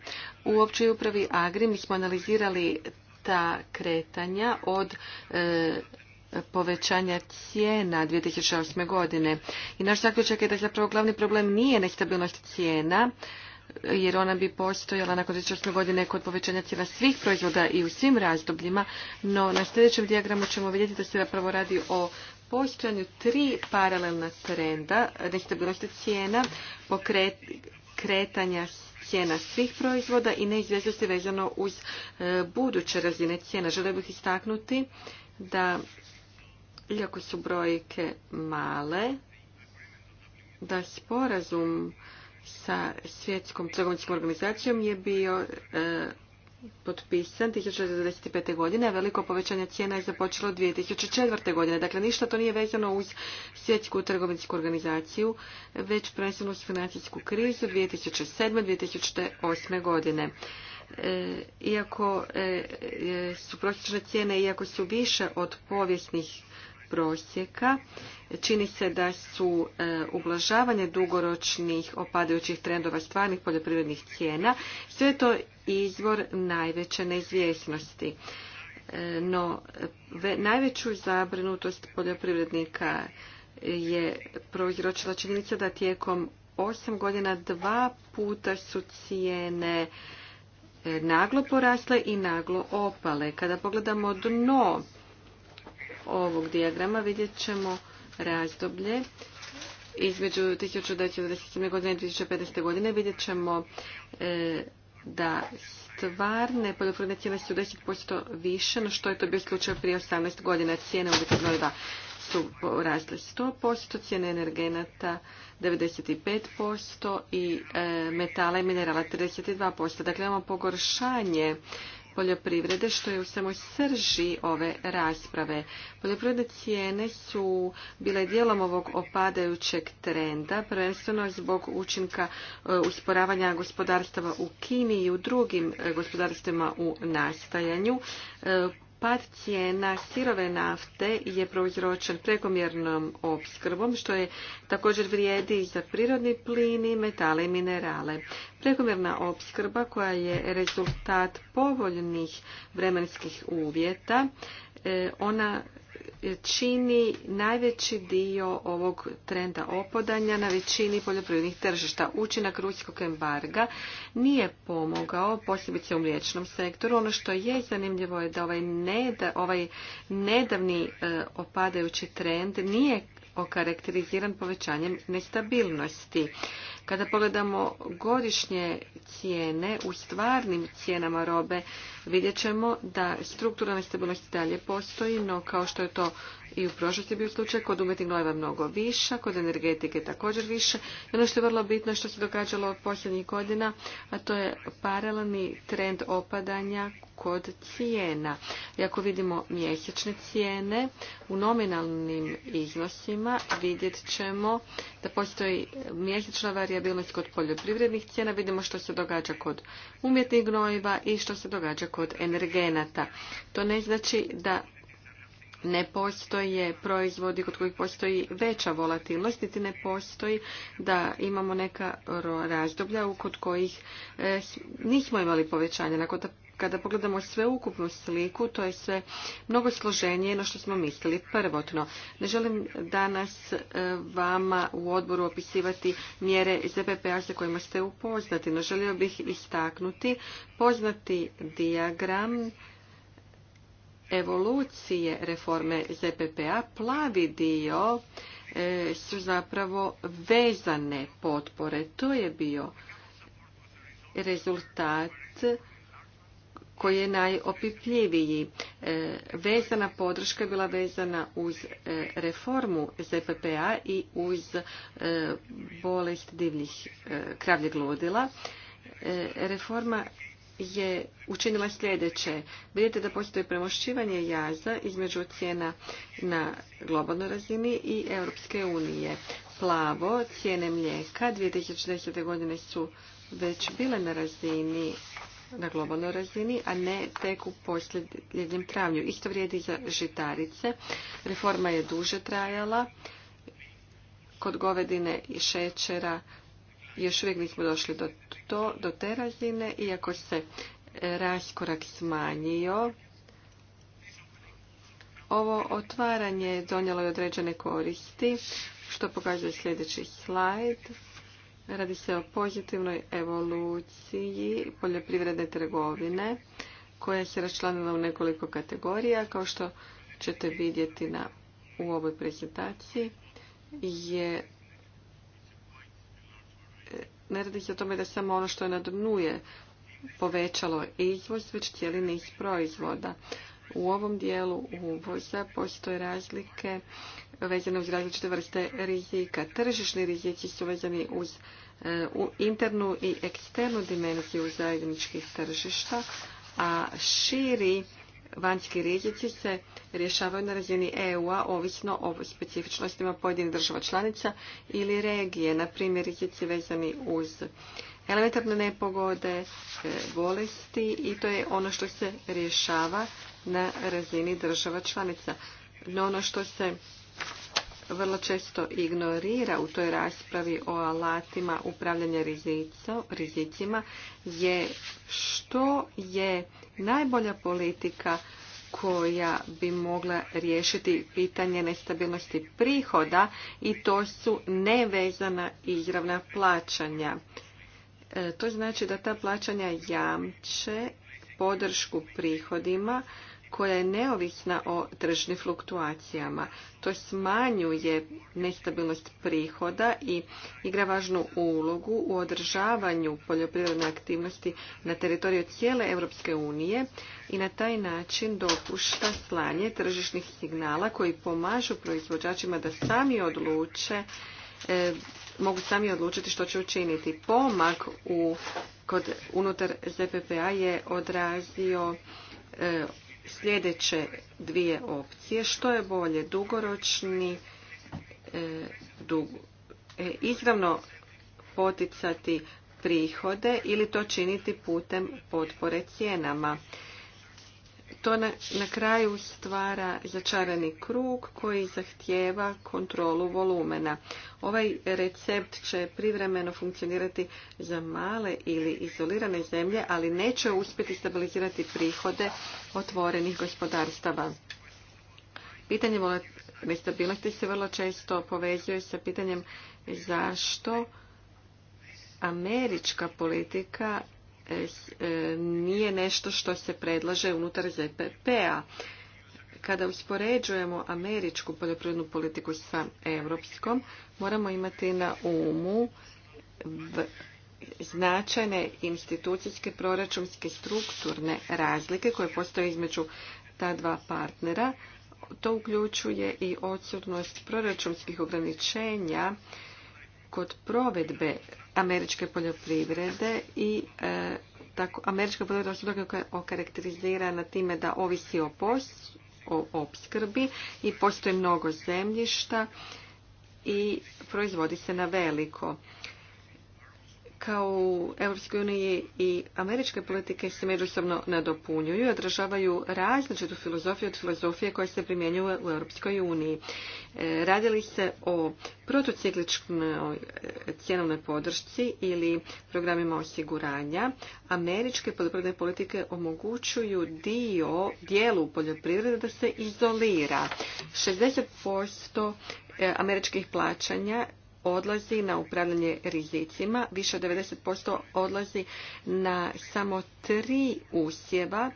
U općoj upravi Agri mi smo analizirali ta kretanja od e, povećanja cijena 2008. godine. I naš zaključak je da zapravo glavni problem nije nestabilnost cijena, jer ona bi postojala nakon 2008. godine kod povećanja cijena svih proizvoda i u svim razdobljima, no na sljedećem dijagramu ćemo vidjeti da se zapravo radi o postojanju tri paralelna trenda nestabilnosti cijena, kretanja cijena svih proizvoda i neizvjesnosti vezano uz e, buduće razine cijena. Želio bih istaknuti da iako su brojke male, da sporazum sa svjetskom trgovinskom organizacijom je bio e, potpisan 1995. godine, a veliko povećanje cijena je započelo 2004. godine. Dakle, ništa to nije vezano uz svjetsku trgovinsku organizaciju, već prvenstveno uz financijsku krizu 2007. 2008. godine. E, iako e, su prosječne cijene, iako su više od povijesnih prosjeka. Čini se da su e, ublažavanje dugoročnih opadajućih trendova stvarnih poljoprivrednih cijena sve je to izvor najveće neizvjesnosti. E, no, najveću zabrinutost poljoprivrednika je proizročila činjenica da tijekom osam godina dva puta su cijene e, naglo porasle i naglo opale. Kada pogledamo dno ovog dijagrama vidjet ćemo razdoblje između 1997. godine i 2015. godine. Vidjet ćemo e, da stvarne poljoprivredne cijene su 10% više, no što je to bio slučaj prije 18 godina. Cijene uvijek gnojiva su rasle 100%, cijene energenata 95% i e, metala i minerala 32%. Dakle, imamo pogoršanje poljoprivrede, što je u samoj srži ove rasprave. Poljoprivredne cijene su bile dijelom ovog opadajućeg trenda, prvenstveno zbog učinka e, usporavanja gospodarstava u Kini i u drugim e, gospodarstvima u nastajanju. E, Pad cijena sirove nafte je prouzročen prekomjernom opskrbom, što je također vrijedi za prirodni plin i metale i minerale. Prekomjerna opskrba koja je rezultat povoljnih vremenskih uvjeta, e, ona čini najveći dio ovog trenda opadanja na većini poljoprivrednih tržišta. Učinak ruskog embarga nije pomogao, posebice u mliječnom sektoru. Ono što je zanimljivo je da ovaj, ovaj nedavni e, opadajući trend nije okarakteriziran povećanjem nestabilnosti. Kada pogledamo godišnje cijene u stvarnim cijenama robe, vidjet ćemo da struktura nestabilnost dalje postoji, no kao što je to i u prošlosti bio slučaj, kod umjetnih gnojeva mnogo više, kod energetike također više. I ono što je vrlo bitno što se događalo posljednjih godina, a to je paralelni trend opadanja kod cijena. I ako vidimo mjesečne cijene u nominalnim iznosima vidjet ćemo da postoji mjesečna varijabilnost kod poljoprivrednih cijena, vidimo što se događa kod umjetnih gnojiva i što se događa kod energenata. To ne znači da ne postoje proizvodi kod kojih postoji veća volatilnost, niti ne postoji da imamo neka razdoblja u kod kojih e, nismo imali povećanje. kada pogledamo sve ukupnu sliku, to je sve mnogo složenije no što smo mislili prvotno. Ne želim danas e, vama u odboru opisivati mjere ZPPA e za kojima ste upoznati, no želio bih istaknuti poznati diagram evolucije reforme ZPPA, plavi dio e, su zapravo vezane potpore. To je bio rezultat koji je najopipljiviji. E, vezana podrška je bila vezana uz e, reformu ZPPA i uz bolest divnih kravljeg ludila. Reforma je učinila sljedeće. Vidite da postoji premošćivanje jaza između cijena na globalnoj razini i Europske unije. Plavo cijene mlijeka 2010. godine su već bile na razini na globalnoj razini, a ne tek u posljednjem travnju. Isto vrijedi za žitarice. Reforma je duže trajala. Kod govedine i šećera još uvijek nismo došli do to do te razine, iako se e, raskorak smanjio, ovo otvaranje donijelo je određene koristi, što pokazuje sljedeći slajd. Radi se o pozitivnoj evoluciji poljoprivredne trgovine koja se račlanila u nekoliko kategorija. Kao što ćete vidjeti na, u ovoj prezentaciji je ne radi se o tome da samo ono što je je povećalo izvoz, već cijeli niz proizvoda. U ovom dijelu uvoza postoje razlike vezane uz različite vrste rizika. Tržišni rizici su vezani uz e, internu i eksternu dimenziju zajedničkih tržišta, a širi vanjski rizici se rješavaju na razini EU-a ovisno o specifičnostima pojedinih država članica ili regije, na primjer rizici vezani uz elementarne nepogode, e, bolesti i to je ono što se rješava na razini država članica. No ono što se vrlo često ignorira u toj raspravi o alatima upravljanja rizicima je što je najbolja politika koja bi mogla riješiti pitanje nestabilnosti prihoda i to su nevezana izravna plaćanja. E, to znači da ta plaćanja jamče podršku prihodima koja je neovisna o tržnim fluktuacijama. To smanjuje nestabilnost prihoda i igra važnu ulogu u održavanju poljoprivredne aktivnosti na teritoriju cijele Europske unije i na taj način dopušta slanje tržišnih signala koji pomažu proizvođačima da sami odluče e, mogu sami odlučiti što će učiniti. Pomak kod, unutar ZPPA je odrazio e, sljedeće dvije opcije. Što je bolje? Dugoročni e, e, izravno poticati prihode ili to činiti putem potpore cijenama to na, na kraju stvara začarani krug koji zahtjeva kontrolu volumena. Ovaj recept će privremeno funkcionirati za male ili izolirane zemlje, ali neće uspjeti stabilizirati prihode otvorenih gospodarstava. Pitanje nestabilnosti se vrlo često povezuje sa pitanjem zašto američka politika Eh, nije nešto što se predlaže unutar ZPP-a. Kada uspoređujemo američku poljoprivrednu politiku sa europskom, moramo imati na umu značajne institucijske, proračunske, strukturne razlike koje postoje između ta dva partnera. To uključuje i odsutnost proračunskih ograničenja kod provedbe američke poljoprivrede i e, tako, američka poljoprivreda se okarakterizirana time da ovisi o, pos, o opskrbi i postoji mnogo zemljišta i proizvodi se na veliko kao u uniji i američke politike se međusobno nadopunjuju i odražavaju različitu filozofiju od filozofije koja se primjenjuje u Europskoj uniji. E, radili se o protocikličnoj e, cjenovnoj podršci ili programima osiguranja. Američke poljoprivredne politike omogućuju dio, dijelu poljoprivrede da se izolira. 60% e, američkih plaćanja odlazi na upravljanje rizicima, više od 90% odlazi na samo tri usjeva,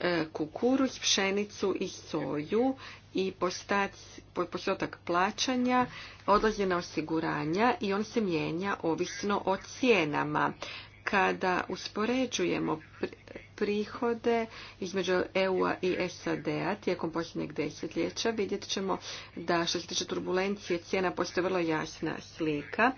e, kukuruz, pšenicu i soju i postotak plaćanja odlazi na osiguranja i on se mijenja ovisno o cijenama. Kada uspoređujemo prihode između EU-a i SAD-a tijekom posljednjeg desetljeća. Vidjet ćemo da što se tiče turbulencije cijena postoje vrlo jasna slika.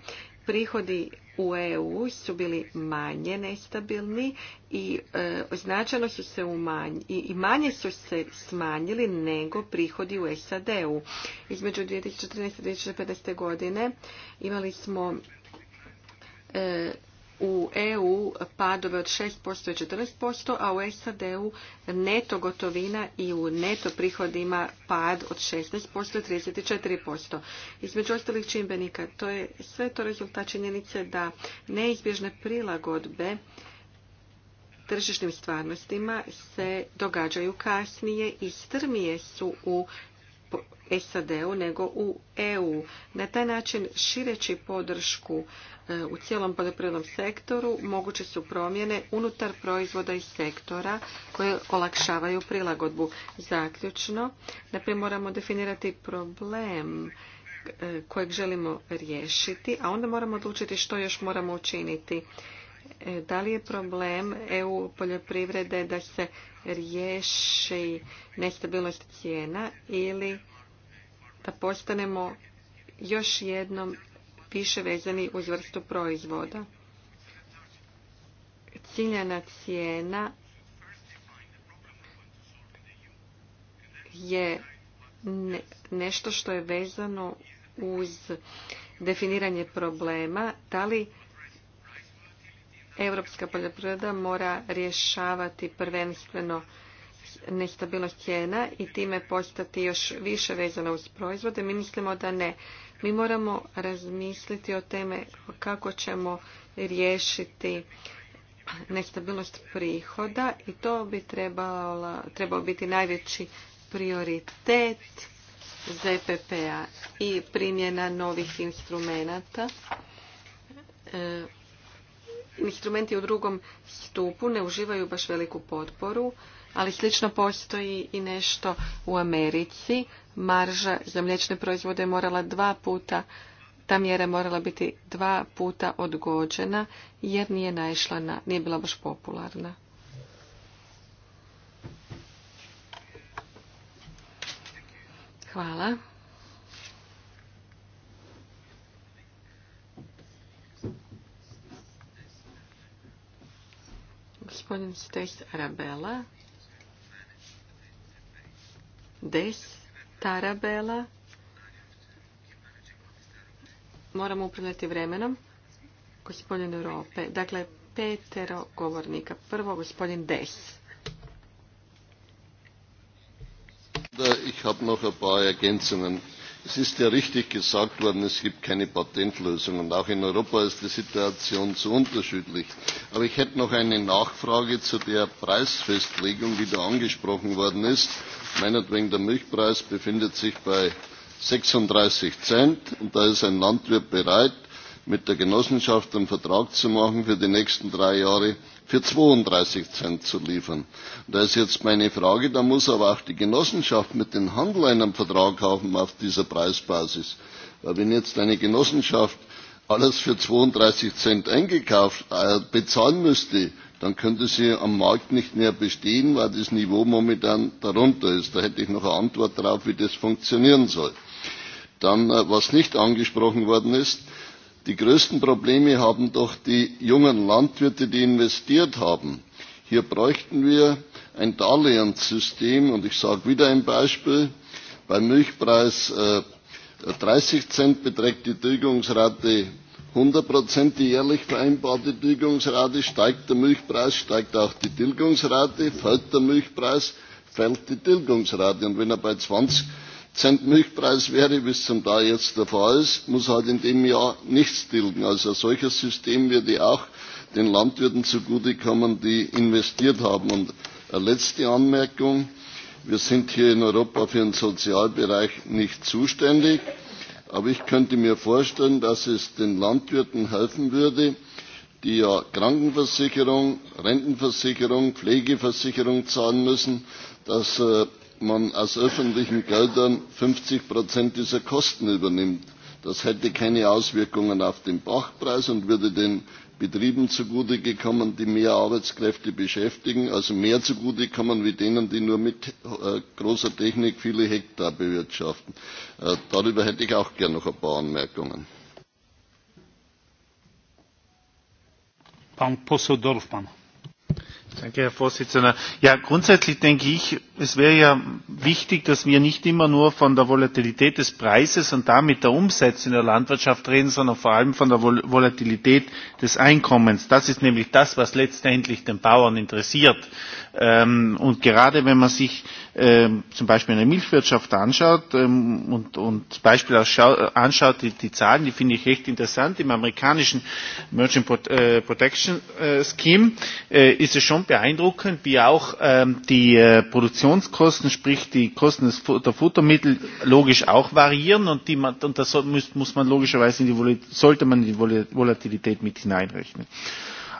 Prihodi u EU su bili manje nestabilni i e, značajno su se umanjili i, manje su se smanjili nego prihodi u SAD-u. Između 2014. i 2015. godine imali smo e, u EU padove od 6% i 14%, a u SAD-u neto gotovina i u neto prihodima pad od 16% i 34%. Između ostalih čimbenika, to je sve to rezultat činjenice da neizbježne prilagodbe tržišnim stvarnostima se događaju kasnije i strmije su u SAD-u nego u EU. Na taj način šireći podršku e, u cijelom poljoprivrednom sektoru moguće su promjene unutar proizvoda i sektora koje olakšavaju prilagodbu. Zaključno, naprijed moramo definirati problem e, kojeg želimo riješiti, a onda moramo odlučiti što još moramo učiniti. E, da li je problem EU poljoprivrede da se riješi nestabilnost cijena ili da postanemo još jednom više vezani uz vrstu proizvoda? Ciljana cijena je nešto što je vezano uz definiranje problema. Da li europska poljoprivreda mora rješavati prvenstveno nestabilnost cijena i time postati još više vezana uz proizvode. Mi mislimo da ne. Mi moramo razmisliti o teme kako ćemo riješiti nestabilnost prihoda i to bi trebala, trebao biti najveći prioritet ZPP-a i primjena novih instrumenata e, instrumenti u drugom stupu ne uživaju baš veliku potporu, ali slično postoji i nešto u Americi. Marža za mlječne proizvode je morala dva puta, ta mjera morala biti dva puta odgođena jer nije naišla na, nije bila baš popularna. Hvala. Gospodin Stes Arabella, Des Tarabella, Moramo upravljati vremenom. Gospodin Europe. Dakle, petero govornika. Prvo gospodin Des. Ich habe noch ein paar Ergänzungen es ist ja richtig gesagt worden es gibt keine patentlösung und auch in europa ist die situation zu unterschiedlich. aber ich hätte noch eine nachfrage zu der preisfestlegung die da angesprochen worden ist. meinetwegen der milchpreis befindet sich bei sechsunddreißig cent und da ist ein landwirt bereit mit der Genossenschaft einen Vertrag zu machen für die nächsten drei Jahre für 32 Cent zu liefern. Da ist jetzt meine Frage, da muss aber auch die Genossenschaft mit dem Handel einen Vertrag haben auf dieser Preisbasis. Weil wenn jetzt eine Genossenschaft alles für 32 Cent eingekauft äh, bezahlen müsste, dann könnte sie am Markt nicht mehr bestehen, weil das Niveau momentan darunter ist. Da hätte ich noch eine Antwort darauf, wie das funktionieren soll. Dann, äh, was nicht angesprochen worden ist, die größten probleme haben doch die jungen landwirte die investiert haben. hier bräuchten wir ein darlehenssystem und ich sage wieder ein beispiel beim milchpreis äh, dreißig cent beträgt die tilgungsrate Prozent die jährlich vereinbarte tilgungsrate steigt der milchpreis steigt auch die tilgungsrate fällt der milchpreis fällt die tilgungsrate und wenn er bei zwanzig Cent Milchpreis wäre, bis zum Teil jetzt der Fall ist, muss halt in dem Jahr nichts tilgen. Also ein solches System würde auch den Landwirten zugutekommen, die investiert haben. Und eine letzte Anmerkung. Wir sind hier in Europa für den Sozialbereich nicht zuständig. Aber ich könnte mir vorstellen, dass es den Landwirten helfen würde, die ja Krankenversicherung, Rentenversicherung, Pflegeversicherung zahlen müssen, dass äh, man aus öffentlichen Geldern 50 Prozent dieser Kosten übernimmt. Das hätte keine Auswirkungen auf den Bachpreis und würde den Betrieben zugute gekommen, die mehr Arbeitskräfte beschäftigen, also mehr zugute kommen wie denen, die nur mit äh, großer Technik viele Hektar bewirtschaften. Äh, darüber hätte ich auch gern noch ein paar Anmerkungen. Pan Danke, Herr Vorsitzender. Ja, grundsätzlich denke ich, es wäre ja wichtig, dass wir nicht immer nur von der Volatilität des Preises und damit der Umsätze in der Landwirtschaft reden, sondern vor allem von der Volatilität des Einkommens. Das ist nämlich das, was letztendlich den Bauern interessiert. Ähm, und gerade wenn man sich Ähm, zum Beispiel eine Milchwirtschaft anschaut ähm, und, und Beispiel anschaut, die, die Zahlen, die finde ich recht interessant. Im amerikanischen Merchant äh, Protection äh, Scheme äh, ist es schon beeindruckend, wie auch ähm, die Produktionskosten, sprich die Kosten der Futtermittel logisch auch variieren und, die man, und das muss, muss man logischerweise in die, sollte man in die Volatilität mit hineinrechnen.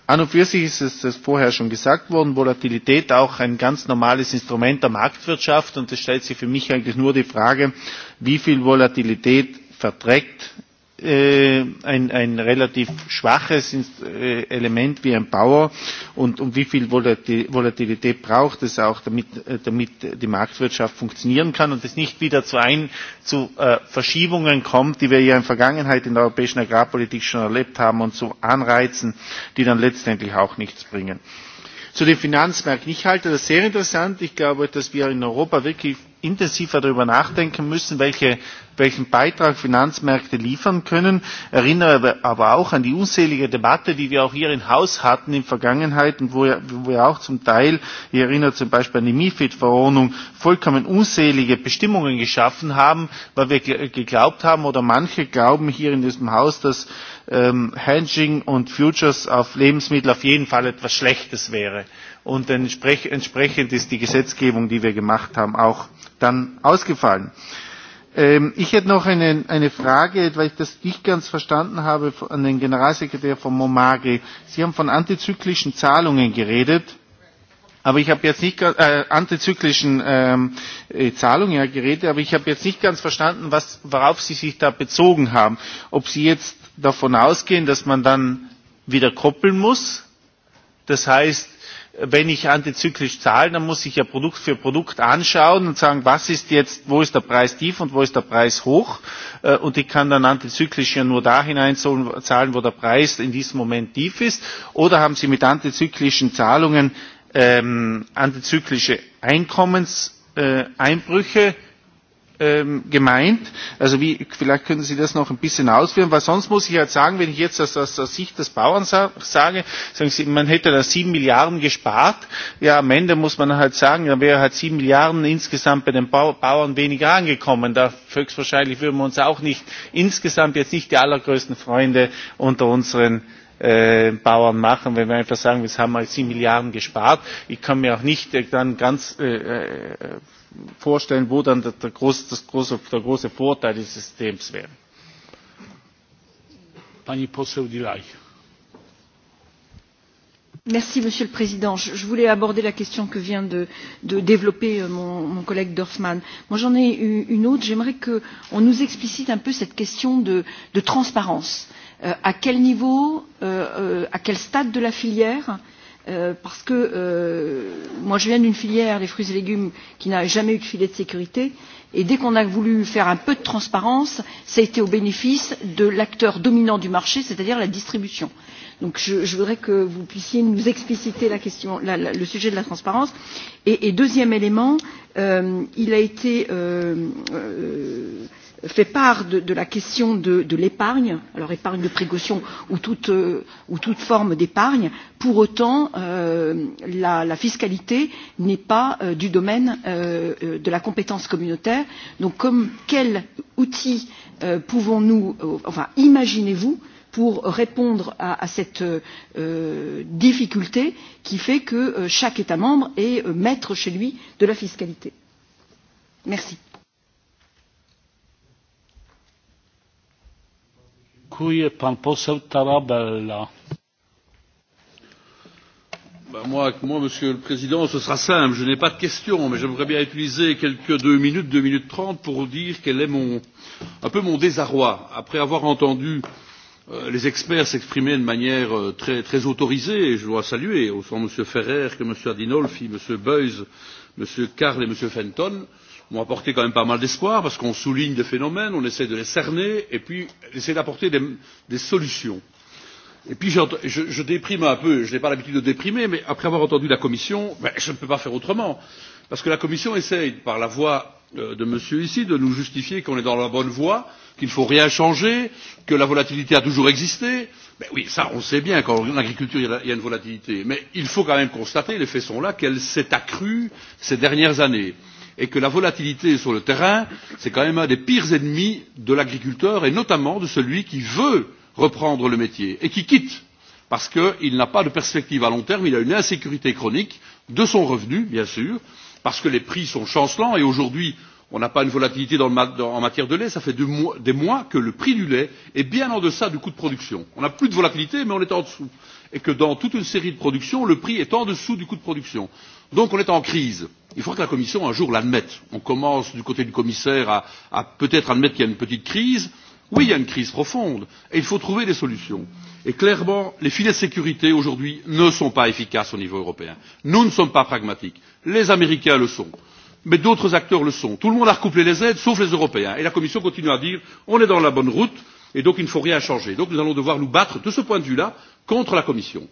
An und für sich ist es das vorher schon gesagt worden, Volatilität auch ein ganz normales Instrument der Marktwirtschaft und es stellt sich für mich eigentlich nur die Frage, wie viel Volatilität verträgt Äh, ein, ein relativ schwaches äh, Element wie ein Bauer und um wie viel Volatilität braucht es auch, damit, äh, damit die Marktwirtschaft funktionieren kann und es nicht wieder zu, ein, zu Verschiebungen kommt, die wir ja in der Vergangenheit in der europäischen Agrarpolitik schon erlebt haben und zu Anreizen, die dann letztendlich auch nichts bringen. Zu den Finanzmärkten. Ich halte das sehr interessant. Ich glaube, dass wir in Europa wirklich intensiver darüber nachdenken müssen, welche, welchen Beitrag Finanzmärkte liefern können. Erinnere aber auch an die unzählige Debatte, die wir auch hier im Haus hatten in Vergangenheit und wo, wo wir auch zum Teil, ich erinnere zum Beispiel an die MIFID-Verordnung, vollkommen unzählige Bestimmungen geschaffen haben, weil wir geglaubt haben oder manche glauben hier in diesem Haus, dass ähm, Hedging und Futures auf Lebensmittel auf jeden Fall etwas Schlechtes wäre. Und entsprechend ist die Gesetzgebung, die wir gemacht haben, auch dann ausgefallen. Ähm, ich hätte noch eine, eine Frage, weil ich das nicht ganz verstanden habe, an den Generalsekretär von Momage. Sie haben von antizyklischen Zahlungen geredet. Aber ich habe jetzt nicht äh, antizyklischen ähm, äh, Zahlungen ja, geredet, aber ich habe jetzt nicht ganz verstanden, was, worauf Sie sich da bezogen haben. Ob Sie jetzt davon ausgehen, dass man dann wieder koppeln muss, das heißt wenn ich antizyklisch zahle dann muss ich ja produkt für produkt anschauen und sagen was ist jetzt wo ist der preis tief und wo ist der preis hoch äh, und ich kann dann antizyklisch ja nur da hineinzahlen, wo der preis in diesem moment tief ist oder haben sie mit antizyklischen zahlungen ähm, antizyklische einkommenseinbrüche Ähm, gemeint. Also wie, vielleicht können Sie das noch ein bisschen ausführen, weil sonst muss ich halt sagen, wenn ich jetzt das aus der Sicht des Bauern sage, sagen Sie, man hätte da sieben Milliarden gespart. Ja, am Ende muss man halt sagen, dann wäre halt sieben Milliarden insgesamt bei den Bauern weniger angekommen. Da höchstwahrscheinlich würden wir uns auch nicht insgesamt jetzt nicht die allergrößten Freunde unter unseren äh, Bauern machen, wenn wir einfach sagen, wir haben mal sieben Milliarden gespart. Ich kann mir auch nicht äh, dann ganz äh, vorstellen, wo dann der, große, das große, der große Vorteil des Systems wäre. Pani poseł Dilaj. Merci, Monsieur le Président. Je, je voulais aborder la question que vient de, de développer euh, mon, mon collègue Dorfman. Moi, j'en ai une autre. J'aimerais qu'on nous explicite un peu cette question de, de transparence. Euh, à quel niveau, euh, euh, à quel stade de la filière euh, Euh, parce que euh, moi je viens d'une filière des fruits et légumes qui n'a jamais eu de filet de sécurité et dès qu'on a voulu faire un peu de transparence ça a été au bénéfice de l'acteur dominant du marché c'est à dire la distribution. donc je, je voudrais que vous puissiez nous expliciter la question, la, la, le sujet de la transparence. et, et deuxième élément euh, il a été euh, euh fait part de, de la question de, de l'épargne, alors épargne de précaution ou toute, euh, ou toute forme d'épargne. Pour autant, euh, la, la fiscalité n'est pas euh, du domaine euh, euh, de la compétence communautaire. Donc, comme quel outil euh, pouvons-nous, euh, enfin, imaginez-vous pour répondre à, à cette euh, difficulté qui fait que euh, chaque État membre est euh, maître chez lui de la fiscalité. Merci. Pan poseł Tarabella. Moi, moi, Monsieur le Président, ce sera simple. Je n'ai pas de questions, mais j'aimerais bien utiliser quelques deux minutes, deux minutes trente, pour vous dire quel est un peu mon désarroi après avoir entendu euh, les experts s'exprimer de manière euh, très, très autorisée. Et je dois saluer autant M. Ferrer que M. Adinolfi, M. Beuys, M. Karl et M. Fenton m'ont apporté quand même pas mal d'espoir parce qu'on souligne des phénomènes, on essaie de les cerner et puis essayer d'apporter des, des solutions. Et puis je, je, déprime un peu, je n'ai pas l'habitude de déprimer, mais après avoir entendu la Commission, ben, je ne peux pas faire autrement. Parce que la Commission essaye, par la voix euh, de monsieur ici, de nous justifier qu'on est dans la bonne voie, qu'il ne faut rien changer, que la volatilité a toujours existé. Ben oui, ça on sait bien, quand agriculture il y a une volatilité. Mais il faut quand même constater, les faits sont là, qu'elle s'est accrue ces dernières années et que la volatilité sur le terrain c'est quand même un des pires ennemis de l'agriculteur et notamment de celui qui veut reprendre le métier et qui quitte parce qu'il n'a pas de perspective à long terme il a une insécurité chronique de son revenu bien sûr parce que les prix sont chancelants et aujourd'hui on n'a pas une volatilité en matière de lait cela fait des mois que le prix du lait est bien en deçà du coût de production. on n'a plus de volatilité mais on est en dessous et que dans toute une série de productions le prix est en dessous du coût de production. donc on est en crise. il faut que la commission un jour l'admette. on commence du côté du commissaire à, à peut être admettre qu'il y a une petite crise. oui il y a une crise profonde et il faut trouver des solutions. et clairement les filets de sécurité aujourd'hui ne sont pas efficaces au niveau européen. nous ne sommes pas pragmatiques. les américains le sont mais d'autres acteurs le sont. tout le monde a recouplé les aides sauf les européens et la commission continue à dire on est dans la bonne route et donc il ne faut rien changer. donc nous allons devoir nous battre de ce point de vue là contre la commission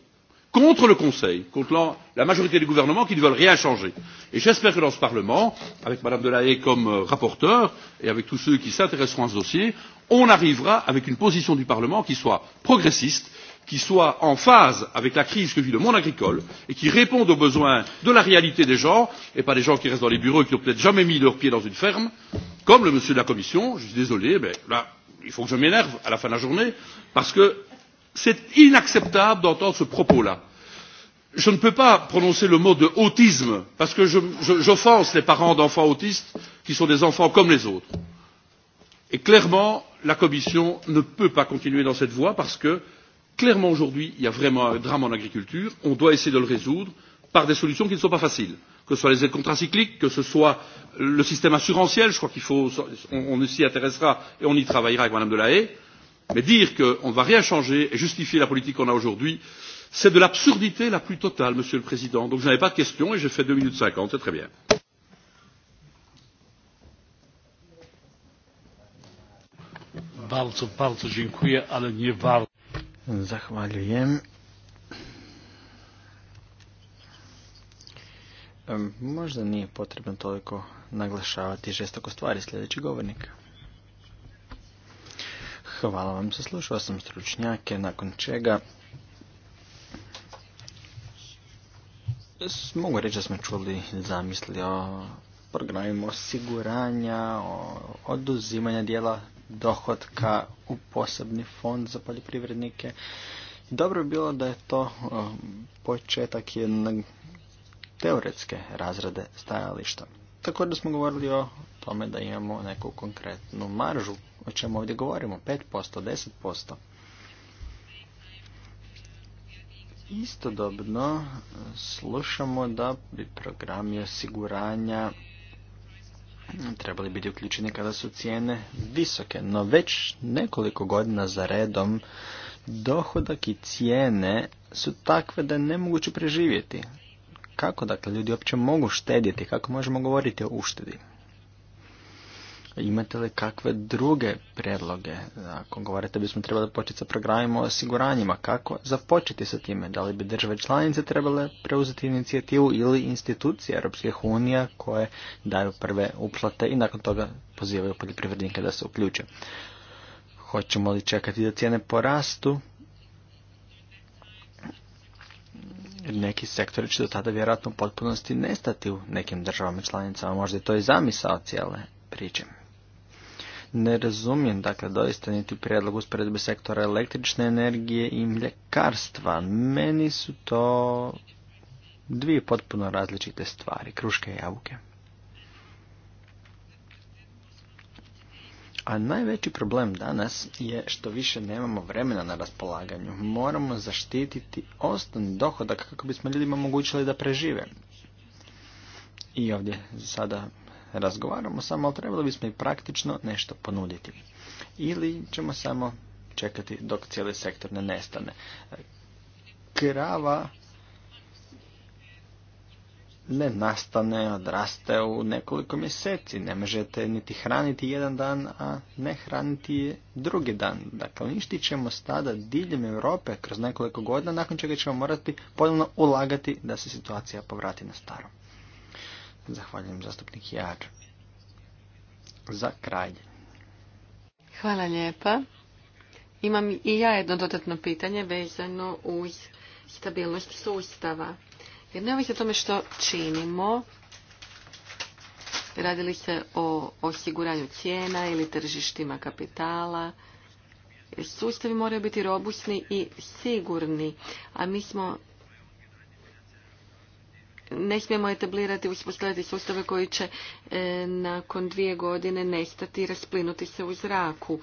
contre le conseil contre la majorité des gouvernements qui ne veulent rien changer. et j'espère que dans ce parlement avec mme haye comme euh, rapporteure et avec tous ceux qui s'intéresseront à ce dossier on arrivera avec une position du parlement qui soit progressiste qui soit en phase avec la crise que vit le monde agricole et qui réponde aux besoins de la réalité des gens et pas des gens qui restent dans les bureaux et qui n'ont peut être jamais mis leurs pieds dans une ferme comme le monsieur de la commission je suis désolé mais là il faut que je m'énerve à la fin de la journée parce que c'est inacceptable d'entendre ce propos là. je ne peux pas prononcer le mot de autisme parce que j'offense les parents d'enfants autistes qui sont des enfants comme les autres et clairement la commission ne peut pas continuer dans cette voie parce que clairement aujourd'hui il y a vraiment un drame en agriculture on doit essayer de le résoudre par des solutions qui ne sont pas faciles que ce soit les aides contracycliques que ce soit le système assurantiel je crois qu'il faut on, on s'y intéressera et on y travaillera avec mme de la haye mais dire qu'on ne va rien changer et justifier la politique qu'on a aujourd'hui c'est de l'absurdité la plus totale monsieur le président donc je n'avais pas de questions et j'ai fait deux minutes cinquante c'est très bien. Bardzo, bardzo dziękuję, ale nie warto. nie potrzebne tylko naglašavati žestoko stvari sljedeći govornik. Hvala vam, saslušao sam stručnjake, nakon čega mogu reći da smo čuli zamisli o programima osiguranja, o oduzimanja dijela dohotka u posebni fond za poljoprivrednike. Dobro bi bilo da je to početak jednog teoretske razrade stajališta. Također smo govorili o tome da imamo neku konkretnu maržu, o čemu ovdje govorimo, 5%, 10%. Istodobno slušamo da bi programi osiguranja trebali biti uključeni kada su cijene visoke, no već nekoliko godina za redom dohodak i cijene su takve da je nemoguće preživjeti kako dakle ljudi uopće mogu štedjeti, kako možemo govoriti o uštedi. Imate li kakve druge predloge? Ako govorite bismo trebali početi sa programima o osiguranjima, kako započeti sa time? Da li bi države članice trebale preuzeti inicijativu ili institucije Europskih unija koje daju prve uplate i nakon toga pozivaju poljoprivrednike da se uključe? Hoćemo li čekati da cijene porastu neki sektori će do tada vjerojatno u potpunosti nestati u nekim državama članicama, možda je to i zamisao cijele priče. Ne razumijem, dakle, doista niti prijedlog usporedbe sektora električne energije i mljekarstva. Meni su to dvije potpuno različite stvari, kruške i jabuke. A najveći problem danas je što više nemamo vremena na raspolaganju. Moramo zaštititi osnovni dohodak kako bismo ljudima omogućili da prežive. I ovdje sada razgovaramo samo, ali trebali bismo i praktično nešto ponuditi. Ili ćemo samo čekati dok cijeli sektor ne nestane. Krava ne nastane, odraste u nekoliko mjeseci. Ne možete niti hraniti jedan dan, a ne hraniti drugi dan. Dakle, uništit ćemo stada diljem Europe kroz nekoliko godina, nakon čega ćemo morati ponovno ulagati da se situacija povrati na staro. Zahvaljujem zastupnik Jar. Za kraj. Hvala lijepa. Imam i ja jedno dodatno pitanje vezano uz stabilnost sustava. Jer neovisno o tome što činimo, radili se o osiguranju cijena ili tržištima kapitala, sustavi moraju biti robustni i sigurni, a mi smo ne smijemo etablirati, uspostaviti sustave koji će e, nakon dvije godine nestati i rasplinuti se u zraku.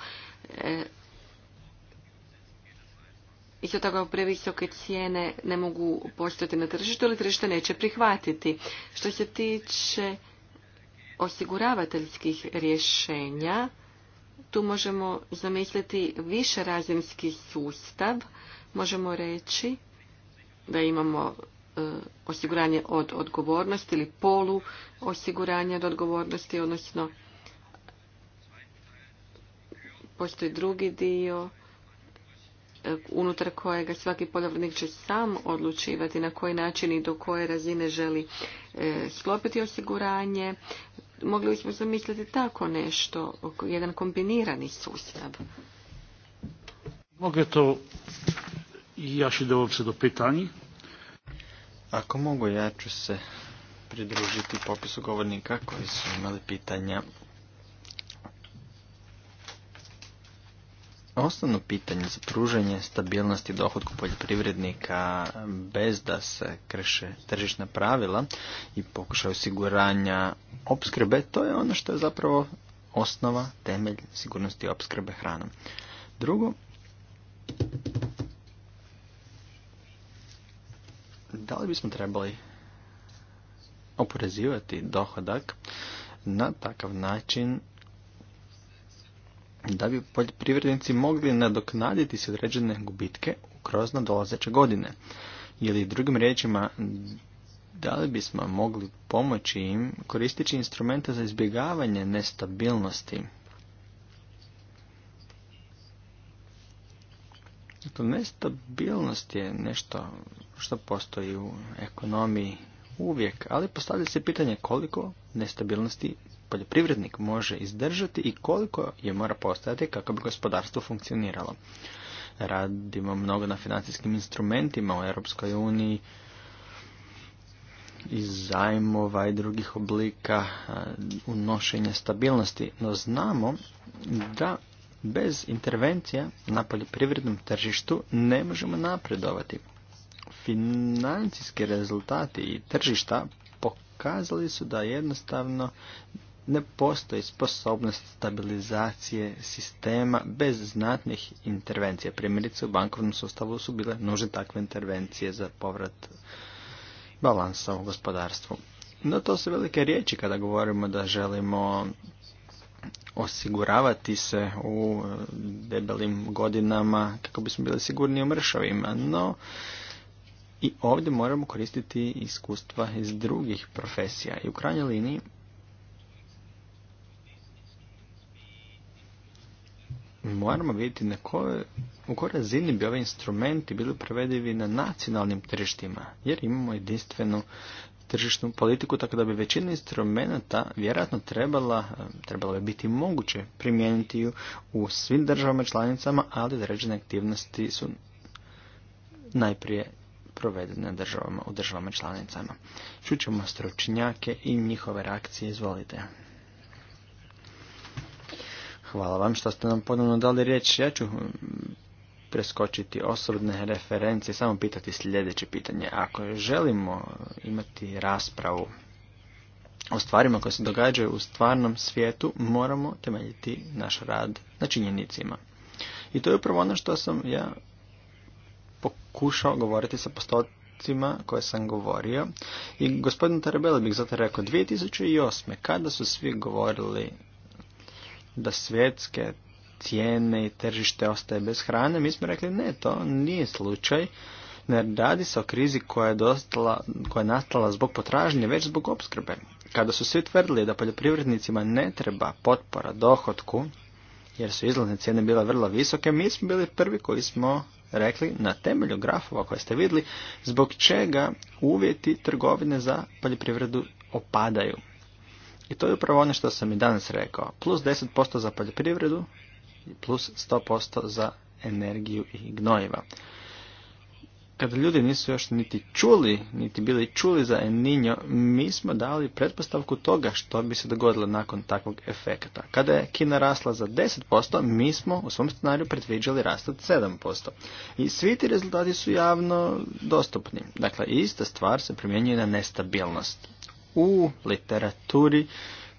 E, isto tako previsoke cijene ne mogu postati na tržištu ili tržište neće prihvatiti. Što se tiče osiguravateljskih rješenja, tu možemo zamisliti više razinski sustav. Možemo reći da imamo e, osiguranje od odgovornosti ili polu osiguranja od odgovornosti, odnosno postoji drugi dio unutar kojega svaki poljoprivrednik će sam odlučivati na koji način i do koje razine želi e, sklopiti osiguranje. Mogli smo zamisliti tako nešto, jedan kombinirani sustav. Mogu to ja do pitanja? Ako mogu, ja ću se pridružiti popisu govornika koji su imali pitanja. Osnovno pitanje za pruženje stabilnosti dohodku poljoprivrednika bez da se krše tržišna pravila i pokušaj osiguranja opskrbe, to je ono što je zapravo osnova, temelj sigurnosti opskrbe hranom. Drugo, da li bismo trebali oporezivati dohodak na takav način da bi poljoprivrednici mogli nadoknaditi se određene gubitke kroz nadolazeće godine. Ili drugim riječima, da li bismo mogli pomoći im koristeći instrumente za izbjegavanje nestabilnosti Dakle, nestabilnost je nešto što postoji u ekonomiji uvijek, ali postavlja se pitanje koliko nestabilnosti poljoprivrednik može izdržati i koliko je mora postojati kako bi gospodarstvo funkcioniralo. Radimo mnogo na financijskim instrumentima u Europskoj uniji, iz zajmova i drugih oblika unošenja stabilnosti, no znamo da bez intervencija na poljoprivrednom tržištu ne možemo napredovati. Financijski rezultati i tržišta pokazali su da jednostavno ne postoji sposobnost stabilizacije sistema bez znatnih intervencija. Primjerice u bankovnom sustavu su bile nužne takve intervencije za povrat balansa u gospodarstvu. No to su velike riječi kada govorimo da želimo osiguravati se u debelim godinama kako bismo bili sigurni u mršavima, no i ovdje moramo koristiti iskustva iz drugih profesija i u krajnjoj liniji moramo vidjeti na koje u kojoj razini bi ove instrumenti bili provedivi na nacionalnim tržištima, jer imamo jedinstvenu tržišnu politiku, tako da bi većina instrumenta vjerojatno trebala, trebala bi biti moguće primijeniti ju u svim državama članicama, ali određene aktivnosti su najprije provedene državama, u državama članicama. Čućemo stručnjake i njihove reakcije, izvolite. Hvala vam što ste nam ponovno dali riječ. Ja ću mm, preskočiti osobne referencije, samo pitati sljedeće pitanje. Ako želimo imati raspravu o stvarima koje se događaju u stvarnom svijetu, moramo temeljiti naš rad na činjenicima. I to je upravo ono što sam ja pokušao govoriti sa postocima koje sam govorio. I gospodin Tarabela bih zato rekao, 2008. kada su svi govorili da svjetske cijene i tržište ostaje bez hrane, mi smo rekli ne, to nije slučaj. Ne radi se o krizi koja je, dostala, koja je nastala zbog potražnje, već zbog opskrbe. Kada su svi tvrdili da poljoprivrednicima ne treba potpora dohotku, jer su izlazne cijene bile vrlo visoke, mi smo bili prvi koji smo rekli na temelju grafova koje ste vidjeli, zbog čega uvjeti trgovine za poljoprivredu opadaju. I to je upravo ono što sam i danas rekao. Plus 10% za poljoprivredu i plus 100% za energiju i gnojiva. Kada ljudi nisu još niti čuli, niti bili čuli za Eninjo, mi smo dali pretpostavku toga što bi se dogodilo nakon takvog efekta. Kada je Kina rasla za 10%, mi smo u svom scenariju predviđali rast od 7%. I svi ti rezultati su javno dostupni. Dakle, ista stvar se primjenjuje na nestabilnost u literaturi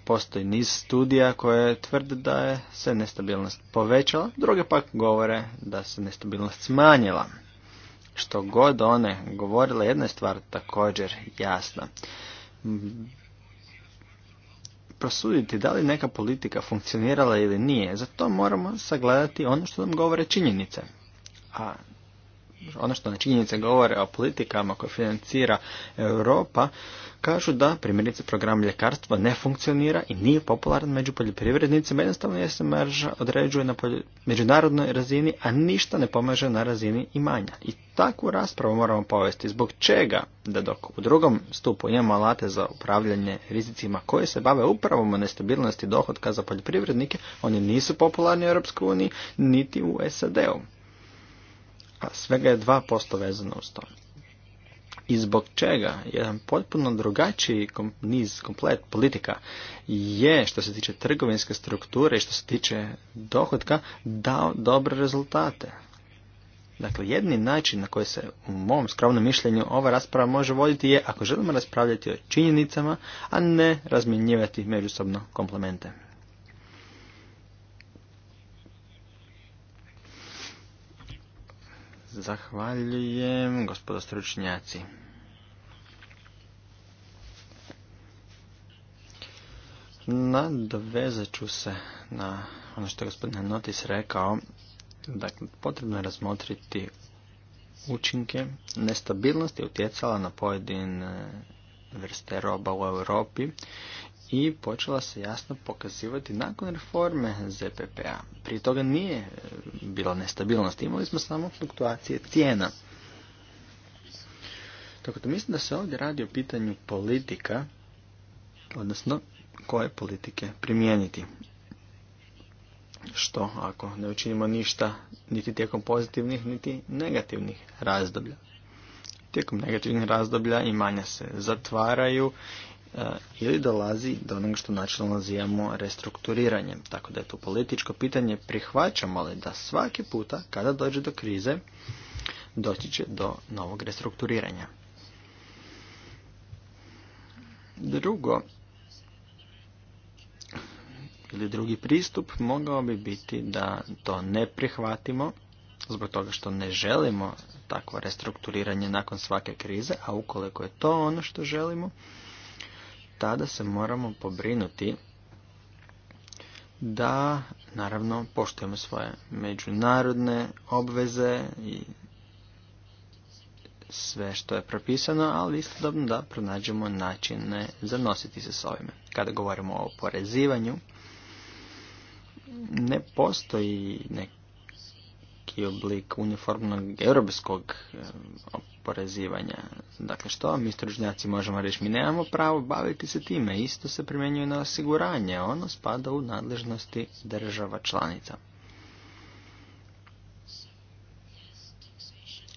postoji niz studija koje tvrde da je se nestabilnost povećala, druge pak govore da se nestabilnost smanjila. Što god one govorile, jedna je stvar također jasna. Prosuditi da li neka politika funkcionirala ili nije, za to moramo sagledati ono što nam govore činjenice. A ono što na činjenice govore o politikama koje financira Europa, kažu da primjerice program ljekarstva ne funkcionira i nije popularan među poljoprivrednicima, jednostavno je se određuje na međunarodnoj razini, a ništa ne pomaže na razini imanja. I takvu raspravu moramo povesti. Zbog čega da dok u drugom stupu imamo alate za upravljanje rizicima koje se bave upravom o nestabilnosti dohodka za poljoprivrednike, oni nisu popularni u EU niti u SAD-u a pa svega je 2% vezano uz to. I zbog čega jedan potpuno drugačiji niz komplet politika je što se tiče trgovinske strukture i što se tiče dohodka dao dobre rezultate. Dakle, jedni način na koji se u mom skromnom mišljenju ova rasprava može voditi je ako želimo raspravljati o činjenicama, a ne razmjenjivati međusobno komplemente. Zahvaljujem, gospodo stručnjaci. Nadovezat ću se na ono što je gospodin Notis rekao. Dakle, potrebno je razmotriti učinke. nestabilnosti je utjecala na pojedine vrste roba u Europi i počela se jasno pokazivati nakon reforme ZPPA. Prije toga nije e, bila nestabilnost, imali smo samo fluktuacije cijena. Tako da mislim da se ovdje radi o pitanju politika, odnosno koje politike primijeniti. Što ako ne učinimo ništa niti tijekom pozitivnih niti negativnih razdoblja. Tijekom negativnih razdoblja imanja se zatvaraju Eh, ili dolazi do onoga što načelno nazivamo restrukturiranjem. Tako da je to političko pitanje prihvaćamo li da svaki puta kada dođe do krize doći će do novog restrukturiranja. Drugo, ili drugi pristup mogao bi biti da to ne prihvatimo zbog toga što ne želimo takvo restrukturiranje nakon svake krize, a ukoliko je to ono što želimo, tada se moramo pobrinuti da naravno poštujemo svoje međunarodne obveze i sve što je propisano, ali istodobno da pronađemo načine za nositi se s ovime. Kada govorimo o porezivanju, ne postoji neki neki oblik uniformnog europskog eh, oporezivanja. Dakle, što mi stručnjaci možemo reći? Mi nemamo pravo baviti se time. Isto se primjenjuje na osiguranje. Ono spada u nadležnosti država članica.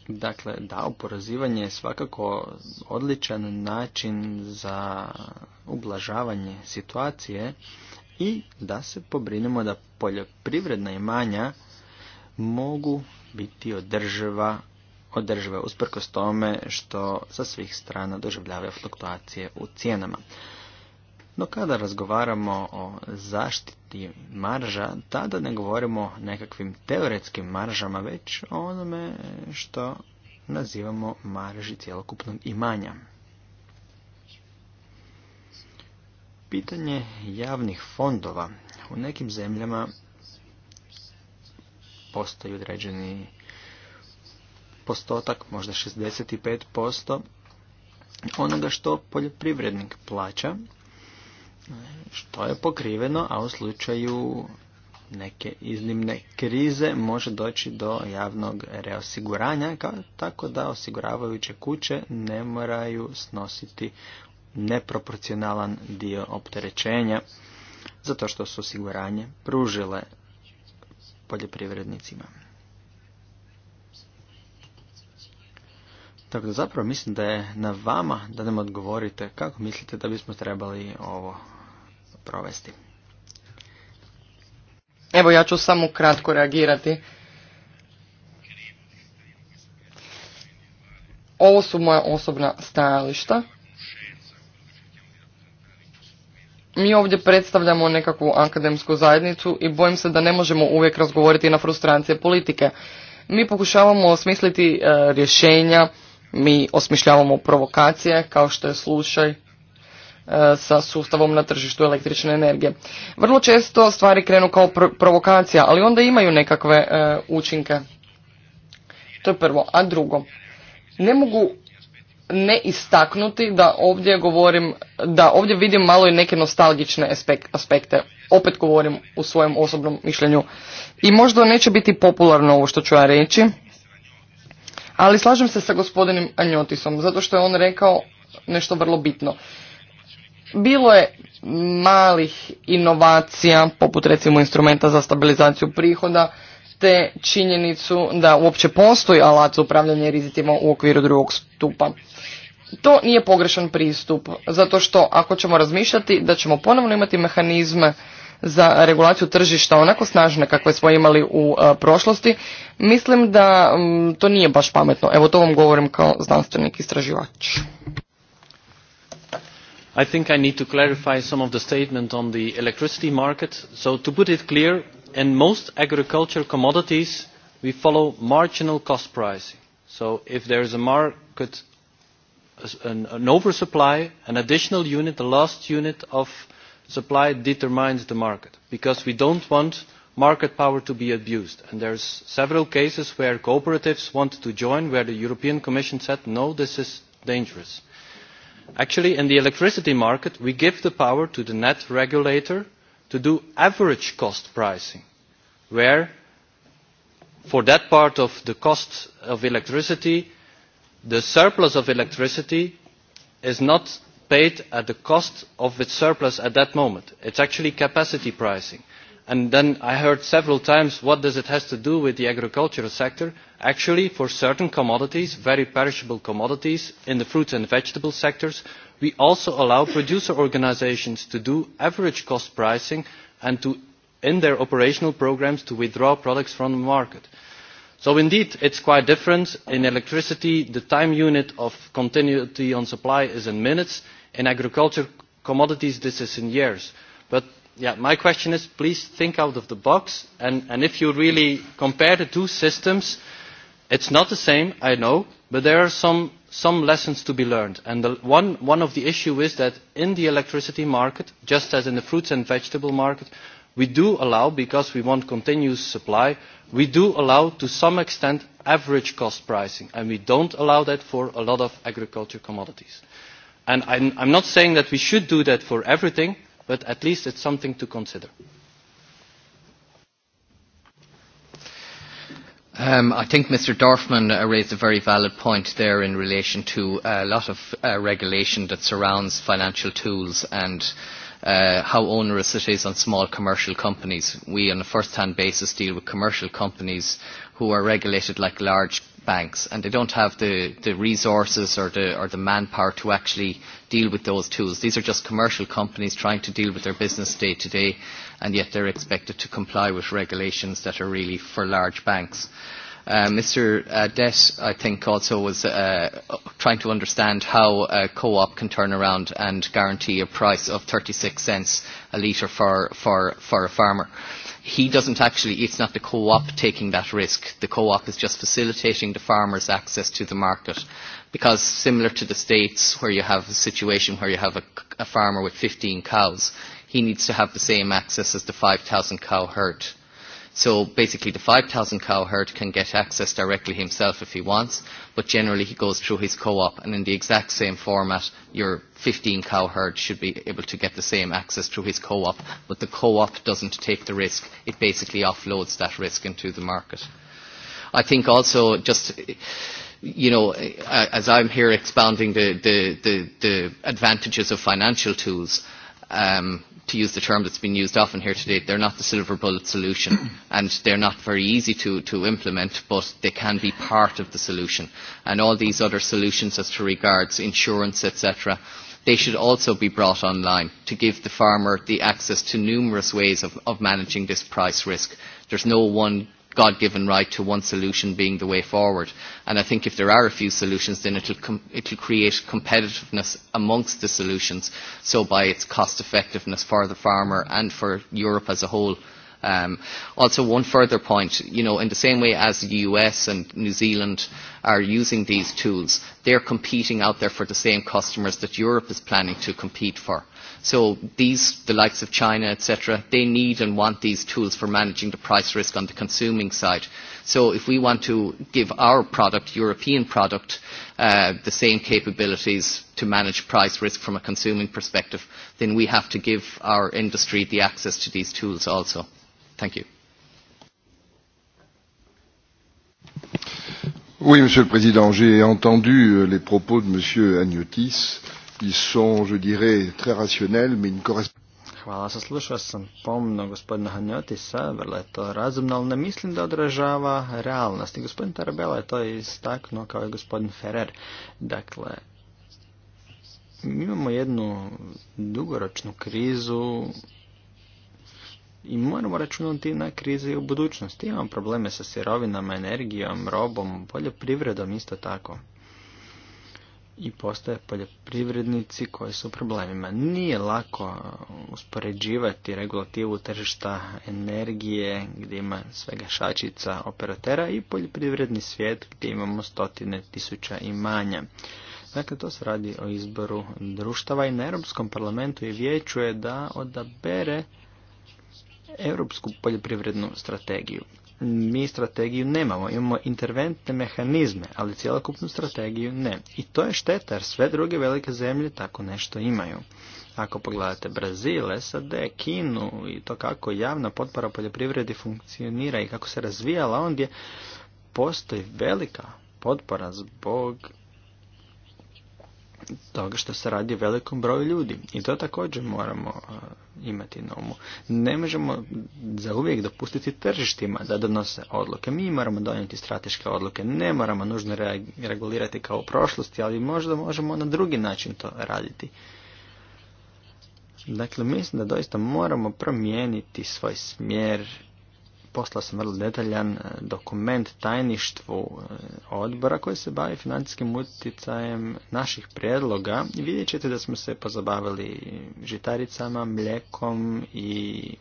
Dakle, da, oporezivanje je svakako odličan način za ublažavanje situacije i da se pobrinemo da poljoprivredna imanja mogu biti održiva, održiva usprkos tome što sa svih strana doživljavaju fluktuacije u cijenama. No kada razgovaramo o zaštiti marža, tada ne govorimo o nekakvim teoretskim maržama, već o onome što nazivamo marži cjelokupnog imanja. Pitanje javnih fondova u nekim zemljama postoji određeni postotak, možda 65% onoga što poljoprivrednik plaća, što je pokriveno, a u slučaju neke iznimne krize može doći do javnog reosiguranja, kao, tako da osiguravajuće kuće ne moraju snositi neproporcionalan dio opterećenja, zato što su osiguranje pružile poljoprivrednicima. Tako da zapravo mislim da je na vama da nam odgovorite kako mislite da bismo trebali ovo provesti. Evo ja ću samo kratko reagirati. Ovo su moja osobna stajališta mi ovdje predstavljamo nekakvu akademsku zajednicu i bojim se da ne možemo uvijek razgovoriti na frustrancije politike. Mi pokušavamo osmisliti e, rješenja, mi osmišljavamo provokacije kao što je slušaj e, sa sustavom na tržištu električne energije. Vrlo često stvari krenu kao provokacija, ali onda imaju nekakve e, učinke. To je prvo. A drugo, ne mogu ne istaknuti da ovdje govorim, da ovdje vidim malo i neke nostalgične aspekte. Opet govorim u svojem osobnom mišljenju. I možda neće biti popularno ovo što ću ja reći, ali slažem se sa gospodinom Anjotisom, zato što je on rekao nešto vrlo bitno. Bilo je malih inovacija, poput recimo instrumenta za stabilizaciju prihoda, te činjenicu da uopće postoji alat za upravljanje rizitima u okviru drugog stupa. To nije pogrešan pristup, zato što ako ćemo razmišljati da ćemo ponovno imati mehanizme za regulaciju tržišta onako snažne kakve smo imali u e, prošlosti, mislim da to nije baš pametno. Evo to vam govorim kao znanstvenik istraživač. I think I need to clarify some of the statement on the electricity market. So to put it clear, in most agricultural commodities we follow marginal cost pricing. So if there is a market an, oversupply, an additional unit, the last unit of supply determines the market because we don't want market power to be abused. And there's several cases where cooperatives want to join where the European Commission said, no, this is dangerous. Actually, in the electricity market, we give the power to the net regulator to do average cost pricing, where for that part of the cost of electricity, the surplus of electricity is not paid at the cost of its surplus at that moment. it is actually capacity pricing. and then i heard several times what does it have to do with the agricultural sector? actually for certain commodities very perishable commodities in the fruit and vegetable sectors we also allow producer organisations to do average cost pricing and in their operational programmes to withdraw products from the market so indeed it is quite different in electricity the time unit of continuity on supply is in minutes in agriculture commodities this is in years but yeah, my question is please think out of the box and, if you really compare the two systems it's not the same i know but there are some some lessons to be learned and one one of the issues is that in the electricity market just as in the fruits and vegetable market we do allow because we want continuous supply we do allow to some extent average cost pricing and we do not allow that for a lot of agricultural commodities. And am not saying that we should do that for everything, but at least it is something to consider. Um, I think Mr. Dorfmann uh, raised a very valid point there in relation to a lot of uh, regulation that surrounds financial tools and uh, how onerous it is on small commercial companies. We, on a first-hand basis, deal with commercial companies who are regulated like large banks, and they don't have the, the resources or the, or the manpower to actually deal with those tools. These are just commercial companies trying to deal with their business day to day, and yet they're expected to comply with regulations that are really for large banks. Mr. Uh, uh Dess, I think, also was uh, trying to understand how a co-op can turn around and guarantee a price of 36 cents a litre for, for, for a farmer. He doesn't actually, it's not the co-op taking that risk. The co-op is just facilitating the farmer's access to the market. Because similar to the States where you have a situation where you have a, a farmer with 15 cows, he needs to have the same access as the 5,000 cow herd. So basically the 5,000 cow herd can get access directly himself if he wants, but generally he goes through his co-op. And in the exact same format, your 15 cow herd should be able to get the same access through his co-op, but the co-op doesn't take the risk. It basically offloads that risk into the market. I think also just you know, as I'm here expounding the, the, the, the advantages of financial tools, um, to use the term that's been used often here today, they're not the silver bullet solution and they're not very easy to, to implement, but they can be part of the solution. And all these other solutions as to regards insurance, etc., they should also be brought online to give the farmer the access to numerous ways of, of managing this price risk. There's no one God given right to one solution being the way forward. And I think if there are a few solutions, then it will com create competitiveness amongst the solutions, so by its cost effectiveness for the farmer and for Europe as a whole. Um, also, one further point, you know, in the same way as the US and New Zealand are using these tools, they're competing out there for the same customers that Europe is planning to compete for. So these, the likes of China, etc., they need and want these tools for managing the price risk on the consuming side. So if we want to give our product, European product, uh, the same capabilities to manage price risk from a consuming perspective, then we have to give our industry the access to these tools also. Thank you. Oui, Monsieur le Président, j'ai entendu euh, les propos de Monsieur Agnotis sont, je Hvala, saslušao sam pomno gospodina Hanjotisa, vrlo je to razumno, ali ne mislim da odražava realnost. I gospodin Tarabela je to istaknuo kao i gospodin Ferrer. Dakle, mi imamo jednu dugoročnu krizu i moramo računati na krize u budućnosti. Imamo probleme sa sirovinama, energijom, robom, poljoprivredom isto tako i postoje poljoprivrednici koji su u problemima. Nije lako uspoređivati regulativu tržišta energije gdje ima svega šačica operatera i poljoprivredni svijet gdje imamo stotine tisuća imanja. Dakle, to se radi o izboru društava i na Europskom parlamentu i vječuje da odabere europsku poljoprivrednu strategiju mi strategiju nemamo. Imamo interventne mehanizme, ali cjelokupnu strategiju ne. I to je šteta jer sve druge velike zemlje tako nešto imaju. Ako pogledate Brazil, SAD, Kinu i to kako javna potpora poljoprivredi funkcionira i kako se razvijala ondje, postoji velika potpora zbog toga što se radi velikom broju ljudi. I to također moramo e, imati na umu. Ne možemo za uvijek dopustiti tržištima da donose odluke. Mi moramo donijeti strateške odluke. Ne moramo nužno regulirati kao u prošlosti, ali možda možemo na drugi način to raditi. Dakle, mislim da doista moramo promijeniti svoj smjer poslao sam vrlo detaljan e, dokument tajništvu e, odbora koji se bavi financijskim utjecajem naših prijedloga. Vidjet ćete da smo se pozabavili žitaricama, mlijekom i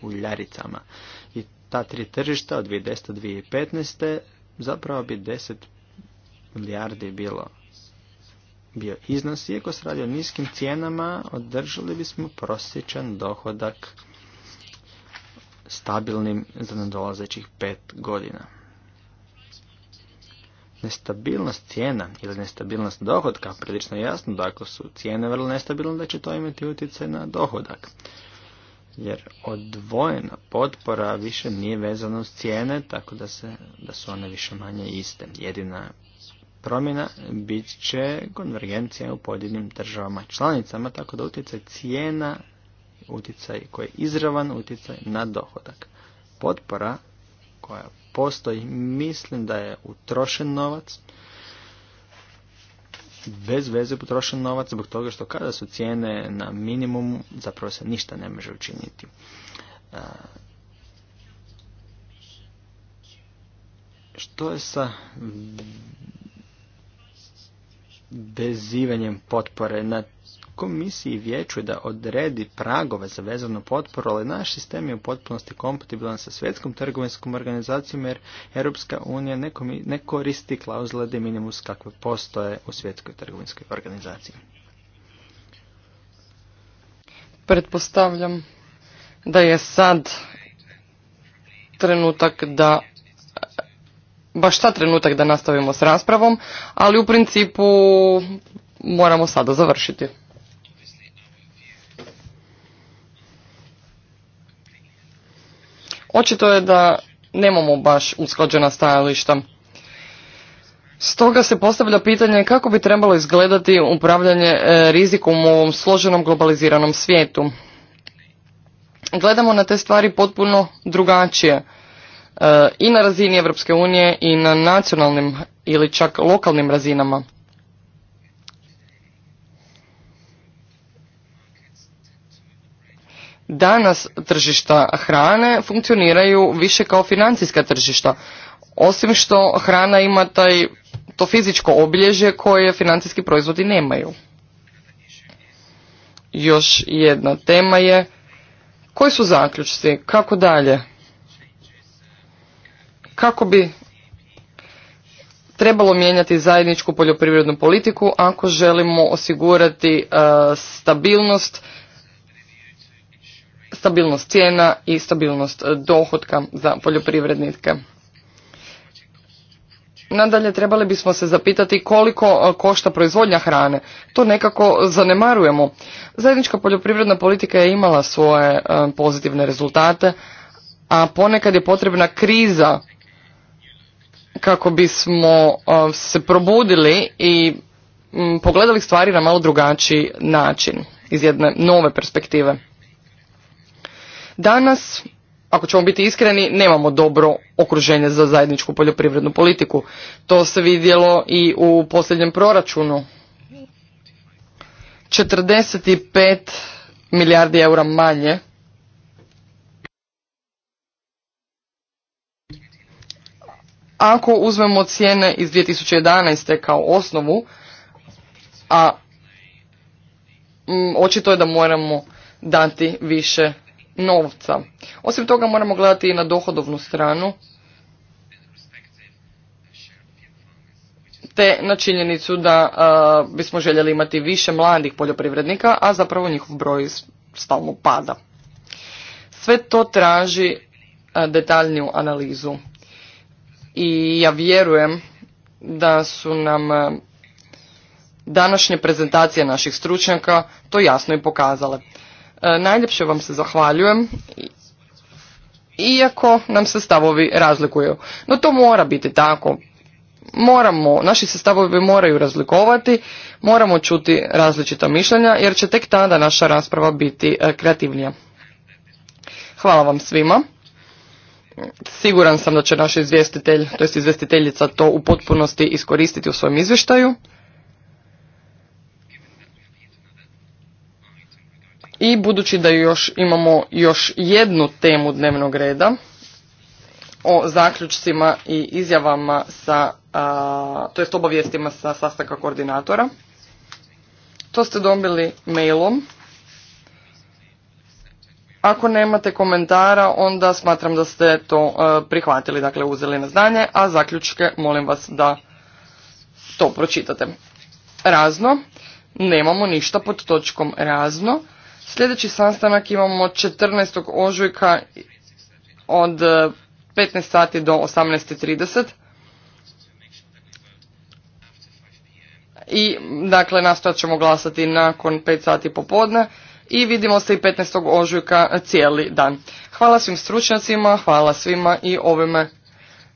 uljaricama. I ta tri tržišta od 2010. do 2015. zapravo bi 10 milijardi bilo bio iznos, iako se radi o niskim cijenama, održali bismo prosječan dohodak stabilnim za nadolazećih pet godina. Nestabilnost cijena ili nestabilnost dohodka prilično je jasno da dakle, ako su cijene vrlo nestabilne da će to imati utjecaj na dohodak. Jer odvojena potpora više nije vezana uz cijene, tako da, se, da su one više manje iste. Jedina promjena bit će konvergencija u pojedinim državama članicama, tako da utjecaj cijena utjecaj koji je izravan utjecaj na dohodak. Potpora koja postoji, mislim da je utrošen novac, bez veze potrošen novac zbog toga što kada su cijene na minimumu zapravo se ništa ne može učiniti. Što je sa vezivanjem potpore na komisiji vijeću da odredi pragove za vezanu potporu, ali naš sistem je u potpunosti kompatibilan sa svjetskom trgovinskom organizacijom jer Europska unija ne, koristi klauzule de minimus kakve postoje u svjetskoj trgovinskoj organizaciji. Pretpostavljam da je sad trenutak da baš sad trenutak da nastavimo s raspravom, ali u principu moramo sada završiti. Očito je da nemamo baš usklađena stajališta. Stoga se postavlja pitanje kako bi trebalo izgledati upravljanje e, rizikom u ovom složenom globaliziranom svijetu. Gledamo na te stvari potpuno drugačije e, i na razini Europske unije i na nacionalnim ili čak lokalnim razinama. danas tržišta hrane funkcioniraju više kao financijska tržišta. Osim što hrana ima taj, to fizičko obilježje koje financijski proizvodi nemaju. Još jedna tema je koji su zaključci, kako dalje, kako bi trebalo mijenjati zajedničku poljoprivrednu politiku ako želimo osigurati e, stabilnost stabilnost cijena i stabilnost e, dohotka za poljoprivrednike. Nadalje, trebali bismo se zapitati koliko e, košta proizvodnja hrane. To nekako zanemarujemo. Zajednička poljoprivredna politika je imala svoje e, pozitivne rezultate, a ponekad je potrebna kriza kako bismo se probudili i pogledali stvari na malo drugačiji način, iz jedne nove perspektive. Danas, ako ćemo biti iskreni, nemamo dobro okruženje za zajedničku poljoprivrednu politiku. To se vidjelo i u posljednjem proračunu. 45 milijardi eura manje Ako uzmemo cijene iz 2011. kao osnovu, a m, mm, očito je da moramo dati više novca. Osim toga moramo gledati i na dohodovnu stranu te na činjenicu da bismo željeli imati više mladih poljoprivrednika, a zapravo njihov broj stalno pada. Sve to traži detaljniju analizu i ja vjerujem da su nam današnje prezentacije naših stručnjaka to jasno i pokazale. E, najljepše vam se zahvaljujem, iako nam se stavovi razlikuju. No to mora biti tako. Moramo, naši se stavovi moraju razlikovati, moramo čuti različita mišljenja, jer će tek tada naša rasprava biti e, kreativnija. Hvala vam svima. Siguran sam da će naš izvjestitelj, to jest izvjestiteljica to u potpunosti iskoristiti u svojem izvještaju. I budući da još imamo još jednu temu dnevnog reda o zaključcima i izjavama sa, to jest obavijestima sa sastaka koordinatora, to ste dobili mailom. Ako nemate komentara, onda smatram da ste to prihvatili, dakle uzeli na znanje, a zaključke molim vas da to pročitate. Razno, nemamo ništa pod točkom razno. Sljedeći sastanak imamo 14. ožujka od 15 e, sati do 18.30. I, dakle, nastojat ćemo glasati nakon 5 sati popodne i vidimo se i 15. ožujka cijeli dan. Hvala svim stručnjacima, hvala svima i ovime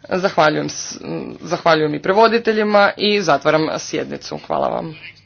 zahvaljujem, zahvaljujem i prevoditeljima i zatvaram sjednicu. Hvala vam.